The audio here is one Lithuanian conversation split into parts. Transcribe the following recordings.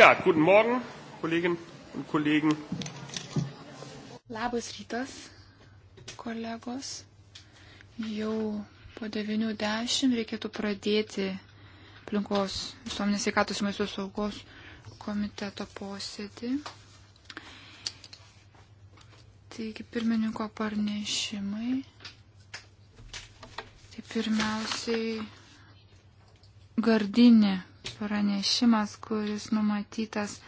Ja, guten Morgen, Kolleginnen und Kollegen. Labas rytas, kolegos. Jau po 9.10 reikėtų pradėti aplinkos visuomenės sveikatos maisto saugos komiteto posėdį. Taigi pirmininko parnešimai. Tai pirmiausiai gardinė pranešimas, kuris numatytas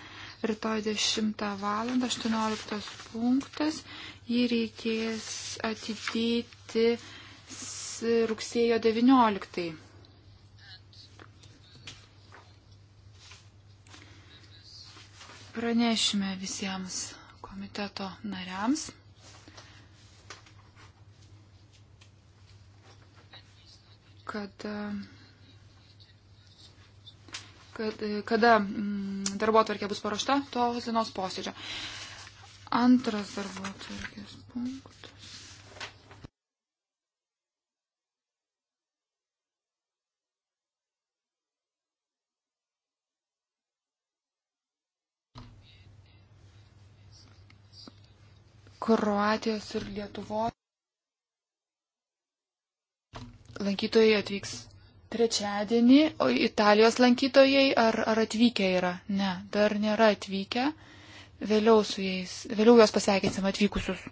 rytoj 10 val. 18 punktas. Jį reikės atidėti rugsėjo 19. Pranešime visiems komiteto nariams. kad kad, kada mm, darbo atvarkė bus paruošta tos dienos posėdžio. Antras darbo atvarkės punktas. Kroatijos ir Lietuvos lankytojai atvyks trečiadienį, o Italijos lankytojai ar, ar atvykę yra? Ne, dar nėra atvykę. Vėliau su jais, vėliau juos pasveikinsim atvykusius.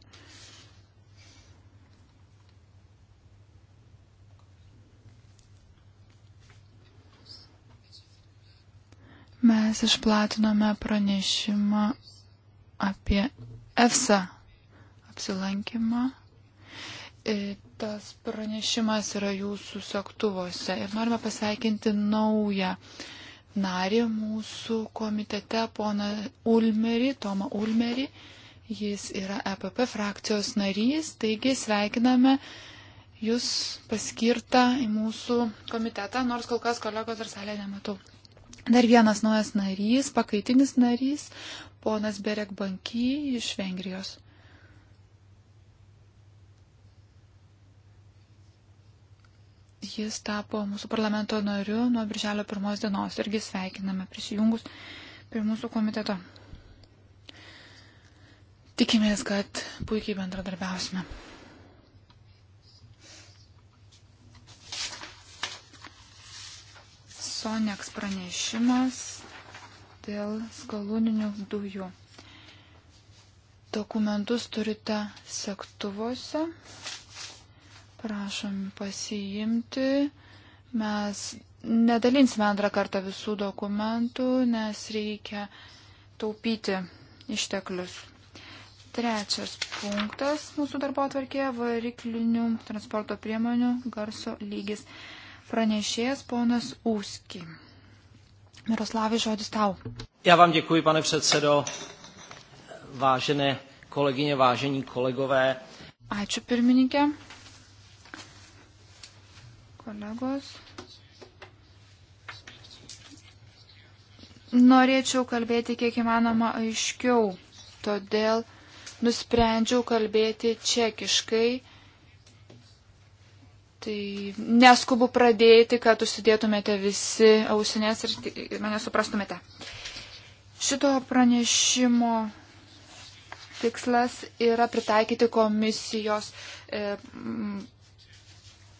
Mes išplatinome pranešimą apie EFSA apsilankimą E, tas pranešimas yra jūsų sektuvose ir norime pasveikinti naują narį mūsų komitete, pona Ulmerį, Toma Ulmerį. Jis yra EPP frakcijos narys, taigi sveikiname jūs paskirtą į mūsų komitetą, nors kol kas kolegos dar salėje nematau. Dar vienas naujas narys, pakaitinis narys, ponas Berek Banky iš Vengrijos. Jis tapo mūsų parlamento nariu nuo birželio pirmos dienos irgi sveikiname prisijungus prie mūsų komiteto. Tikimės, kad puikiai bendradarbiausime. Soneks pranešimas dėl skaluninių dujų. Dokumentus turite sektuvuose. Prašom pasiimti. Mes nedalinsime antrą kartą visų dokumentų, nes reikia taupyti išteklius. Trečias punktas mūsų darbo atvarkėje - variklinių transporto priemonių garso lygis. Pranešėjas ponas Ūski. Miroslavai, žodis tau. Já vám děkuji, pane předsedo. Vážené kolegyně, vážení kolegové. Ačiū pirmininkė kolegos. Norėčiau kalbėti kiek įmanoma aiškiau, todėl nusprendžiau kalbėti čekiškai. Tai neskubu pradėti, kad užsidėtumėte visi ausinės ir mane suprastumėte. Šito pranešimo tikslas yra pritaikyti komisijos e,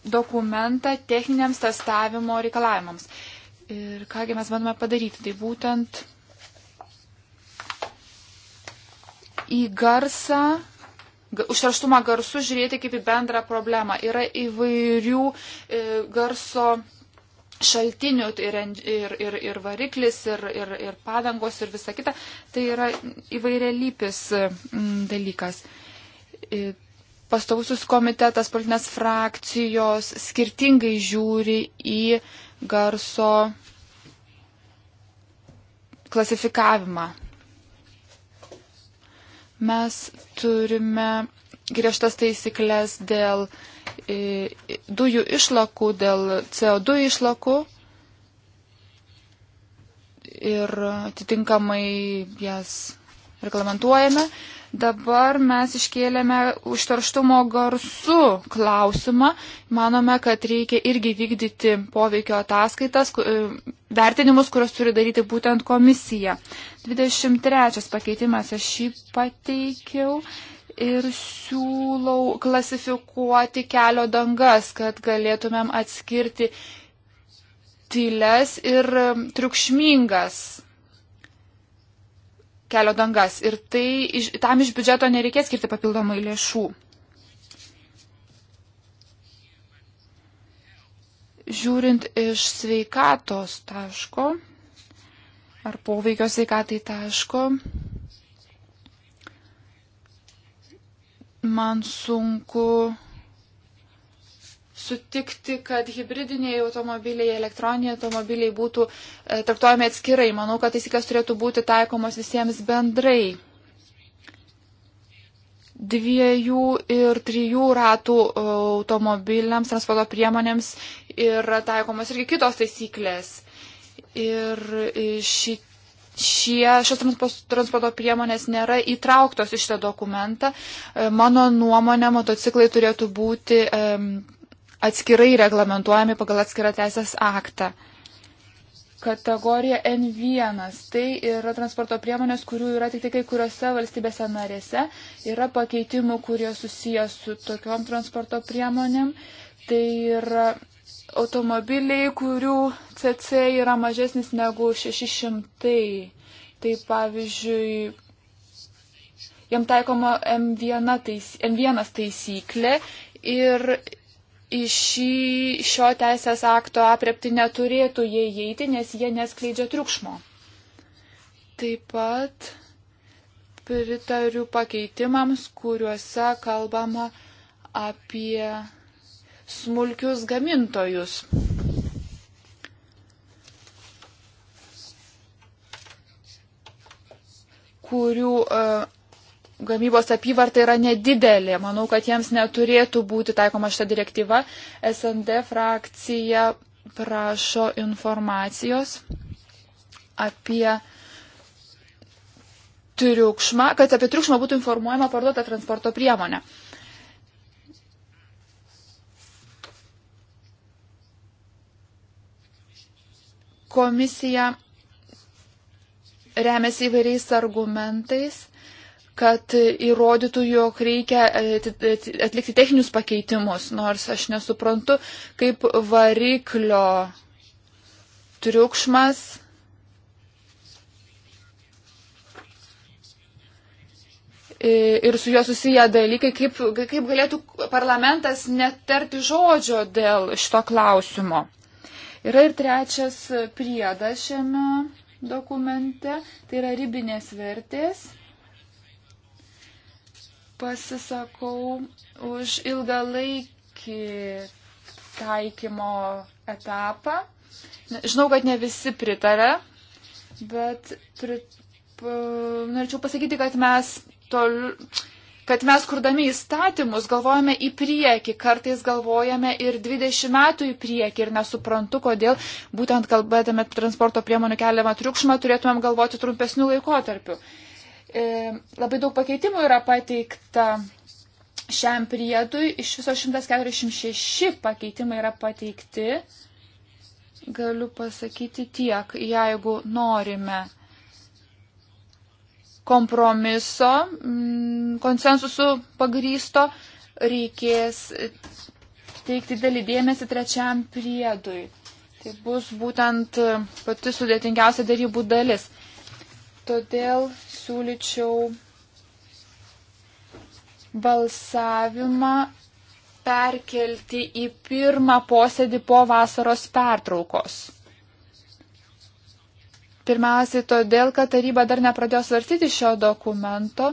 dokumentą techniniams testavimo reikalavimams. Ir kągi mes bandome padaryti, tai būtent į garsą, užterštumą garsų žiūrėti kaip į bendrą problemą. Yra įvairių e, garso šaltinių ir, tai ir, ir, ir variklis, ir, ir, ir padangos, ir visa kita. Tai yra įvairialypis dalykas. E, pastovusius komitetas, politinės frakcijos skirtingai žiūri į garso klasifikavimą. Mes turime griežtas taisyklės dėl e, dujų išlakų, dėl CO2 išlakų ir atitinkamai jas reglamentuojame. Dabar mes iškėlėme užterštumo garsų klausimą. Manome, kad reikia irgi vykdyti poveikio ataskaitas, e, vertinimus, kurios turi daryti būtent komisija. 23 pakeitimas aš jį pateikiau ir siūlau klasifikuoti kelio dangas, kad galėtumėm atskirti tyles ir triukšmingas kelio dangas ir tai, iš, tam iš biudžeto nereikės skirti papildomai lėšų. Žiūrint iš sveikatos taško ar poveikio sveikatai taško, man sunku sutikti, kad hybridiniai automobiliai, elektroniniai automobiliai būtų e, traktuojami atskirai. Manau, kad taisyklės turėtų būti taikomos visiems bendrai. Dviejų ir trijų ratų e, automobiliams, transporto priemonėms yra taikomos irgi kitos taisyklės. Ir e, šį šie, šios transporto priemonės nėra įtrauktos į šitą dokumentą. E, mano nuomonė, motociklai turėtų būti um, atskirai reglamentuojami pagal atskirą teisės aktą. Kategorija N1 tai yra transporto priemonės, kurių yra tik tai kai kuriuose valstybėse narėse. Yra pakeitimų, kurie susijęs su tokiom transporto priemonėm. Tai yra automobiliai, kurių CC yra mažesnis negu 600. Tai pavyzdžiui, jam taikoma M1, tais, M1 taisyklė ir šį, šio teisės akto aprepti neturėtų jie įeiti, nes jie neskleidžia triukšmo. Taip pat pritariu pakeitimams, kuriuose kalbama apie smulkius gamintojus. kurių uh, gamybos apyvarta yra nedidelė. Manau, kad jiems neturėtų būti taikoma šita direktyva. SND frakcija prašo informacijos apie triukšmą, kad apie triukšmą būtų informuojama parduota transporto priemonė. Komisija remiasi įvairiais argumentais kad įrodytų, jog reikia e, e, atlikti techninius pakeitimus, nors aš nesuprantu, kaip variklio triukšmas ir su juo susiję dalykai, kaip, kaip galėtų parlamentas netarti žodžio dėl šito klausimo. Yra ir trečias priedas šiame dokumente, tai yra ribinės vertės pasisakau už ilgalaikį taikymo etapą. Žinau, kad ne visi pritarė, bet prit, norėčiau pasakyti, kad mes tol, kad mes kurdami įstatymus galvojame į priekį, kartais galvojame ir 20 metų į priekį ir nesuprantu, kodėl būtent kalbėdami transporto priemonių keliamą triukšmą turėtumėm galvoti trumpesnių laikotarpių. E, labai daug pakeitimų yra pateikta šiam priedui. Iš viso 146 pakeitimai yra pateikti. Galiu pasakyti tiek, jeigu norime kompromiso, mm, konsensusu pagrysto, reikės teikti dėlį dėmesį trečiam priedui. Tai bus būtent pati sudėtingiausia darybų dalis. Todėl siūlyčiau balsavimą perkelti į pirmą posėdį po vasaros pertraukos. Pirmiausiai todėl, kad taryba dar nepradėjo svarstyti šio dokumento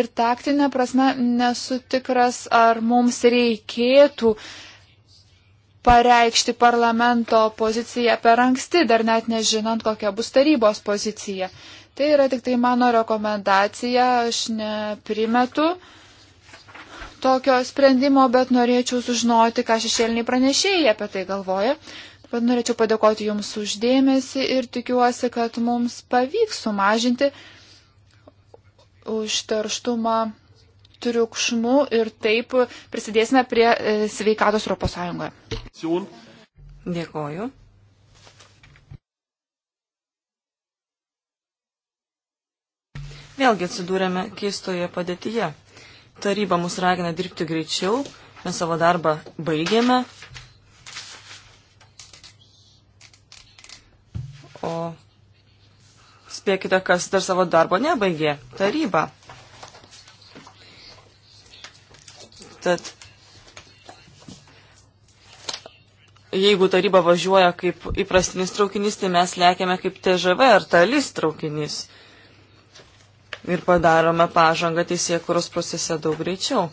ir taktinė prasme nesu tikras, ar mums reikėtų pareikšti parlamento poziciją per anksti, dar net nežinant, kokia bus tarybos pozicija. Tai yra tik tai mano rekomendacija, aš neprimetu tokio sprendimo, bet norėčiau sužinoti, ką šešėliniai pranešėjai apie tai galvoja. Taip pat norėčiau padėkoti Jums uždėmesi ir tikiuosi, kad mums pavyks sumažinti užterštumą triukšmu ir taip prisidėsime prie e, sveikatos Europos Sąjungoje. Dėkoju. Vėlgi atsidūrėme keistoje padėtyje. Taryba mus ragina dirbti greičiau, mes savo darbą baigėme. O spėkite, kas dar savo darbo nebaigė. Taryba. Tad jeigu taryba važiuoja kaip įprastinis traukinys, tai mes lekiame kaip TŽV ar talis traukinys ir padarome pažangą teisėkuros procese daug greičiau.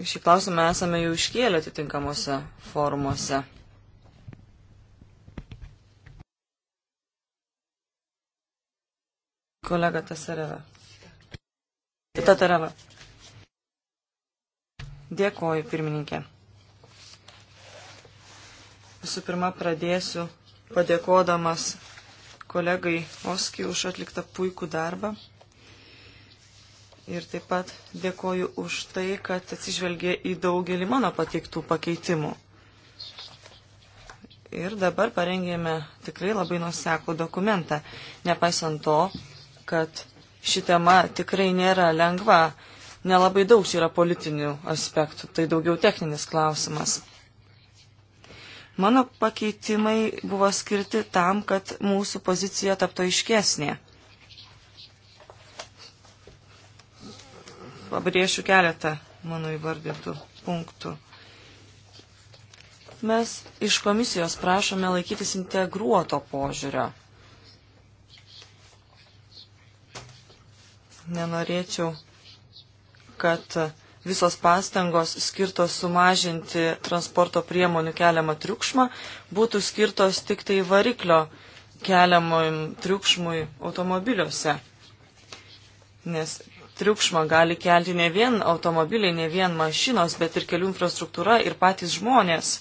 Šį klausimą esame jau iškėlę atitinkamuose formuose. Kolega Tasareva. Tatareva. Dėkoju, pirmininkė. Visų pirma, pradėsiu padėkodamas kolegai Oski už atliktą puikų darbą. Ir taip pat dėkoju už tai, kad atsižvelgė į daugelį mano pateiktų pakeitimų. Ir dabar parengėme tikrai labai nuseklų dokumentą. Nepaisant to, kad ši tema tikrai nėra lengva, nelabai daug čia yra politinių aspektų, tai daugiau techninis klausimas. Mano pakeitimai buvo skirti tam, kad mūsų pozicija taptų aiškesnė. Pabrėšiu keletą mano įvardintų punktų. Mes iš komisijos prašome laikytis integruoto požiūrio. Nenorėčiau, kad visos pastangos skirtos sumažinti transporto priemonių keliamą triukšmą būtų skirtos tik tai variklio keliamam triukšmui automobiliuose. Nes triukšmą gali kelti ne vien automobiliai, ne vien mašinos, bet ir kelių infrastruktūra ir patys žmonės.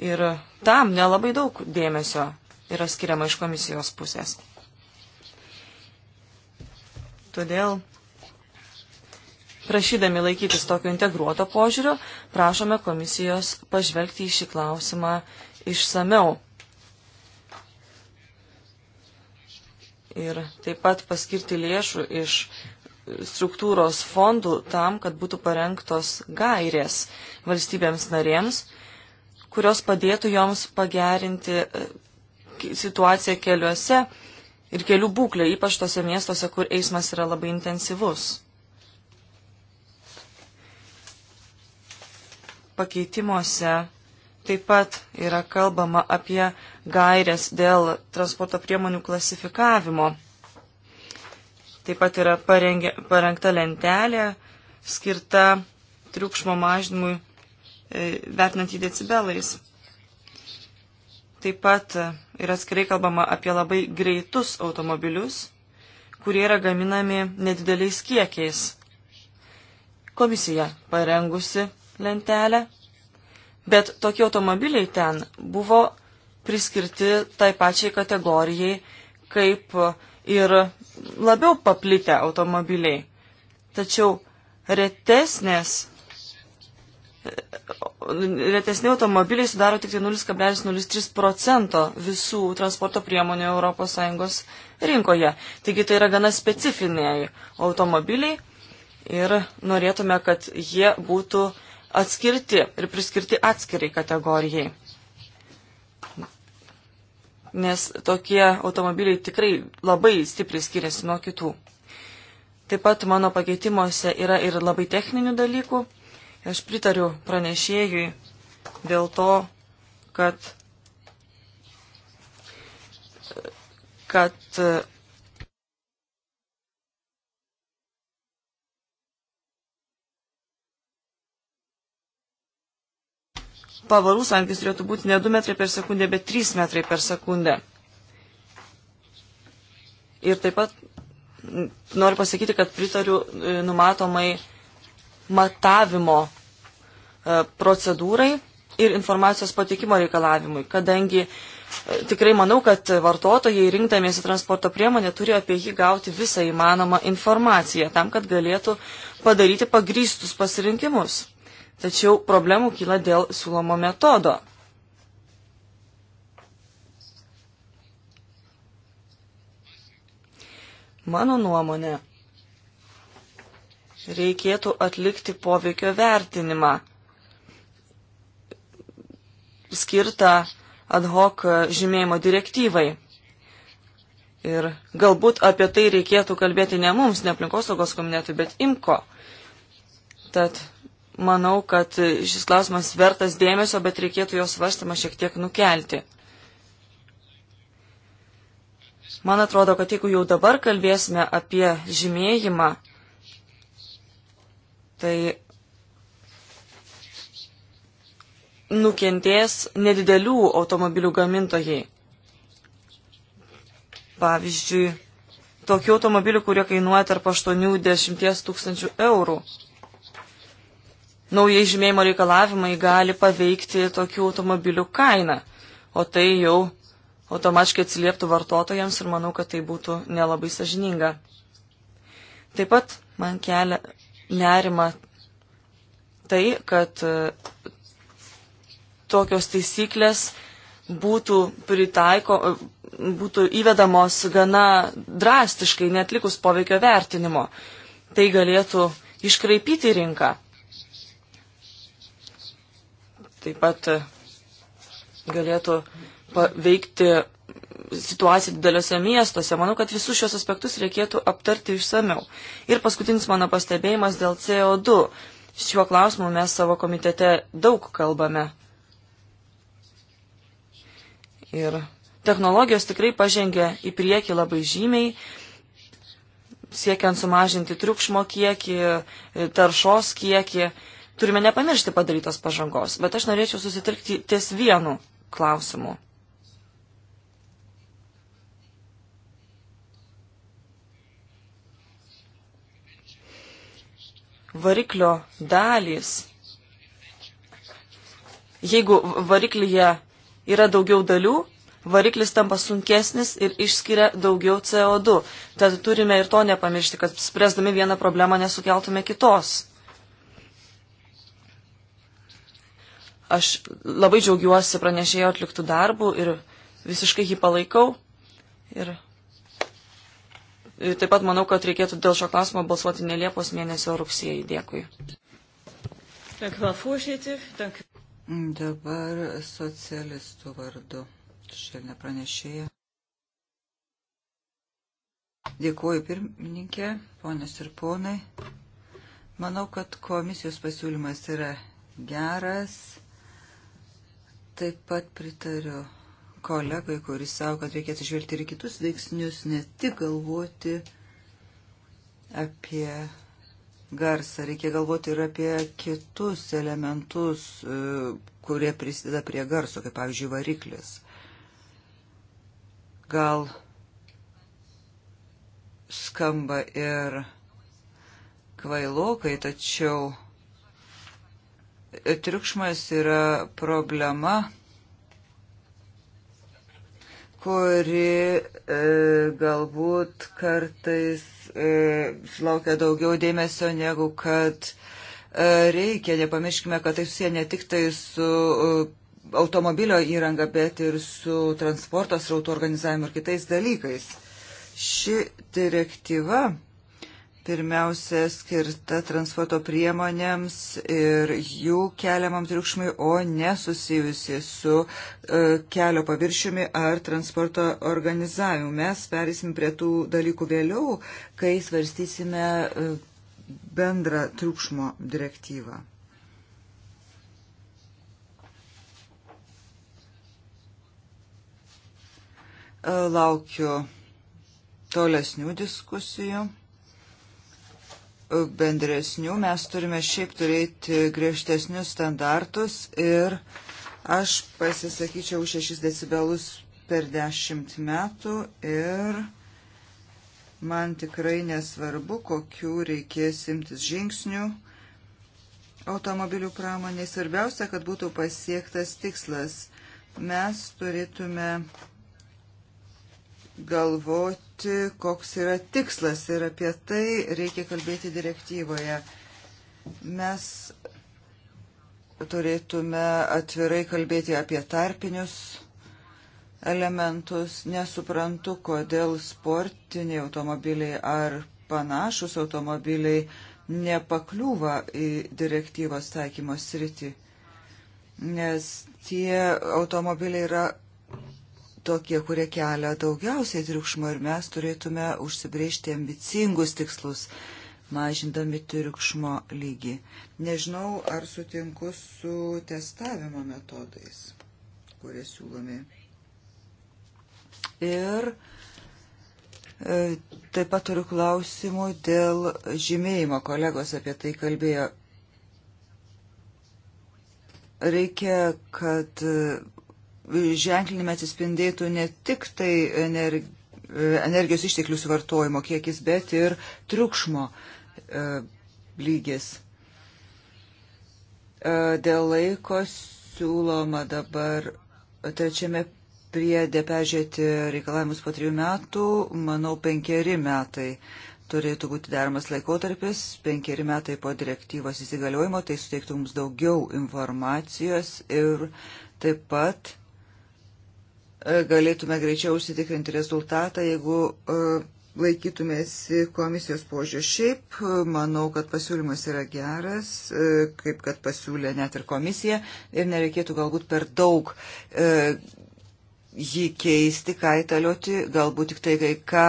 Ir tam nelabai daug dėmesio yra skiriama iš komisijos pusės. Todėl Prašydami laikytis tokio integruoto požiūrio, prašome komisijos pažvelgti į šį klausimą išsameu. Ir taip pat paskirti lėšų iš struktūros fondų tam, kad būtų parengtos gairės valstybėms narėms, kurios padėtų joms pagerinti e, situaciją keliuose ir kelių būklę, ypač tose miestuose, kur eismas yra labai intensyvus. pakeitimuose taip pat yra kalbama apie gairias dėl transporto priemonių klasifikavimo. Taip pat yra parengė, parengta lentelė skirta triukšmo mažinimui e, vertinant jį decibelais. Taip pat yra atskirai kalbama apie labai greitus automobilius, kurie yra gaminami nedideliais kiekiais. Komisija parengusi lentelę, bet tokie automobiliai ten buvo priskirti tai pačiai kategorijai kaip ir labiau paplitę automobiliai. Tačiau retesnės, retesni automobiliai sudaro tik 0,03 tai procento visų transporto priemonių ES rinkoje. Taigi tai yra gana specifiniai automobiliai ir norėtume, kad jie būtų uh, atskirti ir priskirti atskirai kategorijai. Nes tokie automobiliai tikrai labai stipriai skiriasi nuo kitų. Taip pat mano pakeitimuose yra ir labai techninių dalykų. Aš pritariu pranešėjui dėl to, kad, kad pavarų sankis turėtų būti ne 2 metrai per sekundę, bet 3 metrai per sekundę. Ir taip pat noriu pasakyti, kad pritariu e, numatomai matavimo e, procedūrai ir informacijos patikimo reikalavimui, kadangi e, tikrai manau, kad vartotojai rinkdamiesi transporto priemonę turi apie jį gauti visą įmanomą informaciją tam, kad galėtų padaryti pagrįstus pasirinkimus. Tačiau problemų kyla dėl siūlomo metodo. Mano nuomonė, reikėtų atlikti poveikio vertinimą skirtą ad hoc žymėjimo direktyvai. Ir galbūt apie tai reikėtų kalbėti ne mums, ne aplinkosaugos komitetui, bet imko. Tad manau, kad šis klausimas vertas dėmesio, bet reikėtų jos svarstymą šiek tiek nukelti. Man atrodo, kad jeigu jau dabar kalbėsime apie žymėjimą, tai nukentės nedidelių automobilių gamintojai. Pavyzdžiui, tokių automobilių, kurie kainuoja tarp 80 tūkstančių eurų naujai žymėjimo reikalavimai gali paveikti tokių automobilių kainą, o tai jau automatiškai atsilieptų vartotojams ir manau, kad tai būtų nelabai sažininga. Taip pat man kelia nerima tai, kad e, tokios taisyklės būtų pritaiko, e, būtų įvedamos gana drastiškai, netlikus poveikio vertinimo. Tai galėtų iškraipyti rinką taip pat e, galėtų veikti situacija dideliuose miestuose. Manau, kad visus šios aspektus reikėtų aptarti išsameu. Ir paskutinis mano pastebėjimas dėl CO2. Šiuo klausimu mes savo komitete daug kalbame. Ir technologijos tikrai pažengė į priekį labai žymiai, siekiant sumažinti triukšmo kiekį, taršos kiekį. Turime nepamiršti padarytos pažangos, bet aš norėčiau susitirkti ties vienu klausimu. Variklio dalys. Jeigu variklyje yra daugiau dalių, variklis tampa sunkesnis ir išskiria daugiau CO2. Tad turime ir to nepamiršti, kad spręsdami vieną problemą nesukeltume kitos. Aš labai džiaugiuosi pranešėjo atliktų darbų ir visiškai jį palaikau. Ir taip pat manau, kad reikėtų dėl šio klausimo balsuoti ne Liepos mėnesio rugsėjai. Dėkui. Mm, dabar socialistų vardu. Šelne pranešėja. Dėkuoju pirmininkė, ponės ir ponai. Manau, kad komisijos pasiūlymas yra geras. Taip pat pritariu kolegai, kuris savo, kad reikia atsižvelgti ir kitus veiksnius, ne tik galvoti apie garsą, reikia galvoti ir apie kitus elementus, e, kurie prisideda prie garso, kaip pavyzdžiui variklis. Gal skamba ir kvailokai, tačiau triukšmas yra problema, kuri e, galbūt kartais e, sulaukia daugiau dėmesio negu kad e, reikia. Nepamirškime, kad tai susiję ne tik tai su e, automobilio įranga, bet ir su transporto srautų organizavimu ir kitais dalykais. Ši direktyva pirmiausia skirta transporto priemonėms ir jų keliamam triukšmui, o nesusijusi su e, kelio paviršiumi ar transporto organizavimu. Mes perėsim prie tų dalykų vėliau, kai svarstysime e, bendrą triukšmo direktyvą. E, laukiu tolesnių diskusijų bendresnių, mes turime šiaip turėti griežtesnius standartus ir aš pasisakyčiau 6 decibelus per 10 metų ir man tikrai nesvarbu, kokių reikės imtis žingsnių automobilių pramonė. Svarbiausia, kad būtų pasiektas tikslas. Mes turėtume galvoti, koks yra tikslas ir apie tai reikia kalbėti direktyvoje. Mes turėtume atvirai kalbėti apie tarpinius elementus. Nesuprantu, kodėl sportiniai automobiliai ar panašus automobiliai nepakliūva į direktyvos taikymos sritį, nes tie automobiliai yra tokie, kurie kelia daugiausiai triukšmo ir mes turėtume užsibriežti ambicingus tikslus, mažindami triukšmo lygį. Nežinau, ar sutinku su testavimo metodais, kurie siūlomi. Ir e, taip pat turiu klausimų dėl žymėjimo. Kolegos apie tai kalbėjo reikia, kad ženklinime atsispindėtų ne tik tai energijos išteklių suvartojimo kiekis, bet ir triukšmo e, lygis. E, dėl laiko siūloma dabar trečiame priedė peržiūrėti reikalavimus po trijų metų, manau, penkeri metai turėtų būti deramas laikotarpis, penkeri metai po direktyvos įsigaliojimo, tai suteiktų mums daugiau informacijos ir taip pat E, galėtume greičiau užsitikrinti rezultatą, jeigu e, laikytumėsi komisijos požiūrį. Šiaip e, manau, kad pasiūlymas yra geras, kaip kad pasiūlė net ir komisija, ir nereikėtų galbūt per daug jį keisti, kaitalioti, galbūt tik tai kai ką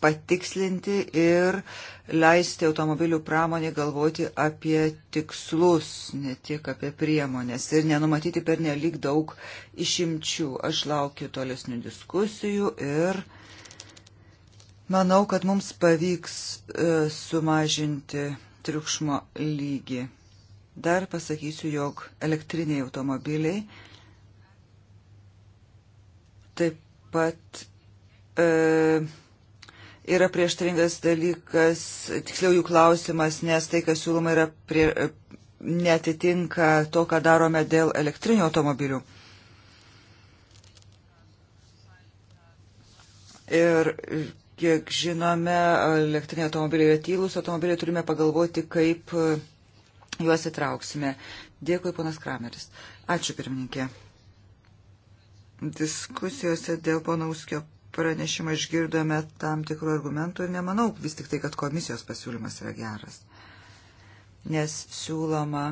patikslinti ir leisti automobilių pramonė galvoti apie tikslus, ne tiek apie priemonės ir nenumatyti per nelik daug išimčių. Aš laukiu tolesnių diskusijų ir manau, kad mums pavyks e, sumažinti triukšmo lygį. Dar pasakysiu, jog elektriniai automobiliai taip pat e, yra prieštaringas dalykas, tiksliau jų klausimas, nes tai, kas siūloma, yra prie, netitinka to, ką darome dėl elektrinių automobilių. Ir kiek žinome, elektriniai automobiliai yra tylus, automobiliai turime pagalvoti, kaip e, juos įtrauksime. Dėkui, ponas Krameris. Ačiū, pirmininkė. Diskusijose dėl ponauskio pranešimą išgirdome tam tikrų argumentų ir nemanau vis tik tai, kad komisijos pasiūlymas yra geras. Nes siūloma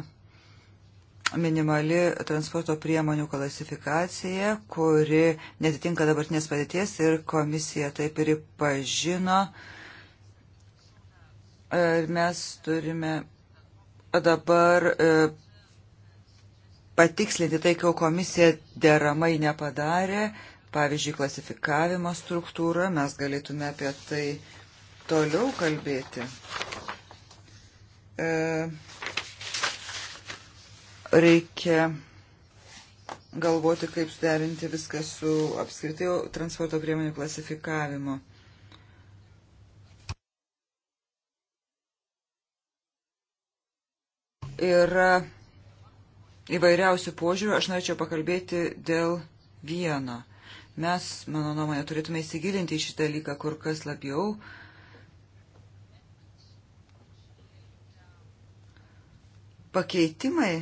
minimali transporto priemonių klasifikacija, kuri netitinka dabartinės padėties ir komisija taip ir pažino. Ir mes turime dabar e, patikslinti tai, ko komisija deramai nepadarė, pavyzdžiui, klasifikavimo struktūrą, mes galėtume apie tai toliau kalbėti. E, reikia galvoti, kaip suderinti viską su apskritai transporto priemonių klasifikavimu. Yra įvairiausių požiūrių, aš norėčiau pakalbėti dėl vieno – Mes, mano nuomonė, turėtume įsigilinti į šitą dalyką kur kas labiau. Pakeitimai,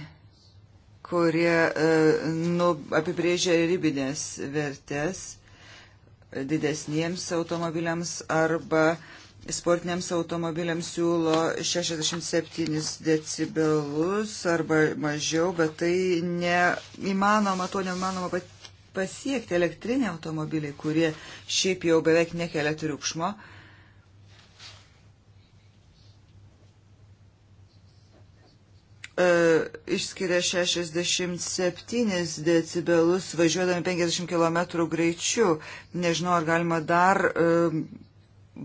kurie e, nu, apibrėžia ribinės vertės didesniems automobiliams arba sportiniams automobiliams siūlo 67 decibelus arba mažiau, bet tai neįmanoma, to neįmanoma pat pasiekti elektriniai automobiliai, kurie šiaip jau beveik nekelia triukšmo. E, išskiria 67 decibelus važiuodami 50 km greičiu. Nežinau, ar galima dar e,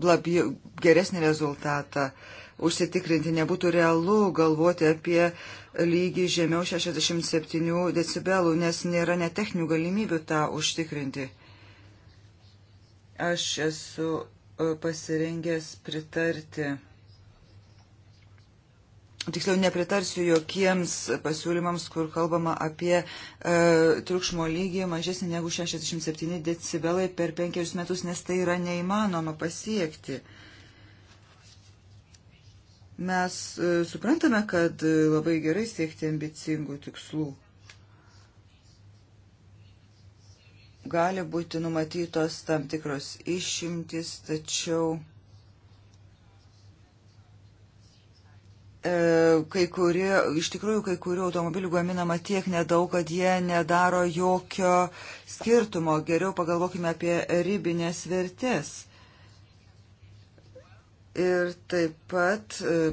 labiau geresnį rezultatą užsitikrinti. Nebūtų realu galvoti apie lygį žemiau 67 decibelų, nes nėra netechnių galimybių tą užtikrinti. Aš esu e, pasirengęs pritarti. Tiksliau, nepritarsiu jokiems pasiūlymams, kur kalbama apie e, triukšmo lygį mažesnį negu 67 decibelai per penkerius metus, nes tai yra neįmanoma pasiekti. E, Mes e, suprantame, kad e, labai gerai siekti ambicingų tikslų. Gali būti numatytos tam tikros išimtis, tačiau e, kai kurie, iš tikrųjų, kai kurių automobilių gaminama tiek nedaug, kad jie nedaro jokio skirtumo. Geriau pagalvokime apie ribinės vertės. Ir taip pat e,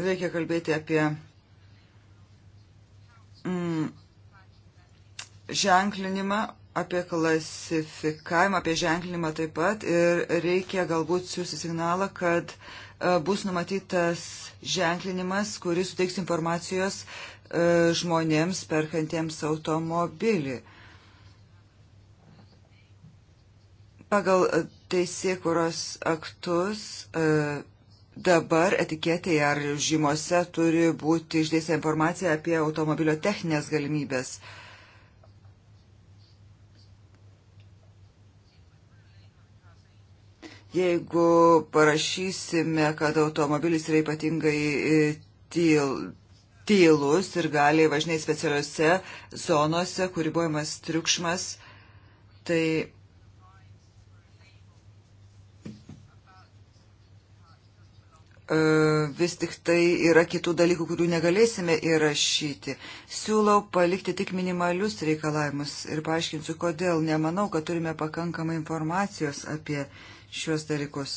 reikia kalbėti apie mm, ženklinimą, apie klasifikavimą, apie ženklinimą taip pat ir reikia galbūt siūsti signalą, kad e, bus numatytas ženklinimas, kuris suteiks informacijos e, žmonėms perkantiems automobilį. Pagal teisėkuros aktus e, dabar etiketėje ar žymose turi būti išdėstę informacija apie automobilio techninės galimybės. Jeigu parašysime, kad automobilis yra ypatingai e, tyl, tylus ir gali važinėti specialiuose zonose, kur ribojamas triukšmas, tai E, vis tik tai yra kitų dalykų, kurių negalėsime įrašyti. Siūlau palikti tik minimalius reikalavimus ir paaiškinsiu, kodėl. Nemanau, kad turime pakankamai informacijos apie šiuos dalykus.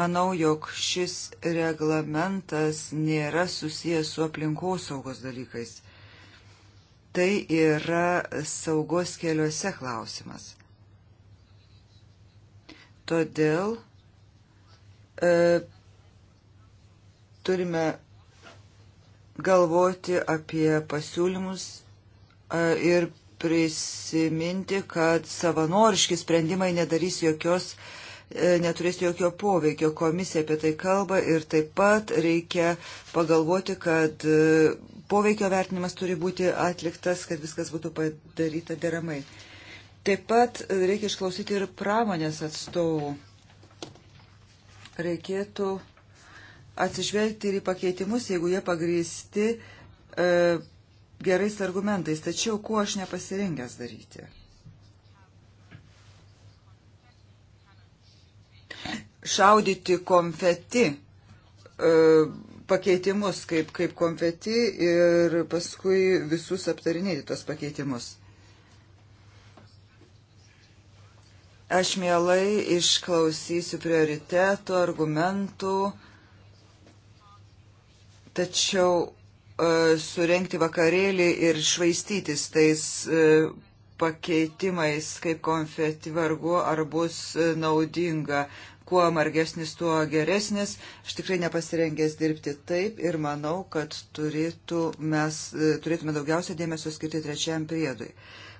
Manau, jog šis reglamentas nėra susijęs su aplinkosaugos dalykais. Tai yra saugos keliuose klausimas. Todėl e, Turime galvoti apie pasiūlymus e, ir prisiminti, kad savanoriški sprendimai nedarys jokios, e, neturės jokio poveikio. Komisija apie tai kalba ir taip pat reikia pagalvoti, kad e, poveikio vertinimas turi būti atliktas, kad viskas būtų padaryta deramai. Taip pat reikia išklausyti ir pramonės atstovų. Reikėtų atsižvelgti ir į pakeitimus, jeigu jie pagrysti e, gerais argumentais. Tačiau kuo aš nepasirengęs daryti? Šaudyti konfeti e, pakeitimus kaip, kaip konfeti ir paskui visus aptarinėti tos pakeitimus. Aš mielai išklausysiu prioritetų, argumentų Tačiau e, surenkti vakarėlį ir švaistytis tais e, pakeitimais kaip konfeti vargu ar bus e, naudinga. Kuo margesnis, tuo geresnis. Aš tikrai nepasirengęs dirbti taip ir manau, kad turėtų mes, turėtume daugiausia dėmesio skirti trečiajam priedui.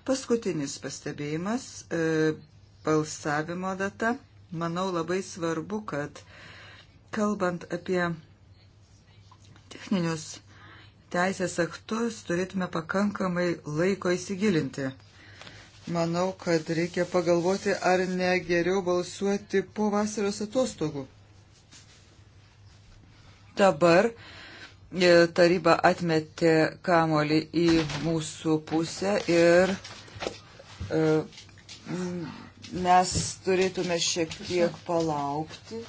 Paskutinis pastebėjimas - balsavimo data. Manau labai svarbu, kad kalbant apie techninius teisės aktus turėtume pakankamai laiko įsigilinti. Manau, kad reikia pagalvoti, ar ne geriau balsuoti po vasaros atostogų. Dabar e, taryba atmetė kamolį į mūsų pusę ir e, mes turėtume šiek tiek palaukti.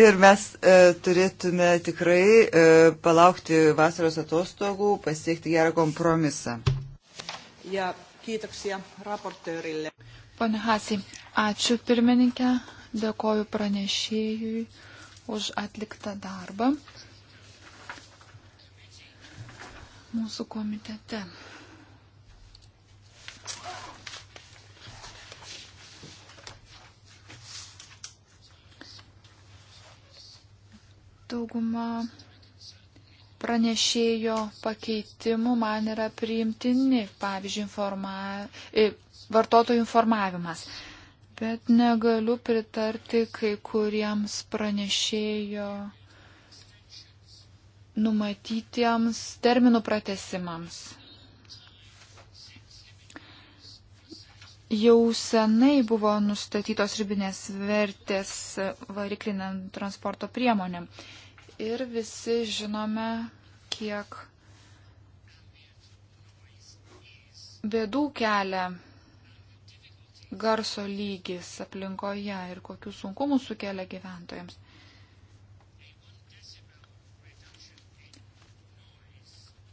Ir mes e, turėtume tikrai e, palaukti vasaros atostogų, pasiekti gerą kompromisą. Ja, kiitoksia raportöörille. Pane Hasi, ačiū pirmininkė, dėkoju pranešėjui už atliktą darbą mūsų komitete. Dauguma pranešėjo pakeitimų man yra priimtini, pavyzdžiui, informa... E, vartotojų informavimas. Bet negaliu pritarti kai kuriems pranešėjo numatytiems terminų pratesimams. Jau senai buvo nustatytos ribinės vertės variklinant transporto priemonėm ir visi žinome, kiek bėdų kelia garso lygis aplinkoje ir kokių sunkumų sukelia gyventojams.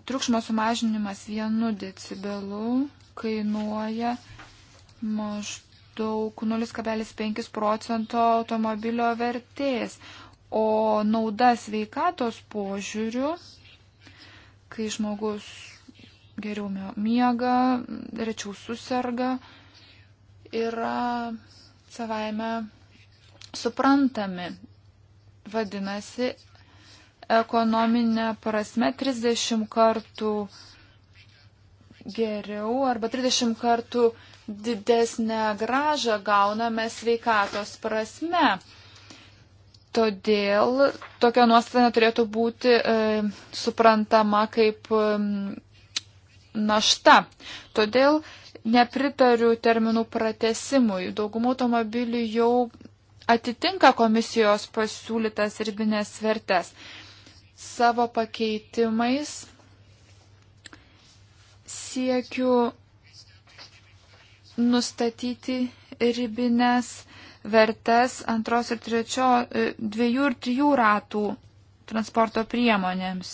Triukšmo sumažinimas vienu decibelu kainuoja maždaug 0,5 procento automobilio vertės, O nauda sveikatos požiūriu, kai žmogus geriau miega, rečiau susirga, yra savaime suprantami. Vadinasi, ekonominė prasme 30 kartų geriau arba 30 kartų didesnę gražą gauname sveikatos prasme. Todėl tokia nuostata neturėtų būti e, suprantama kaip e, našta. Todėl nepritariu terminų pratesimui. Daugumų automobilių jau atitinka komisijos pasiūlytas ribinės vertes. Savo pakeitimais siekiu nustatyti ribinės vertes antros ir trečio, e, dviejų ir trijų ratų transporto priemonėms.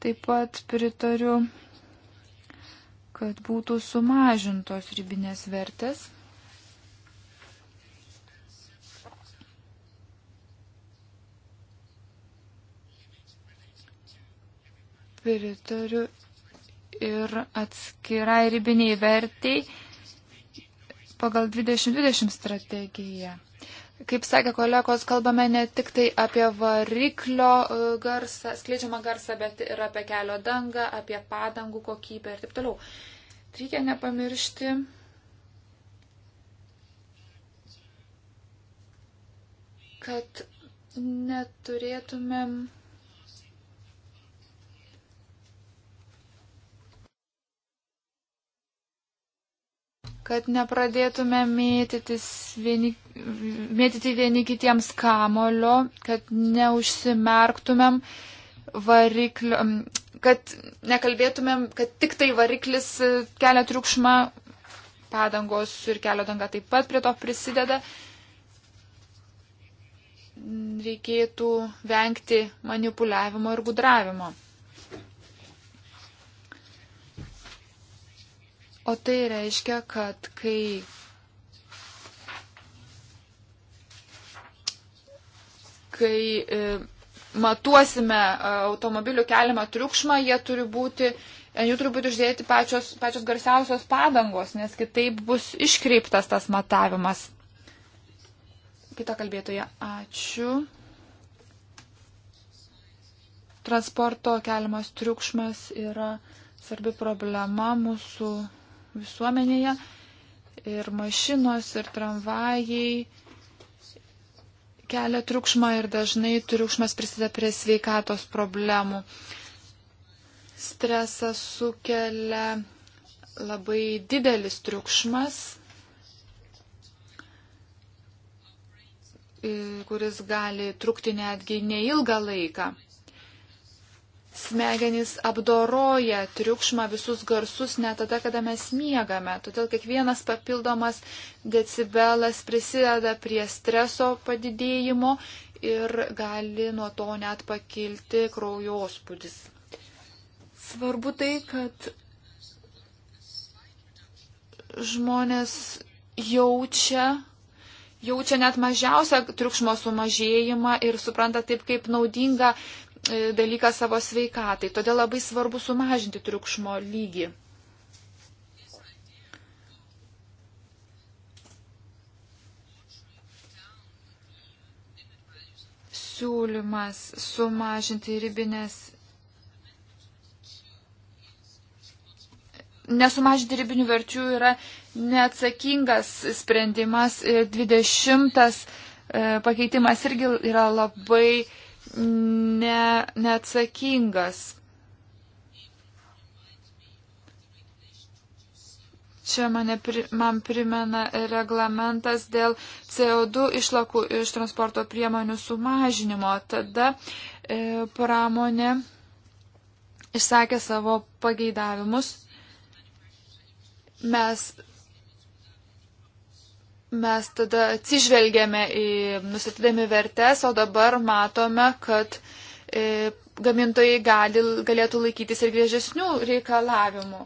Taip pat pritariu, kad būtų sumažintos ribinės vertės. Pritariu ir atskirai ribiniai vertėjai pagal 2020 strategiją. Kaip sakė kolegos, kalbame ne tik tai apie variklio e, garsą, skleidžiamą garsą, bet ir apie kelio dangą, apie padangų kokybę ir taip toliau. Reikia nepamiršti. kad neturėtumėm kad nepradėtume vieni, mėtyti vieni kitiems kamolio, kad neužsimerktumėm variklio, kad nekalbėtumėm, kad tik tai variklis e, kelia triukšmą, padangos ir kelio danga taip pat prie to prisideda. Reikėtų vengti manipuliavimo ir gudravimo. O tai reiškia, kad kai kai e, matuosime e, automobilių keliamą triukšmą, jie turi būti, jų turi būti uždėti pačios, pačios garsiausios padangos, nes kitaip bus iškreiptas tas matavimas. Kita kalbėtoja, ačiū. Transporto keliamas triukšmas yra svarbi problema mūsų visuomenėje. Ir mašinos, ir tramvajai kelia triukšmą ir dažnai triukšmas prisideda prie sveikatos problemų. Stresą sukelia labai didelis triukšmas, kuris gali trukti netgi neilgą laiką. Smegenys apdoroja triukšmą visus garsus net tada, kada mes miegame. Todėl kiekvienas papildomas decibelas prisideda prie streso padidėjimo ir gali nuo to net pakilti kraujospūdis. Svarbu tai, kad žmonės jaučia jaučia net mažiausią triukšmo sumažėjimą ir supranta taip, kaip naudinga E, dalyką savo sveikatai. Todėl labai svarbu sumažinti triukšmo lygį. Siūlymas sumažinti ribinės. Nesumažinti ribinių verčių yra neatsakingas sprendimas e, ir 20 e, pakeitimas irgi yra labai uh, ne, neatsakingas. Čia mane, pri, man primena reglamentas dėl CO2 išlakų iš transporto priemonių sumažinimo. Tada e, pramonė išsakė savo pageidavimus. Mes mes tada atsižvelgėme į nustatydami vertes, o dabar matome, kad e, gamintojai gali, galėtų laikytis ir griežesnių reikalavimų.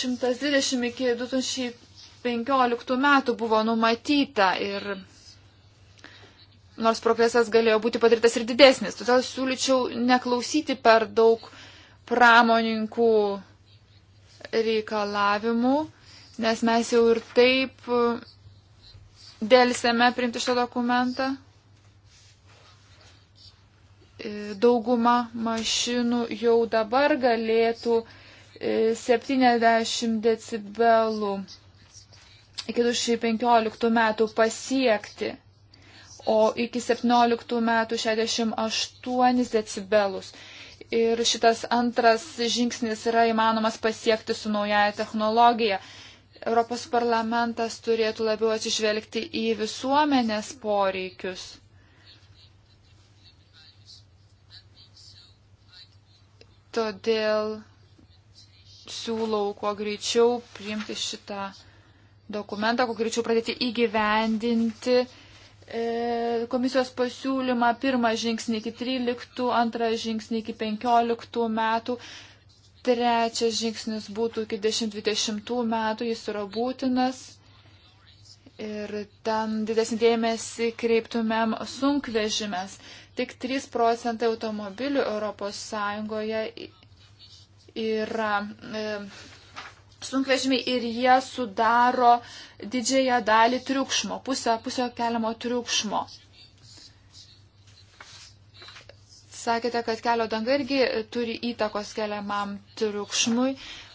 120 iki 2015 metų buvo numatyta ir nors progresas galėjo būti padarytas ir didesnis, todėl siūlyčiau neklausyti per daug pramoninkų reikalavimų nes mes jau ir taip e, dėlsėme priimti šitą dokumentą. E, dauguma mašinų jau dabar galėtų 70 e, decibelų iki 2015 metų pasiekti, o iki 17 metų 68 decibelus. Ir šitas antras žingsnis yra įmanomas pasiekti su naujaja technologija. Europos parlamentas turėtų labiau atsižvelgti į visuomenės poreikius. Todėl siūlau kuo greičiau priimti šitą dokumentą, kuo greičiau pradėti įgyvendinti e, komisijos pasiūlymą, pirmą žingsnį iki 13, antrą žingsnį iki 15 metų. Trečias žingsnis būtų iki 10-20 metų, jis yra būtinas. Ir ten didesnį dėmesį kreiptumėm sunkvežimės. Tik 3 procentai automobilių ES yra e, sunkvežimiai ir jie sudaro didžiąją dalį triukšmo, pusę, pusę keliamo triukšmo. Sakėte, kad kelio danga irgi turi įtakos keliamam triukšmui,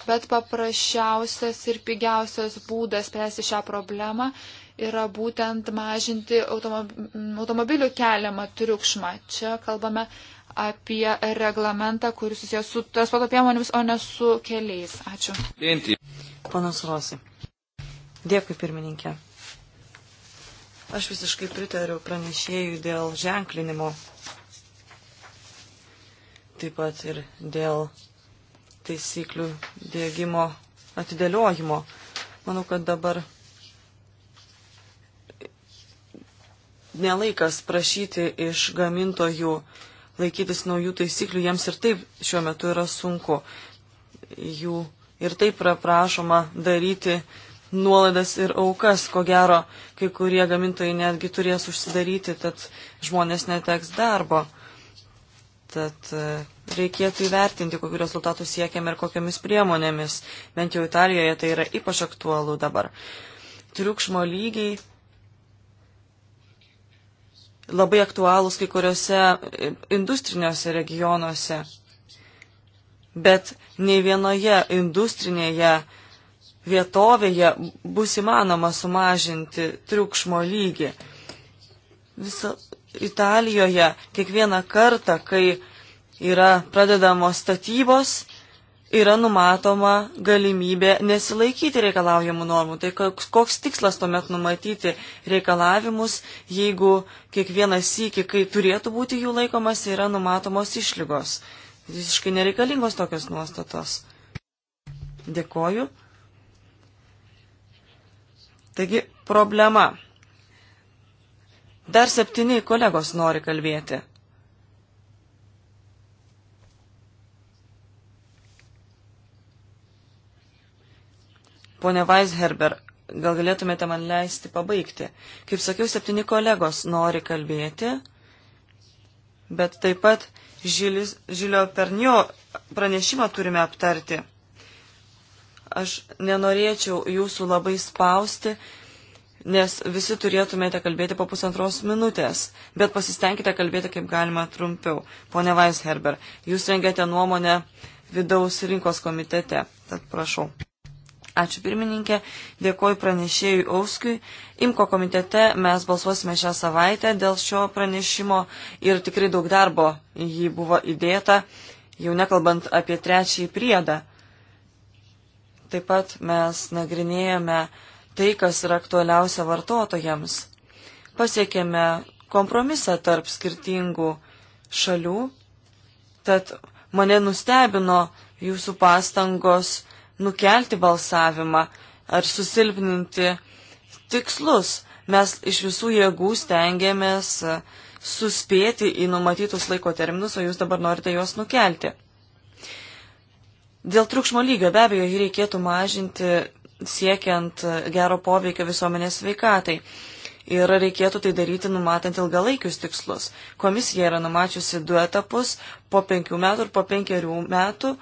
bet paprasčiausias ir pigiausias būdas spręsti šią problemą yra būtent mažinti automobilių keliamą triukšmą. Čia kalbame apie reglamentą, kuris susijęs su transporto priemonėmis, o ne su keliais. Ačiū. Ponas Rosi. Dėkui, pirmininkė. Aš visiškai pritariu pranešėjui dėl ženklinimo taip pat ir dėl taisyklių dėgymo atidėliojimo. Manau, kad dabar nelaikas prašyti iš gamintojų laikytis naujų taisyklių, jiems ir taip šiuo metu yra sunku. Jų ir taip yra prašoma daryti nuolaidas ir aukas, ko gero, kai kurie gamintojai netgi turės užsidaryti, tad žmonės neteks darbo. Tad e, reikėtų įvertinti, kokiu rezultatu siekiam ir kokiamis priemonėmis. Bent jau Italijoje tai yra ypač aktualu dabar. Triukšmo lygiai labai aktualūs kai kuriuose industriniuose regionuose. Bet nei vienoje industrinėje vietovėje bus įmanoma sumažinti triukšmo lygį. Visa, Italijoje kiekvieną kartą, kai yra pradedamos statybos, yra numatoma galimybė nesilaikyti reikalaujamų normų. Tai koks, koks tikslas tuomet numatyti reikalavimus, jeigu kiekvienas sykį, kai turėtų būti jų laikomas, yra numatomos išlygos. Visiškai nereikalingos tokios nuostatos. Dėkoju. Taigi problema Dar septyni kolegos nori kalbėti. Pone Weisherber, gal galėtumėte man leisti pabaigti? Kaip sakiau, septyni kolegos nori kalbėti, bet taip pat Žilis, Žilio Pernio pranešimą turime aptarti. Aš nenorėčiau jūsų labai spausti, nes visi turėtumėte kalbėti po pusantros minutės, bet pasistengkite kalbėti kaip galima trumpiau. Pone Weisherber, jūs rengiate nuomonę vidaus rinkos komitete, tad prašau. Ačiū pirmininkė, dėkoju pranešėjui Auskui. Imko komitete mes balsuosime šią savaitę dėl šio pranešimo ir tikrai daug darbo jį buvo įdėta, jau nekalbant apie trečiąjį priedą. Taip pat mes nagrinėjame uh, tai, kas yra aktualiausia vartotojams. Pasiekėme kompromisą tarp skirtingų šalių, tad mane nustebino jūsų pastangos nukelti balsavimą ar susilpninti tikslus. Mes iš visų jėgų stengiamės suspėti į numatytus laiko terminus, o jūs dabar norite juos nukelti. Dėl triukšmo lygio be abejo jį reikėtų mažinti siekiant gero poveikio visuomenės sveikatai. Ir reikėtų tai daryti numatant ilgalaikius tikslus. Komisija yra numačiusi du etapus - po penkių metų ir po penkerių metų,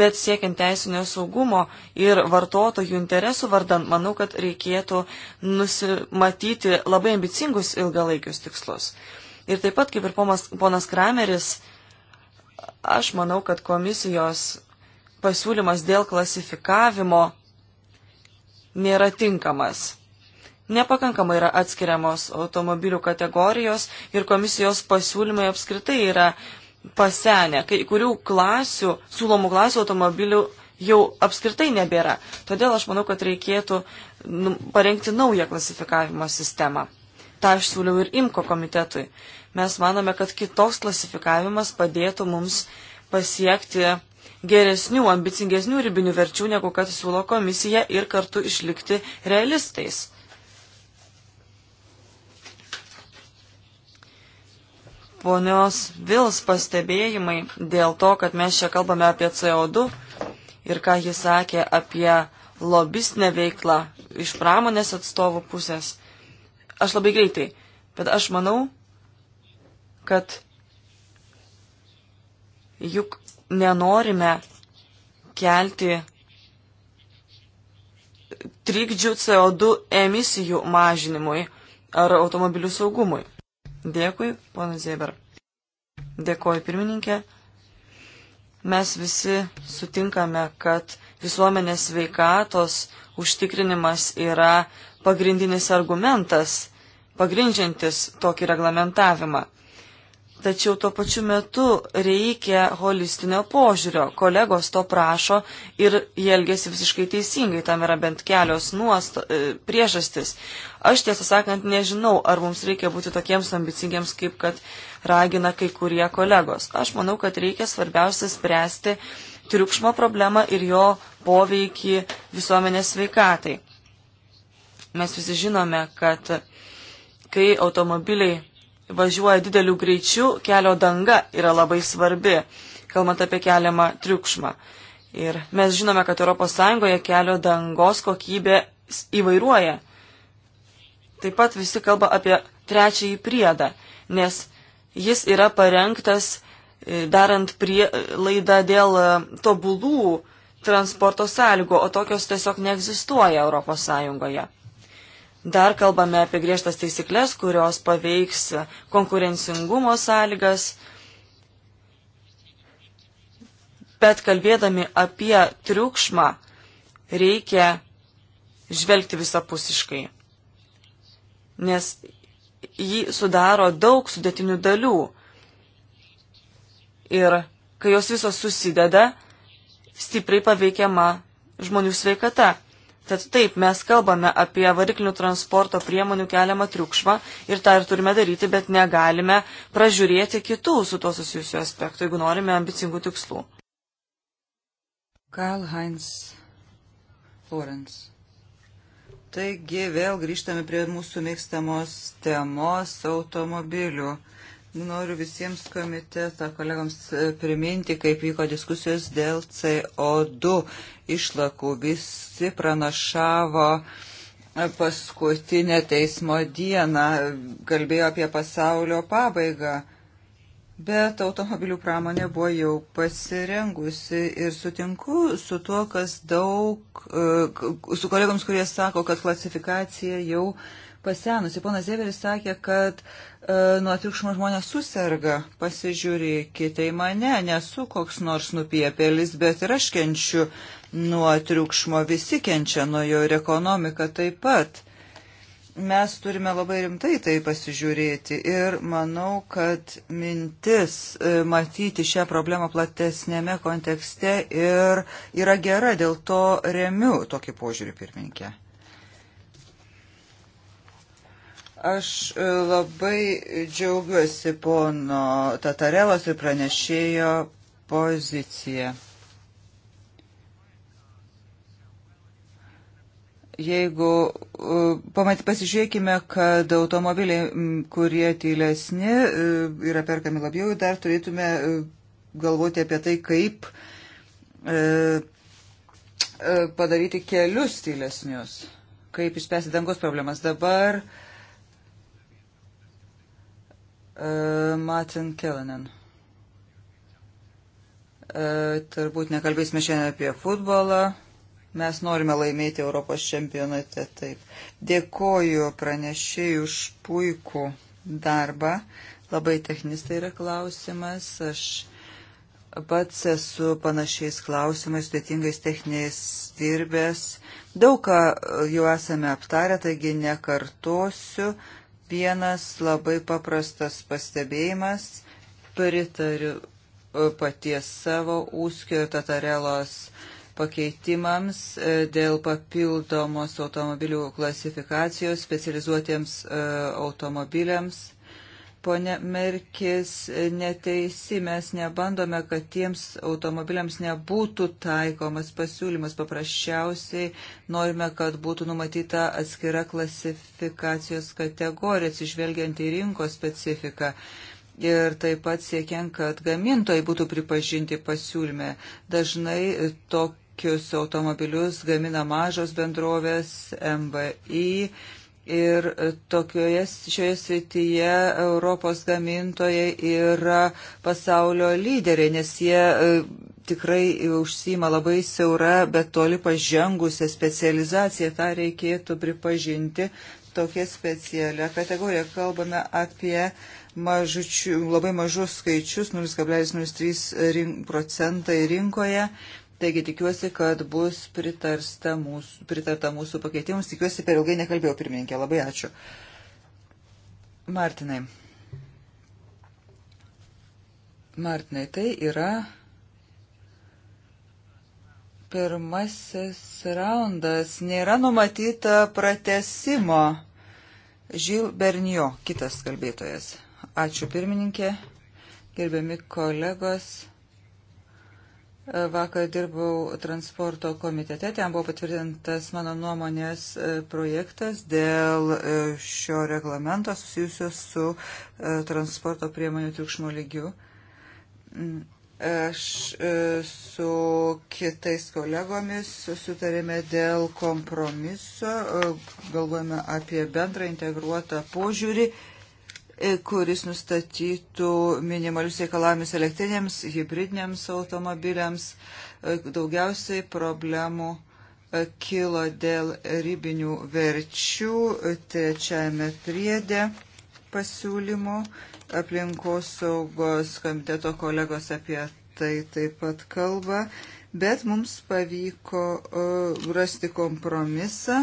bet siekiant teisinio saugumo ir vartotojų interesų vardant, manau, kad reikėtų nusimatyti labai ambicingus ilgalaikius tikslus. Ir taip pat, kaip ir pomas, ponas Krameris, aš manau, kad komisijos pasiūlymas dėl klasifikavimo nėra tinkamas. Nepakankamai yra atskiriamos automobilių kategorijos ir komisijos pasiūlymai apskritai yra pasenę, kai kurių klasių, siūlomų klasių automobilių jau apskritai nebėra. Todėl aš manau, kad reikėtų nu, parengti naują klasifikavimo sistemą. Ta aš siūliau ir IMKO komitetui. Mes manome, kad kitoks klasifikavimas padėtų mums pasiekti geresnių, ambicingesnių ribinių verčių, negu kad siūlo komisija ir kartu išlikti realistais. Ponios Vils pastebėjimai dėl to, kad mes čia kalbame apie CO2 ir ką jis sakė apie lobistinę veiklą iš pramonės atstovų pusės. Aš labai greitai, bet aš manau, kad juk nenorime kelti trikdžių CO2 emisijų mažinimui ar automobilių saugumui. Dėkui, ponas Zeber. Dėkoju, pirmininkė. Mes visi sutinkame, kad visuomenės sveikatos užtikrinimas yra pagrindinis argumentas, pagrindžiantis tokį reglamentavimą. Tačiau tuo pačiu metu reikia holistinio požiūrio. Kolegos to prašo ir jie elgesi visiškai teisingai. Tam yra bent kelios nuosto, e, priežastis. Aš tiesą sakant nežinau, ar mums reikia būti tokiems ambicingiams, kaip kad ragina kai kurie kolegos. Aš manau, kad reikia svarbiausia spręsti triukšmo problemą ir jo poveikį visuomenės sveikatai. Mes visi žinome, kad kai automobiliai važiuoja dideliu greičiu, kelio danga yra labai svarbi, kalbant apie keliamą triukšmą. Ir mes žinome, kad ES kelio dangos kokybė įvairuoja. Taip pat visi kalba apie trečiąjį priedą, nes jis yra parengtas e, darant prielaidą e, dėl e, tobulų transporto sąlygų, o tokios tiesiog neegzistuoja ES. Dar kalbame apie griežtas taisyklės, kurios paveiks konkurencingumo sąlygas. Bet kalbėdami apie triukšmą reikia žvelgti visapusiškai, nes jį sudaro daug sudėtinių dalių. Ir kai jos visos susideda, stipriai paveikiama žmonių sveikata. Tad taip, mes kalbame apie variklių transporto priemonių keliamą triukšmą ir tą ir turime daryti, bet negalime pražiūrėti kitų su to susijusių aspektų, jeigu norime ambicingų tikslų. Karl Heinz Lorenz. Taigi vėl grįžtame prie mūsų mėgstamos temos automobilių. Noriu visiems komiteto kolegams e, priminti, kaip vyko diskusijos dėl CO2 išlakų. Visi pranašavo paskutinę teismo dieną, kalbėjo apie pasaulio pabaigą. Bet automobilių pramonė buvo jau pasirengusi ir sutinku su tuo, kas daug, e, su kolegams, kurie sako, kad klasifikacija jau pasenusi. Ponas Zėveris sakė, kad uh, E, nuo triukšmo žmonės susirga, pasižiūrėkite į mane, nesu koks nors nupiepėlis, bet ir aš kenčiu nuo triukšmo, visi kenčia nuo jo ir ekonomika taip pat. Mes turime labai rimtai tai pasižiūrėti ir manau, kad mintis e, matyti šią problemą platesnėme kontekste ir yra gera, dėl to remiu tokį požiūrį pirmininkę. Aš e, labai džiaugiuosi pono Tatarelos ir pranešėjo poziciją. Jeigu e, pamat, pasižiūrėkime, kad automobiliai, kurie tylesni, e, yra perkami labiau, dar turėtume galvoti apie tai, kaip padaryti kelius tylesnius, kaip išspręsti dangos problemas. Dabar uh, E, Martin Kellenen. E, turbūt nekalbėsime šiandien apie futbolą. Mes norime laimėti Europos čempionate. Taip. Dėkoju pranešėjai už puikų darbą. Labai techninis tai yra klausimas. Aš pats esu panašiais klausimais, sudėtingais techniniais dirbęs. Daug ką jau esame aptarę, taigi nekartosiu. Vienas labai paprastas pastebėjimas. Pritariu e, paties savo ūskio ir tatarelos pakeitimams e, dėl papildomos automobilių klasifikacijos specializuotiems e, automobiliams Pone Merkis, neteisi, mes nebandome, kad tiems automobiliams nebūtų taikomas pasiūlymas. Paprasčiausiai norime, kad būtų numatyta atskira klasifikacijos kategorija, atsižvelgiant į rinkos specifiką. Ir taip pat siekiant, kad gamintojai būtų pripažinti pasiūlyme. Dažnai tokius automobilius gamina mažos bendrovės MVI Ir e, tokioje, šioje srityje Europos gamintojai yra pasaulio lyderiai, nes jie e, tikrai užsima labai siaura, bet toli pažengusią specializaciją. Ta reikėtų pripažinti tokia specialia kategorija. Kalbame apie mažučių, labai mažus skaičius, 0,03 rink, procentai rinkoje. Taigi tikiuosi, kad bus mūsų, pritarta mūsų pakeitimams. Tikiuosi, per ilgai nekalbėjau, pirmininkė. Labai ačiū. Martinai. Martinai, tai yra pirmasis raundas. Nėra numatyta pratesimo. Žil Bernio, kitas kalbėtojas. Ačiū pirmininkė, gerbiami kolegos. Vakar dirbau transporto komitete, ten buvo patvirtintas mano nuomonės e, projektas dėl e, šio reglamento susijusio su e, transporto priemonių triukšmo lygiu. Mm, aš su kitais kolegomis sutarėme dėl kompromiso, galvojame apie bendrą integruotą požiūrį E, kuris nustatytų minimalius reikalavimus elektrinėms, hybridiniams automobiliams. E, daugiausiai problemų e, kilo dėl ribinių verčių trečiajame priedė pasiūlymo. Aplinkos saugos komiteto kolegos apie tai taip pat kalba. Bet mums pavyko rasti kompromisą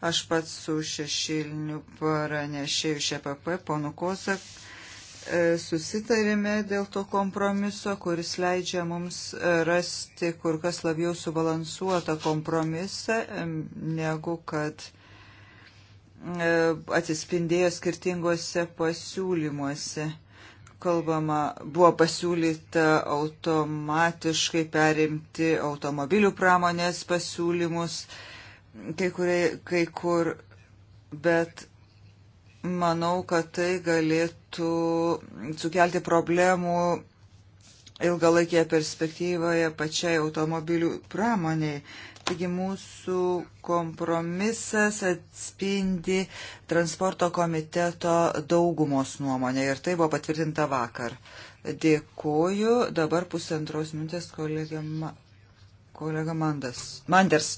Aš pats su šešiliniu pranešėju iš EPP, ponu Kozak, e, susitarėme dėl to kompromiso, kuris leidžia mums rasti kur kas labiau subalansuotą kompromisą, e, negu kad e, atsispindėjo skirtingose pasiūlymuose. Kalbama, buvo pasiūlyta automatiškai perimti automobilių pramonės pasiūlymus, kai, kurie, kai kur, bet manau, kad tai galėtų sukelti problemų ilgalaikėje perspektyvoje pačiai automobilių pramoniai. Taigi mūsų kompromisas atspindi transporto komiteto daugumos nuomonę ir tai buvo patvirtinta vakar. Dėkuoju. Dabar pusantros minutės kolega, kolega Mandas. Manders.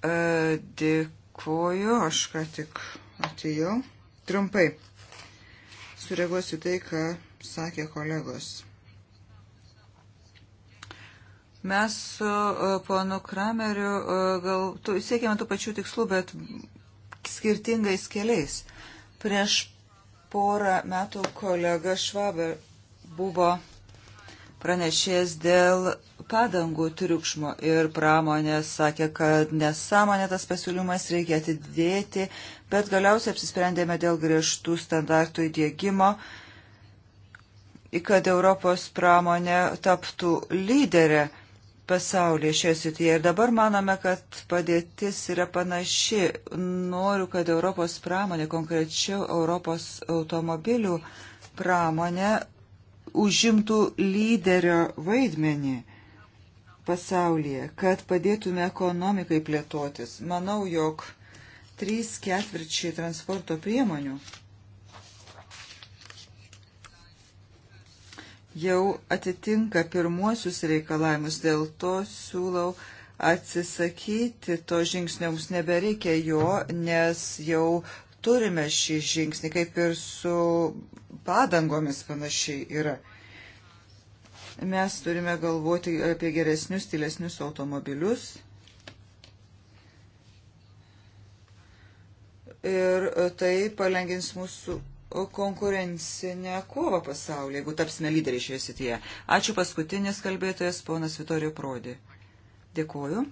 E, Dėkuoju, aš ką tik atėjau. Trumpai sureaguosiu tai, ką sakė kolegos. Mes su e, ponu Krameriu e, gal tu, siekėme tų pačių tikslų, bet skirtingais keliais. Prieš porą metų kolega Švabė buvo pranešęs dėl padangų triukšmo ir pramonė sakė, kad nesąmonė tas pasiūlymas reikia atidėti, bet galiausiai apsisprendėme dėl griežtų standartų įdėgymo, kad Europos pramonė taptų lyderę pasaulyje šioje srityje. Ir dabar manome, kad padėtis yra panaši. Noriu, kad Europos pramonė, konkrečiau Europos automobilių pramonė, užimtų lyderio vaidmenį pasaulyje, kad padėtume ekonomikai plėtotis. Manau, jog trys ketvirčiai transporto priemonių jau atitinka pirmuosius reikalavimus, dėl to siūlau atsisakyti to žingsnio, mums nebereikia jo, nes jau turime šį žingsnį, kaip ir su padangomis panašiai yra. Mes turime galvoti apie geresnius, tylesnius automobilius. Ir tai palengins mūsų konkurencinę kovą pasaulyje, jeigu tapsime lyderiai šioje sityje. Ačiū paskutinis kalbėtojas, ponas Vitorijo Prodi. Dėkuoju.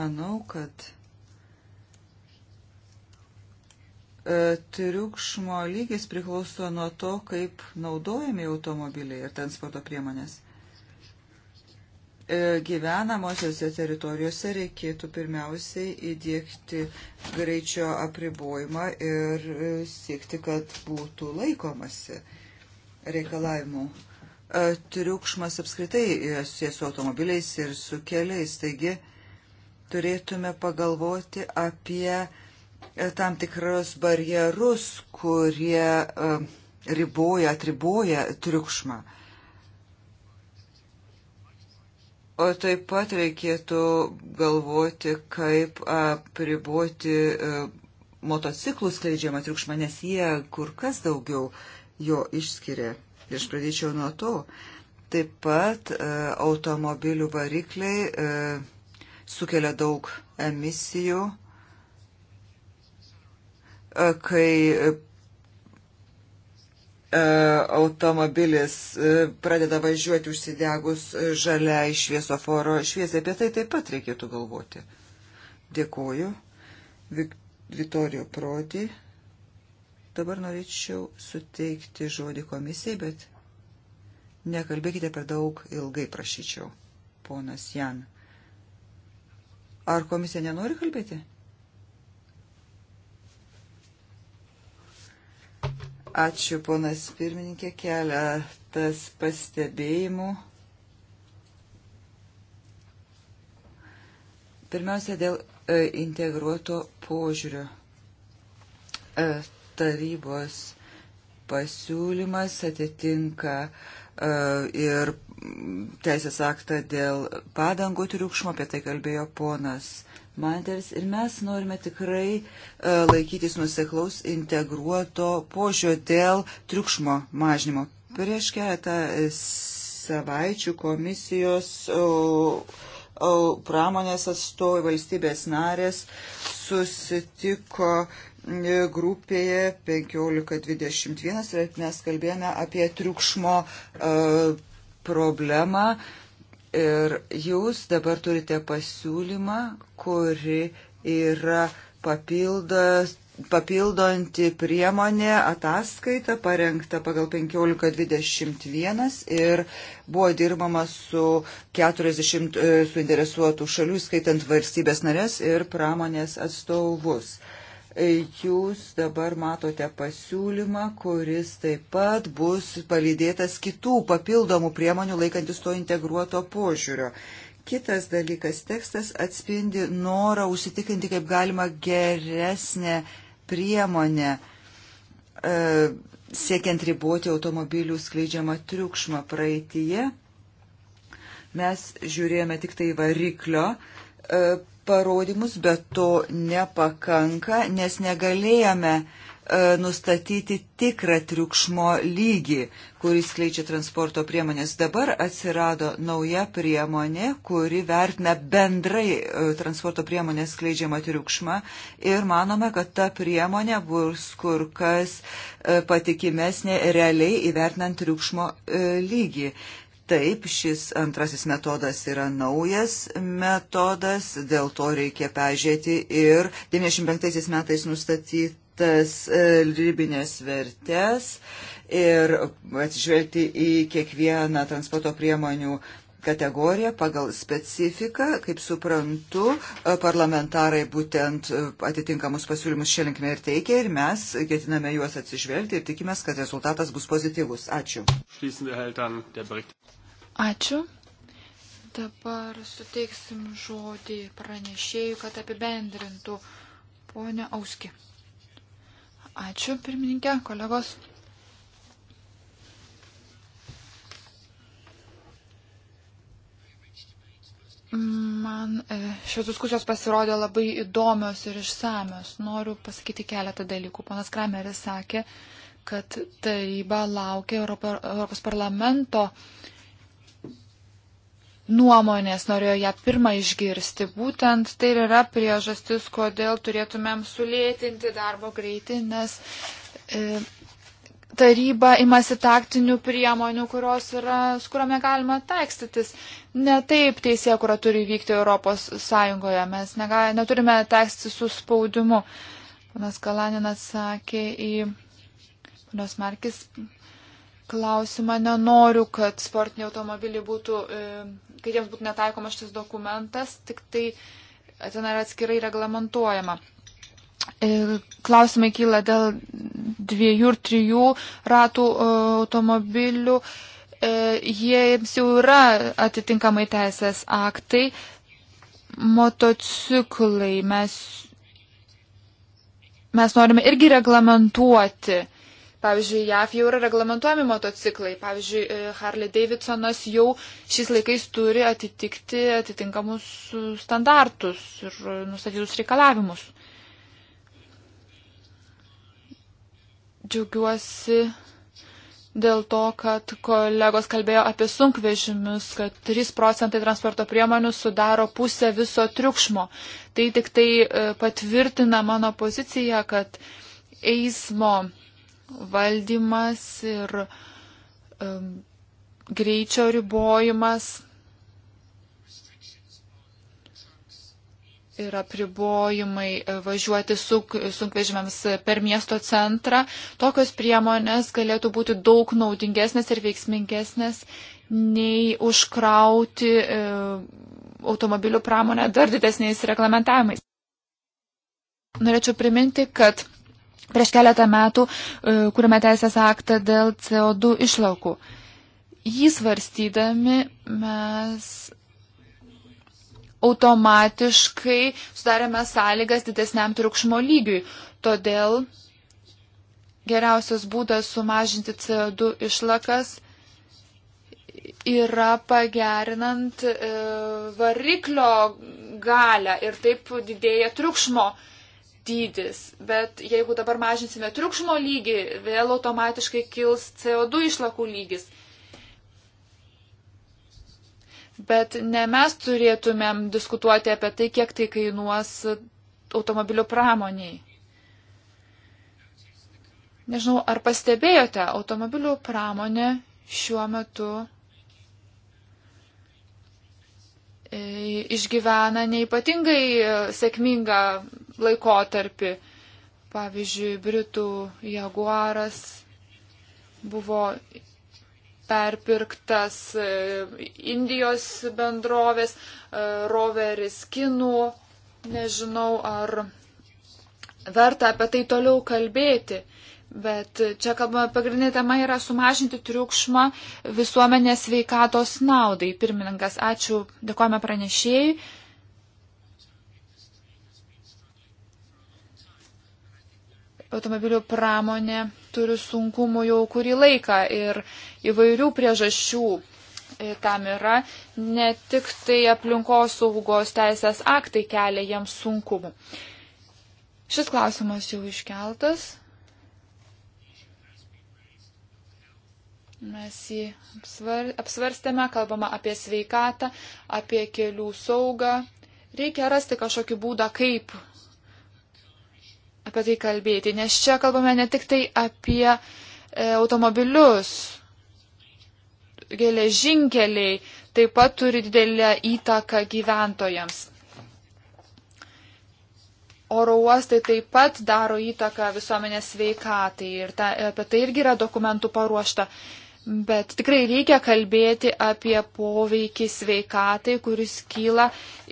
Manau, kad E, triukšmo lygis priklauso nuo to, kaip naudojami automobiliai ir transporto priemonės. E, gyvenamosiose teritorijose reikėtų pirmiausiai įdėkti greičio apribojimą ir e, siekti, kad būtų laikomasi reikalavimų. Triukšmas apskritai susijęs su automobiliais ir su keliais, taigi turėtume pagalvoti apie E, tam tikrus barjerus, kurie e, riboja, atriboja triukšmą. O taip pat reikėtų galvoti, kaip apriboti e, motociklų skleidžiamą triukšmą, nes jie kur kas daugiau jo išskiria. Ir aš pradėčiau nuo to. Taip pat automobilių varikliai sukelia daug emisijų kai e, automobilis e, pradeda važiuoti užsidegus e, žaliai šviesoforo šviesai. Apie tai taip pat reikėtų galvoti. Dėkoju. Vitorijo Prodi. Dabar norėčiau suteikti žodį komisijai, bet nekalbėkite per daug ilgai, prašyčiau, ponas Jan. Ar komisija nenori kalbėti? Ačiū, ponas pirmininkė, keletas pastebėjimų. Pirmiausia, dėl e, integruoto požiūrio. E, tarybos pasiūlymas atitinka e, ir teisės aktą dėl padangų triukšmo, apie tai kalbėjo ponas Manders. Ir mes norime tikrai e, laikytis nuseklaus integruoto požio dėl triukšmo mažnymo. Prieš keletą savaičių komisijos o, o, pramonės atstovai valstybės narės susitiko e, grupėje 1521 ir mes kalbėjome apie triukšmo uh, problemą ir jūs dabar turite pasiūlymą, kuri yra papildas papildanti priemonė ataskaita parengta pagal 1521 ir buvo dirbama su 40 e, suinteresuotų šalių, skaitant valstybės narės ir pramonės atstovus jūs dabar matote pasiūlymą, kuris taip pat bus palydėtas kitų papildomų priemonių laikantis to integruoto požiūrio. Kitas dalykas, tekstas atspindi norą užsitikrinti kaip galima geresnę priemonę e, siekiant riboti automobilių skleidžiamą triukšmą praeitie. Mes žiūrėjome tik tai variklio e, parodymus, bet to nepakanka, nes negalėjome e, nustatyti tikrą triukšmo lygį, kuris kleičia transporto priemonės. Dabar atsirado nauja priemonė, kuri vertina bendrai e, transporto priemonės kleidžiamą triukšmą ir manome, kad ta priemonė bus kur kas e, patikimesnė realiai įvertinant triukšmo lygį. Taip, šis antrasis metodas yra naujas metodas, dėl to reikia pežėti ir 95 metais nustatytas e, ribinės vertės ir atsižvelgti į kiekvieną transporto priemonių kategoriją pagal specifiką, kaip suprantu, e, parlamentarai būtent e, atitinkamus pasiūlymus šią linkmę ir teikia ir mes ketiname juos atsižvelgti ir tikimės, kad rezultatas bus pozityvus. Ačiū. Ačiū. Dabar suteiksim žodį pranešėjų, kad apibendrintų ponę Auski. Ačiū, pirmininkė, kolegos. Man e, šios diskusijos pasirodė labai įdomios ir išsamios. Noriu pasakyti keletą dalykų. Ponas Krameris sakė, kad taryba laukia Europos parlamento nuomonės, norėjo ją pirmą išgirsti. Būtent tai ir yra priežastis, kodėl turėtumėm sulėtinti darbo greitį, nes e, taryba imasi taktinių priemonių, kurios yra, su kuriuo negalima taikstytis. Ne taip teisė, kurio turi vykti Europos Sąjungoje. Mes negal, neturime taikstyti su spaudimu. Panas Kalaninas sakė į Ponios Markis klausimą. Nenoriu, kad sportiniai automobiliai būtų, e, kad jiems būtų netaikomas šis dokumentas, tik tai ten yra atskirai reglamentuojama. E, klausimai kyla dėl dviejų ir trijų ratų e, automobilių. Jiems jau yra atitinkamai teisės aktai. Motociklai mes, mes norime irgi reglamentuoti uh, Pavyzdžiui, JAV jau yra reglamentuojami motociklai. Pavyzdžiui, e, Harley Davidsonas jau šiais laikais turi atitikti atitinkamus standartus ir nustatytus reikalavimus. Džiaugiuosi dėl to, kad kolegos kalbėjo apie sunkvežimius, kad 3 procentai transporto priemonių sudaro pusę viso triukšmo. Tai tik tai e, patvirtina mano poziciją, kad eismo valdymas ir um, greičio ribojimas ir apribojimai e, važiuoti sunkvežimiams per miesto centrą. Tokios priemonės galėtų būti daug naudingesnės ir veiksmingesnės nei užkrauti e, automobilių pramonę dar didesniais reglamentavimais. Norėčiau priminti, kad prieš keletą metų e, kūrėme teisės aktą dėl CO2 išlaukų. Jį svarstydami mes automatiškai sudarėme sąlygas didesniam triukšmo lygiui. Todėl geriausias būdas sumažinti CO2 išlakas yra pagerinant e, variklio galę ir taip didėja triukšmo uh, dydis. Bet jeigu dabar mažinsime triukšmo lygį, vėl automatiškai kils CO2 išlakų lygis. Bet ne mes turėtumėm diskutuoti apie tai, kiek tai kainuos automobilių pramoniai. Nežinau, ar pastebėjote, automobilių pramonė šiuo metu E, išgyvena neipatingai e, sėkmingą laikotarpį. Pavyzdžiui, Britų jaguaras buvo perpirktas e, Indijos bendrovės, roveris kinų, nežinau, ar verta apie tai toliau kalbėti. Bet čia kalbame, pagrindinė tema yra sumažinti triukšmą visuomenės veikatos naudai. Pirmininkas, ačiū, dėkojame pranešėjai. automobilių pramonė turi sunkumų jau kurį laiką ir įvairių priežasčių e, tam yra, ne tik tai aplinkos saugos teisės aktai kelia jiems sunkumų. Šis klausimas jau iškeltas. Mes jį apsvar, apsvarstėme, kalbama apie sveikatą, apie kelių saugą. Reikia rasti kažkokį būdą, kaip apie tai kalbėti, nes čia kalbame ne tik tai apie e, automobilius, geležinkeliai taip pat turi didelę įtaką gyventojams. Oro uostai taip pat daro įtaką visuomenės veikatai ir ta, apie tai irgi yra dokumentų paruošta. E, Bet tikrai reikia kalbėti apie poveikį sveikatai, kuris kyla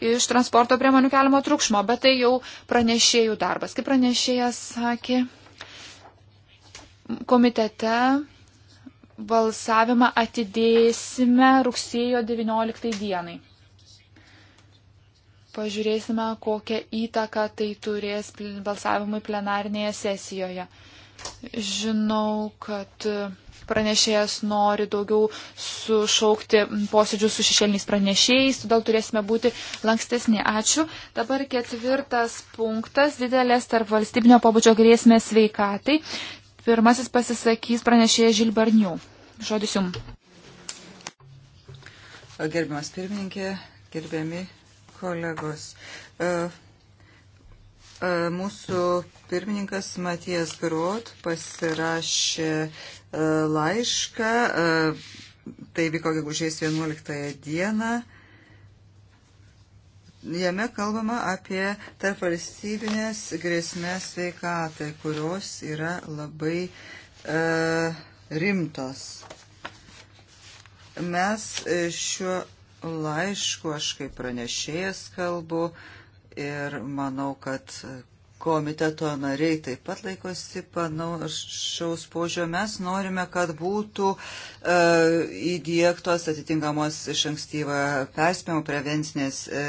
iš transporto priemonių keliamo triukšmo, bet tai jau pranešėjų darbas. Kaip pranešėjas sakė, komitete balsavimą atidėsime rugsėjo 19 dienai. Pažiūrėsime, kokią įtaką tai turės balsavimui plenarinėje sesijoje. Žinau, kad pranešėjas nori daugiau sušaukti posėdžių su šešėliniais pranešėjais, todėl turėsime būti lankstesni. Ačiū. Dabar ketvirtas punktas - didelės tarp valstybinio pabudžio grėsmės sveikatai. Pirmasis pasisakys pranešėjas Žilbarnių. Žodis jums. Gerbiamas pirmininkė, gerbiami kolegos. Uh, Mūsų pirmininkas Matijas Grot pasirašė E, laišką. E, tai vyko gegužės 11 dieną. Jame kalbama apie tarp valstybinės grėsmės sveikatai, kurios yra labai e, rimtos. Mes e, šiuo laišku, aš kaip pranešėjas kalbu ir manau, kad komiteto nariai taip pat laikosi panašaus požio. Mes norime, kad būtų e, įdėktos atitinkamos iš ankstyvą perspėjimų prevencinės e,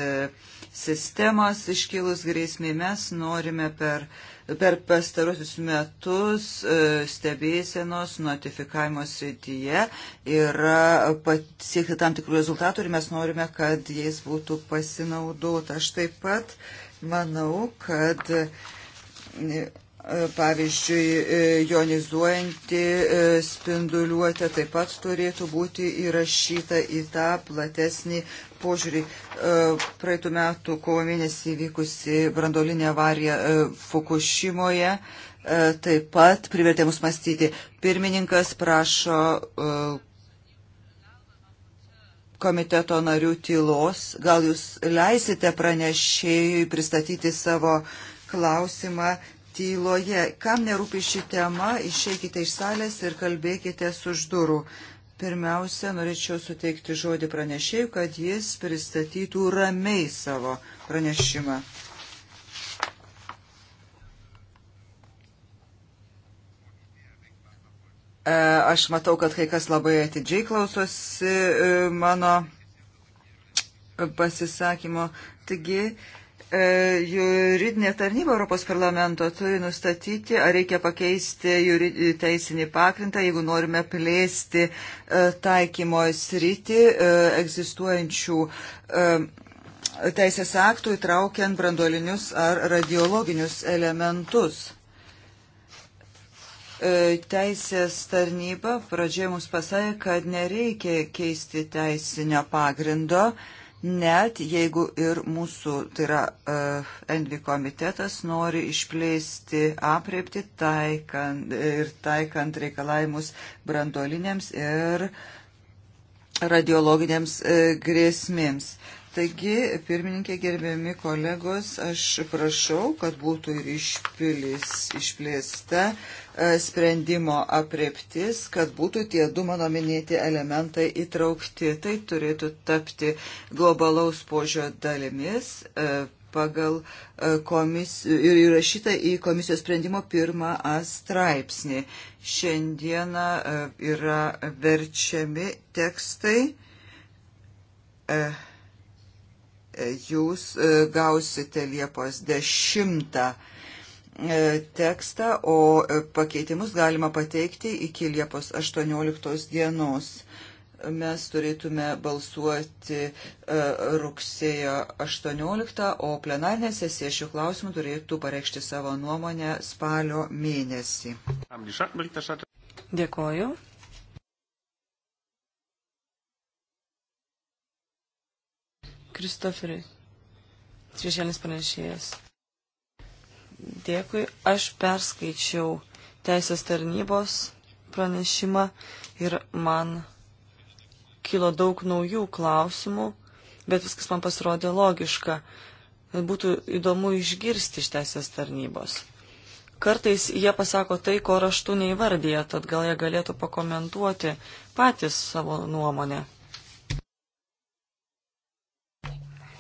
sistemas iškilus grėsmė. Mes norime per, per pastarosius metus e, stebėsienos notifikavimo srityje ir pasiekti tam tikrų rezultatų ir mes norime, kad jais būtų pasinaudota. Aš taip pat e, Manau, kad e, pavyzdžiui, e, jonizuojanti e, spinduliuotė taip pat turėtų būti įrašyta į tą platesnį požiūrį. Praeitų metų kovo mėnesį vykusi brandolinė avarija Fukushimoje taip pat privertė mus mąstyti. Pirmininkas prašo komiteto narių tylos. Gal jūs leisite pranešėjui pristatyti savo klausimą tyloje. Kam nerūpi ši tema, išeikite iš salės ir kalbėkite už durų. Pirmiausia, norėčiau suteikti žodį pranešėjui, kad jis pristatytų ramiai savo pranešimą. E, aš matau, kad kai kas labai atidžiai klausosi e, mano pasisakymo. Taigi, e, juridinė tarnyba Europos parlamento turi nustatyti, ar reikia pakeisti teisinį pakrintą, jeigu norime plėsti taikymo sritį egzistuojančių teisės aktų, įtraukiant brandolinius ar radiologinius elementus. E, teisės tarnyba pradžioje mums pasakė, kad nereikia keisti teisinio pagrindo, net jeigu ir mūsų, tai yra e, Envi komitetas, nori išplėsti apriepti taikant, ir taikant reikalavimus branduoliniams ir radiologiniams e, grėsmėms. Taigi, pirmininkė, gerbiami kolegos, aš prašau, kad būtų ir išpilis, išplėsta e, sprendimo apreptis, kad būtų tie du mano minėti elementai įtraukti. Tai turėtų tapti globalaus požio dalimis e, pagal e, komis, ir įrašyta į komisijos sprendimo pirmą A straipsnį. Šiandieną yra verčiami tekstai. Uh jūs e, gausite Liepos 10 e, tekstą, o e, pakeitimus galima pateikti iki Liepos 18 dienos mes turėtume balsuoti rugsėjo 18, o plenarinė sesija šių klausimų turėtų pareikšti savo nuomonę spalio mėnesį. Dėkoju. Kristoferiui. Šešėlis pranešėjas. Dėkui, aš perskaičiau teisės tarnybos pranešimą ir man kilo daug naujų klausimų, bet viskas man pasirodė logiška. Būtų įdomu išgirsti iš teisės tarnybos. Kartais jie pasako tai, ko raštų neįvardyje, tad gal jie galėtų pakomentuoti patys savo nuomonę.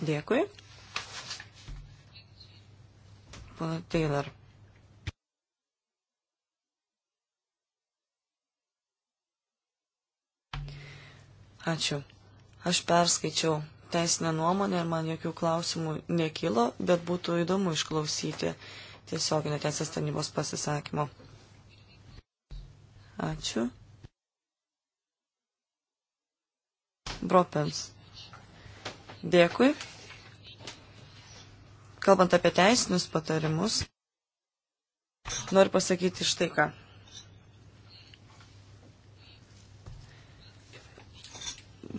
Dėkui. Pana Taylor. Ačiū. Aš perskaičiau teisinę nuomonę ir man jokių klausimų nekilo, bet būtų įdomu išklausyti tiesioginio teisės tarnybos pasisakymo. Ačiū. Bropens. Dėkui. Kalbant apie teisinius patarimus, noriu pasakyti štai ką.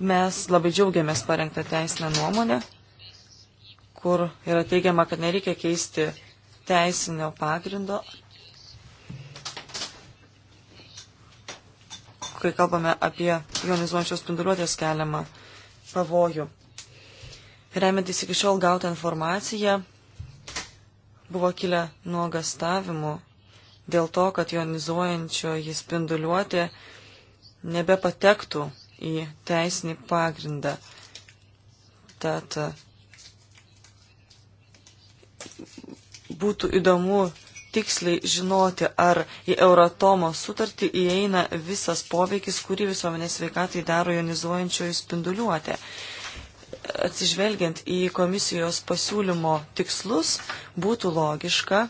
Mes labai džiaugiamės parengtą teisinę nuomonę, kur yra teigiama, kad nereikia keisti teisinio pagrindo, kai kalbame apie jonizuojančios spinduliuotės keliamą pavojų. Remiantis iki šiol gautą informaciją, buvo kilę nuogastavimų dėl to, kad jonizuojančioji spinduliuotė nebepatektų į teisinį pagrindą. Tad būtų įdomu tiksliai žinoti, ar į Euratomo sutartį įeina visas poveikis, kurį visuomenės sveikatai daro jonizuojančioji spinduliuotė atsižvelgiant į komisijos pasiūlymo tikslus, būtų logiška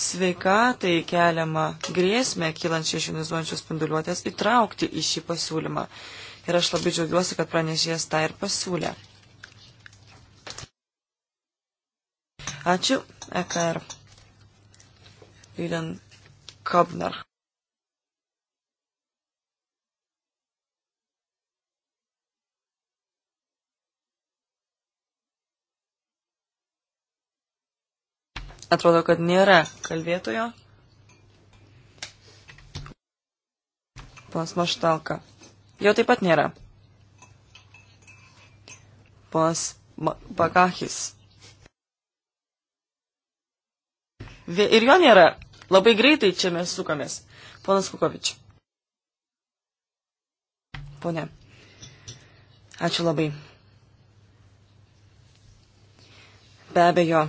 sveikatai keliamą grėsmę kylančią iš jonizuojančios spinduliuotės įtraukti į šį pasiūlymą. Ir aš labai džiaugiuosi, kad pranešėjas tą ir pasiūlė. Ačiū, EKR. Lyden Kobner. Atrodo, kad nėra kalbėtojo. Ponas Maštalka. Jo taip pat nėra. Ponas Bagahis. Ir jo nėra. Labai greitai čia mes sukamės. Ponas Kukovič. Pone. Ačiū labai. Be abejo,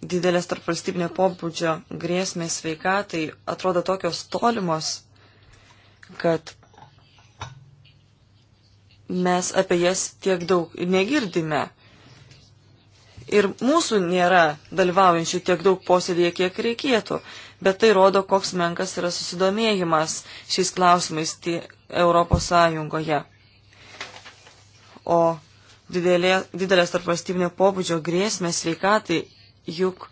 didelės tarpvalstybinio pobūdžio grėsmės sveikatai atrodo tokios tolimos, kad mes apie jas tiek daug negirdime. Ir mūsų nėra dalyvaujančių tiek daug posėdėje, kiek reikėtų, bet tai rodo, koks menkas yra susidomėjimas šiais klausimais Europos Sąjungoje. O didelė, didelės tarpvalstybinio pobūdžio grėsmės sveikatai juk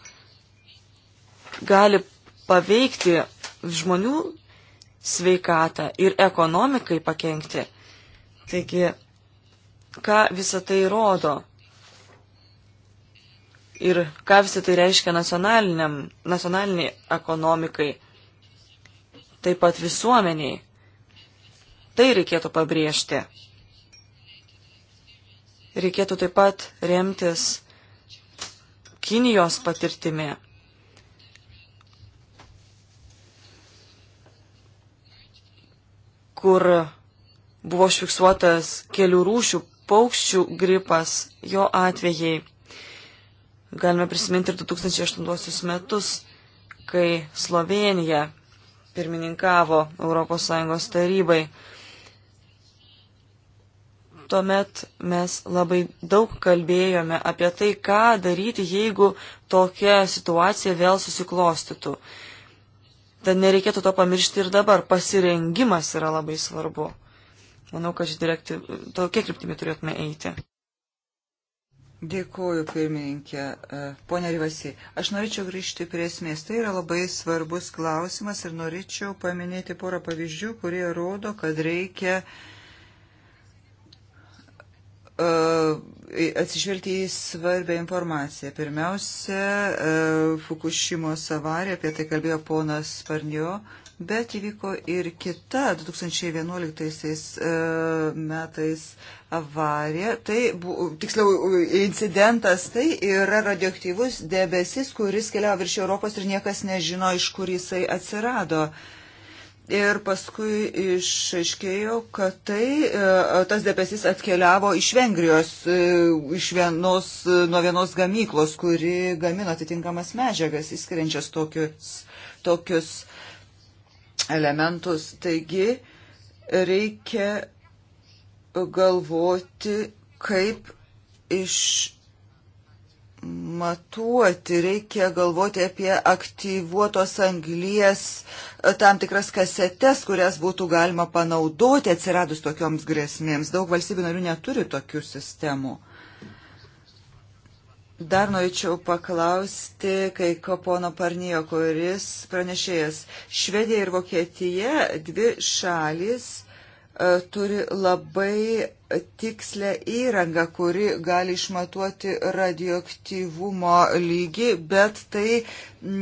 gali paveikti žmonių sveikatą ir ekonomikai pakengti. Taigi, ką visa tai rodo? Ir ką visą tai reiškia nacionaliniai ekonomikai, taip pat visuomeniai. Tai reikėtų pabrėžti. Reikėtų taip pat remtis Kinijos patirtimi. kur buvo užfiksuotas kelių rūšių paukščių gripas, jo atvejai. Galime prisiminti ir 2008 metus, kai Slovenija pirmininkavo ES tarybai. Tuomet mes labai daug kalbėjome apie tai, ką daryti, jeigu tokia situacija vėl susiklostytų. Tad nereikėtų to pamiršti ir dabar. Pasirengimas yra labai svarbu. Manau, kad direktyv... tokie kryptimi turėtume eiti. Dėkuoju, pirmininkė. E, Pone Rivasi, aš norėčiau grįžti prie esmės. Tai yra labai svarbus klausimas ir norėčiau paminėti porą pavyzdžių, kurie rodo, kad reikia uh, E, atsižvelgti į svarbę informaciją. Pirmiausia, e, Fukushimos avarija, apie tai kalbėjo ponas Parnio, bet įvyko ir kita 2011 e, metais avarija. Tai, bu, tiksliau, incidentas tai yra radioaktyvus debesis, kuris keliavo virš Europos ir niekas nežino, iš kur jisai atsirado. Uh, Ir paskui išaiškėjo, kad tai, e, tas debesis atkeliavo iš Vengrijos, e, iš vienos, e, nuo vienos gamyklos, kuri gamino atitinkamas medžiagas, įskiriančias tokius, tokius elementus. Taigi reikia galvoti, kaip iš matuoti, reikia galvoti apie aktyvuotos anglies e, tam tikras kasetes, kurias būtų galima panaudoti atsiradus tokioms grėsmėms. Daug valstybių narių neturi tokių sistemų. Dar norėčiau paklausti, kai Kopono Parnijo, kuris pranešėjas, Švedija ir Vokietija, dvi šalis E, turi labai tikslę įrangą, kuri gali išmatuoti radioaktyvumo lygį, bet tai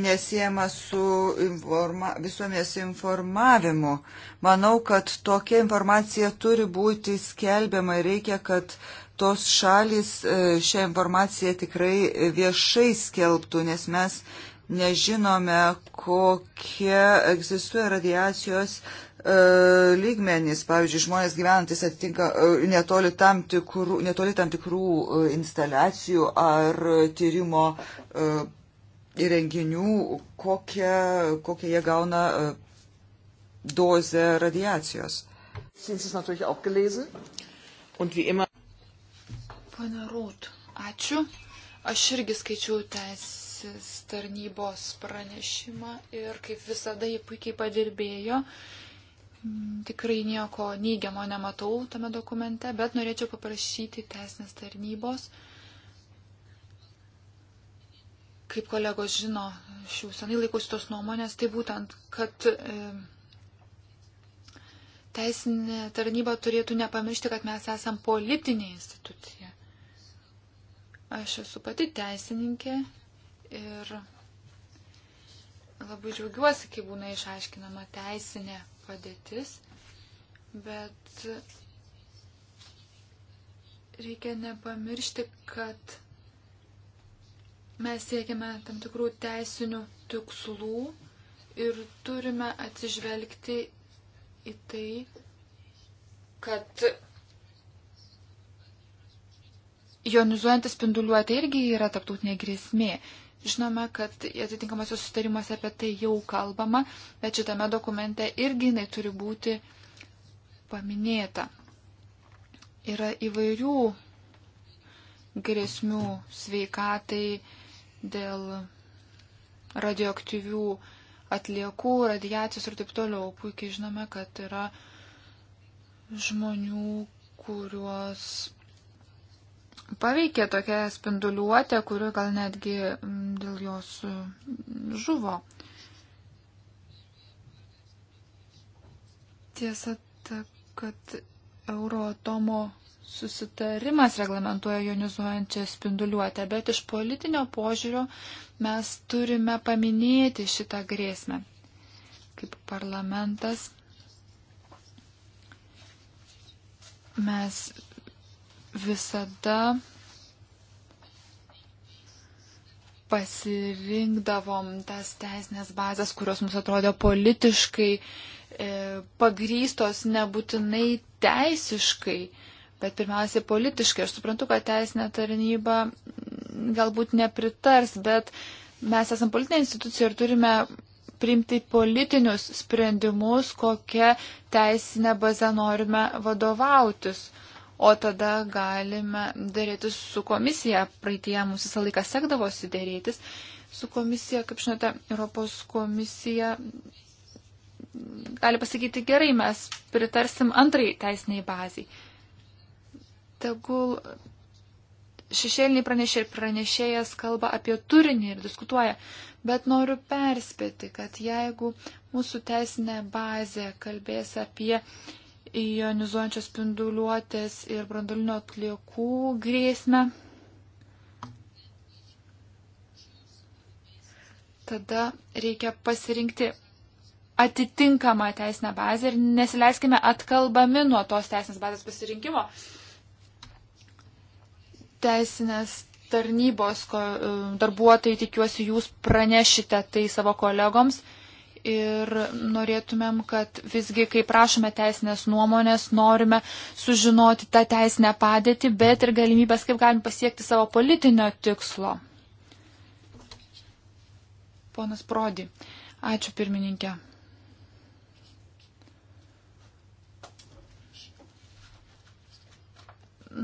nesiema su informa visuomės informavimu. Manau, kad tokia informacija turi būti skelbiama ir reikia, kad tos šalis e, šią informaciją tikrai viešai skelbtų, nes mes nežinome, kokie egzistuoja radiacijos uh, E, lygmenys, pavyzdžiui, žmonės gyvenantis atitinka e, netoli tam tikrų, netoli tam tikrų e, instaliacijų ar tyrimo įrenginių, kokią, kokią jie gauna dozę radiacijos. Pana Rūt, ačiū. Aš irgi skaičiau teisės tarnybos pranešimą ir kaip visada jie puikiai padirbėjo. Uh, Tikrai nieko neigiamo nematau tame dokumente, bet norėčiau paprašyti teisinės tarnybos. Kaip kolegos žino, šių senai laikosi tos nuomonės, tai būtent, kad e, teisinė tarnyba turėtų nepamiršti, kad mes esam politinė institucija. Aš esu pati teisininkė ir labai džiaugiuosi, kai būna išaiškinama teisinė padėtis, bet reikia nepamiršti, kad mes siekime tam tikrų teisinių tikslų ir turime atsižvelgti į tai, kad jonizuojantis spinduliuotė irgi yra taptautinė grėsmė. Žinome, kad atitinkamasios sustarimuose apie tai jau kalbama, bet šitame dokumente irgi jinai turi būti paminėta. Yra įvairių grėsmių sveikatai dėl radioaktyvių atliekų, radiacijos ir taip toliau. Puikiai žinome, kad yra žmonių, kuriuos paveikė tokia spinduliuotė, kuri gal netgi mm, dėl jos mm, žuvo. Tiesa ta, kad Euroatomo susitarimas reglamentuoja jonizuojančią spinduliuotę, bet iš politinio požiūrio mes turime paminėti šitą grėsmę. Kaip parlamentas mes visada pasirinkdavom tas teisinės bazės, kurios mums atrodė politiškai e, pagrystos nebūtinai teisiškai, bet pirmiausiai politiškai. Aš suprantu, kad teisinė tarnyba galbūt nepritars, bet mes esame politinė institucija ir turime priimti politinius sprendimus, kokią teisinę bazę norime vadovautis o tada galime dėrėtis su komisija. Praeitie mums visą laiką sekdavosi dėrėtis su komisija, kaip žinote, Europos komisija gali pasakyti gerai, mes pritarsim antrai teisiniai baziai. Tegul šešėliniai pranešė ir pranešėjas kalba apie turinį ir diskutuoja, bet noriu perspėti, kad jeigu mūsų teisinė bazė kalbės apie ionizuojančios spinduliuotės ir brandolinio atliekų grėsmę. Tada reikia pasirinkti atitinkamą teisinę bazę ir nesileiskime atkalbami nuo tos teisinės bazės pasirinkimo. Teisinės tarnybos e, darbuotojai, tikiuosi, jūs pranešite tai savo kolegoms ir norėtumėm, kad visgi, kai prašome teisinės nuomonės, norime sužinoti tą teisinę padėtį, bet ir galimybės, kaip galim pasiekti savo politinio tikslo. Ponas Prodi, ačiū pirmininkė.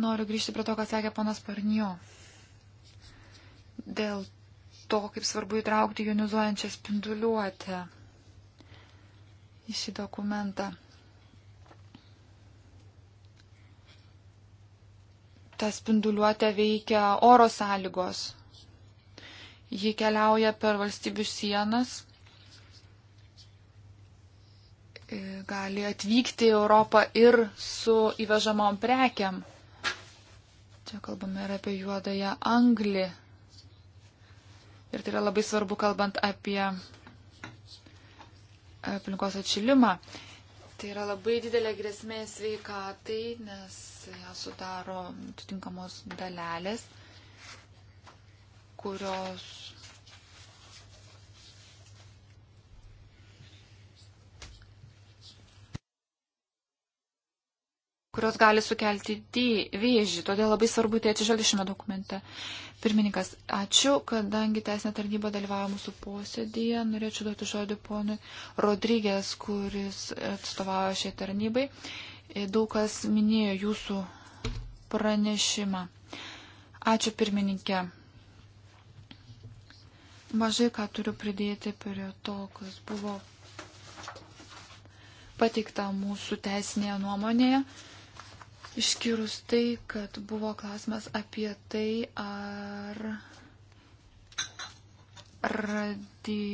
Noriu grįžti prie to, ką sakė ponas Parnio. Dėl to, kaip svarbu įtraukti jonizuojančią spinduliuotę į šį dokumentą. Ta spinduliuotė veikia oro sąlygos. Ji keliauja per valstybių sienas, e, gali atvykti į Europą ir su įvežamom prekiam. Čia kalbame ir apie juodąją anglį. Ir tai yra labai svarbu, kalbant apie aplinkos atšilimą. Tai yra labai didelė grėsmė sveikatai, nes ją sudaro atitinkamos dalelės, kurios. kurios gali sukelti vėžį. Todėl labai svarbu tai atsižvelgti šiame dokumente. Pirmininkas, ačiū, kadangi teisinė tarnyba dalyvavo mūsų posėdėje, norėčiau duoti žodį ponui Rodrygės, kuris atstovavo šiai tarnybai. E, daug kas minėjo jūsų pranešimą. Ačiū pirmininkė. Mažai ką turiu pridėti prie to, kas buvo pateikta mūsų teisinėje nuomonėje. Išskyrus tai, kad buvo klausimas apie tai, ar, radi,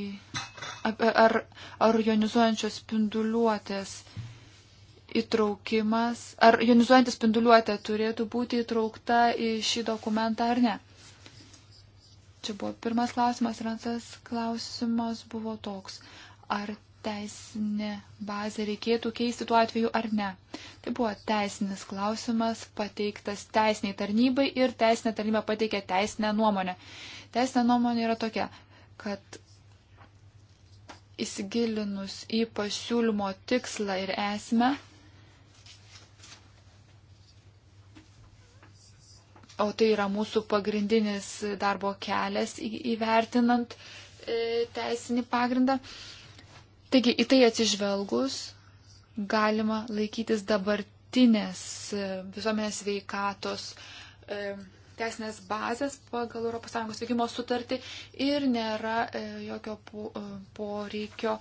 ar, ar jonizuojančios spinduliuotės įtraukimas, ar jonizuojantis spinduliuotė turėtų būti įtraukta į šį dokumentą ar ne. Čia buvo pirmas klausimas, ir antras klausimas buvo toks, ar teisinė bazė reikėtų keisti tuo atveju ar ne. Tai buvo teisinis klausimas pateiktas teisiniai tarnybai ir teisinė tarnyba pateikė teisinę nuomonę. Teisinė nuomonė yra tokia, kad įsigilinus į pasiūlymo tikslą ir esmę, o tai yra mūsų pagrindinis darbo kelias įvertinant e, teisinį pagrindą, Taigi į tai atsižvelgus galima laikytis dabartinės e, visuomenės veikatos e, teisinės bazės pagal ES veikimo sutartį ir nėra e, jokio poreikio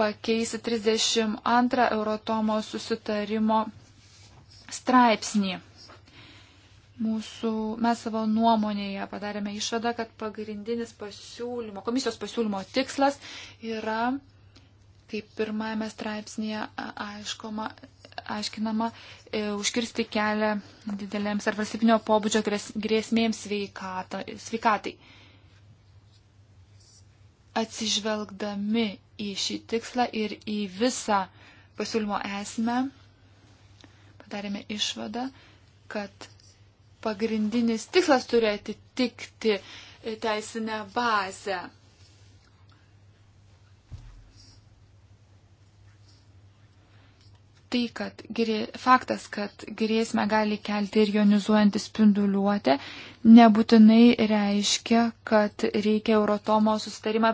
pakeisti 32 Eurotomo susitarimo straipsnį. Mūsų, mes savo nuomonėje padarėme išvadą, kad pagrindinis pasiūlymo, komisijos pasiūlymo tikslas yra kaip pirmajame straipsnėje aiškoma, aiškinama, e, užkirsti kelią didelėms ar valstybinio pobūdžio grėsmėms sveikata, sveikatai. Atsižvelgdami į šį tikslą ir į visą pasiūlymo esmę, padarėme išvadą, kad pagrindinis tikslas turi atitikti teisinę bazę tai, kad grė, faktas, kad grėsmę gali kelti ir jonizuojantį spinduliuotę, nebūtinai reiškia, kad reikia Eurotomo sustarimą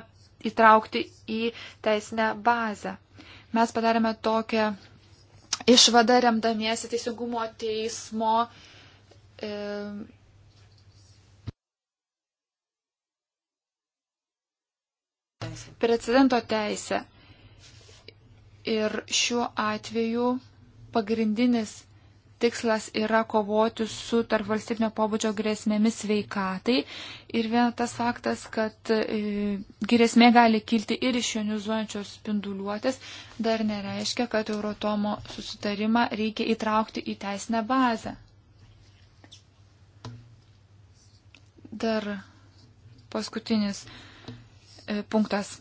įtraukti į teisinę bazę. Mes padarėme tokią išvadą remdamiesi Teisingumo teismo. E, Precedento teisė. Ir šiuo atveju pagrindinis tikslas yra kovoti su tarpvalstybinio pobūdžio grėsmėmis sveikatai. Ir vien tas faktas, kad e, grėsmė gali kilti ir iš jonizuojančios spinduliuotės, dar nereiškia, kad Eurotomo susitarimą reikia įtraukti į teisinę bazę. Dar paskutinis e, punktas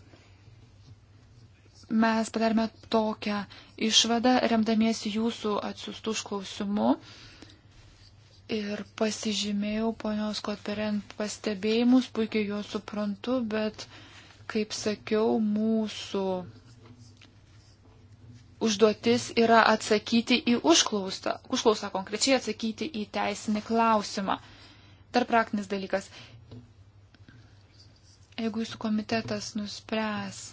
mes padarėme tokią išvadą, remdamiesi jūsų atsiųstų užklausimų. Ir pasižymėjau ponios Kotperent pastebėjimus, puikiai juos suprantu, bet, kaip sakiau, mūsų užduotis yra atsakyti į užklausą, užklausą konkrečiai atsakyti į teisinį klausimą. Dar praktinis dalykas. Jeigu jūsų komitetas nuspręs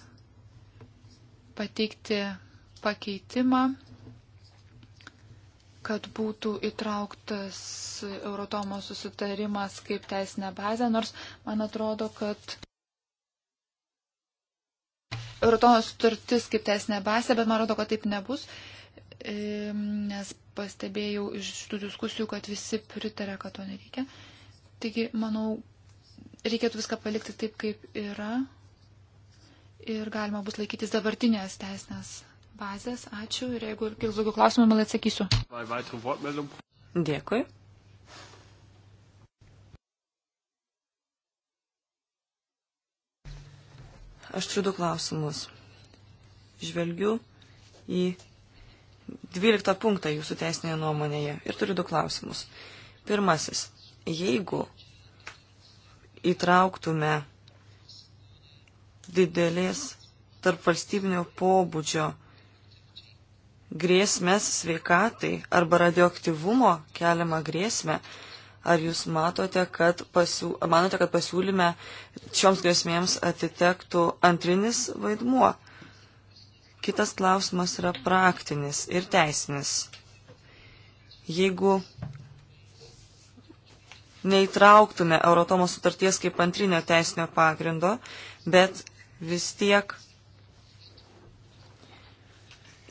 pateikti pakeitimą, kad būtų įtrauktas Eurotomo susitarimas kaip teisinė bazė, nors man atrodo, kad Eurotomo sutartis kaip teisinė bazė, bet man atrodo, kad taip nebus, nes pastebėjau iš tų diskusijų, kad visi pritarė, kad to nereikia. Taigi, manau, reikėtų viską palikti taip, kaip yra ir galima bus laikytis dabartinės teisinės bazės. Ačiū ir jeigu kils daugiau klausimų, mielai atsakysiu. Dėkui. Aš turiu du klausimus. Žvelgiu į 12 punktą jūsų teisinėje nuomonėje ir turiu du klausimus. Pirmasis, jeigu įtrauktume didelės tarpvalstybinio pobūdžio grėsmės sveikatai arba radioaktyvumo keliamą grėsmę, ar jūs matote, kad, pasiū, manote, kad pasiūlyme šioms grėsmėms atitektų antrinis vaidmuo? Kitas klausimas yra praktinis ir teisinis. Jeigu neįtrauktume Eurotomos sutarties kaip antrinio teisinio pagrindo, bet vis tiek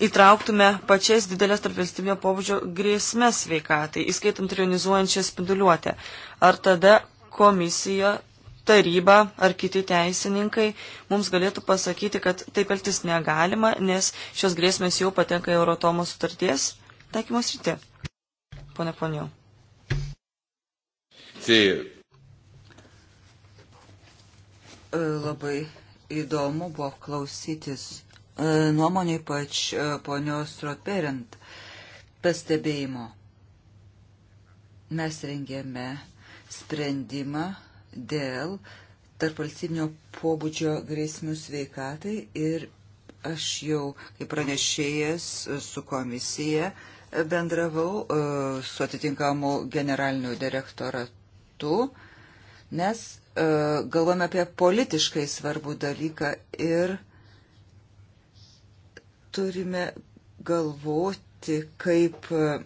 įtrauktume pačias didelės tarpvalstybinio pobūdžio grėsmės sveikatai, įskaitant ionizuojančią spinduliuotę. Ar tada komisija, taryba ar kiti teisininkai mums galėtų pasakyti, kad taip elgtis negalima, nes šios grėsmės jau patenka į Eurotomo sutarties taikymos rytį? Pone poniau. Tai Labai įdomu buvo klausytis e, nuomonė ypač e, ponios Roperint pastebėjimo. Mes rengėme sprendimą dėl tarpvalstybinio pobūdžio grėsmių sveikatai ir aš jau kaip pranešėjas su komisija bendravau e, su atitinkamu generaliniu direktoratu, nes E, galvojame apie politiškai svarbų dalyką ir turime galvoti, kaip e,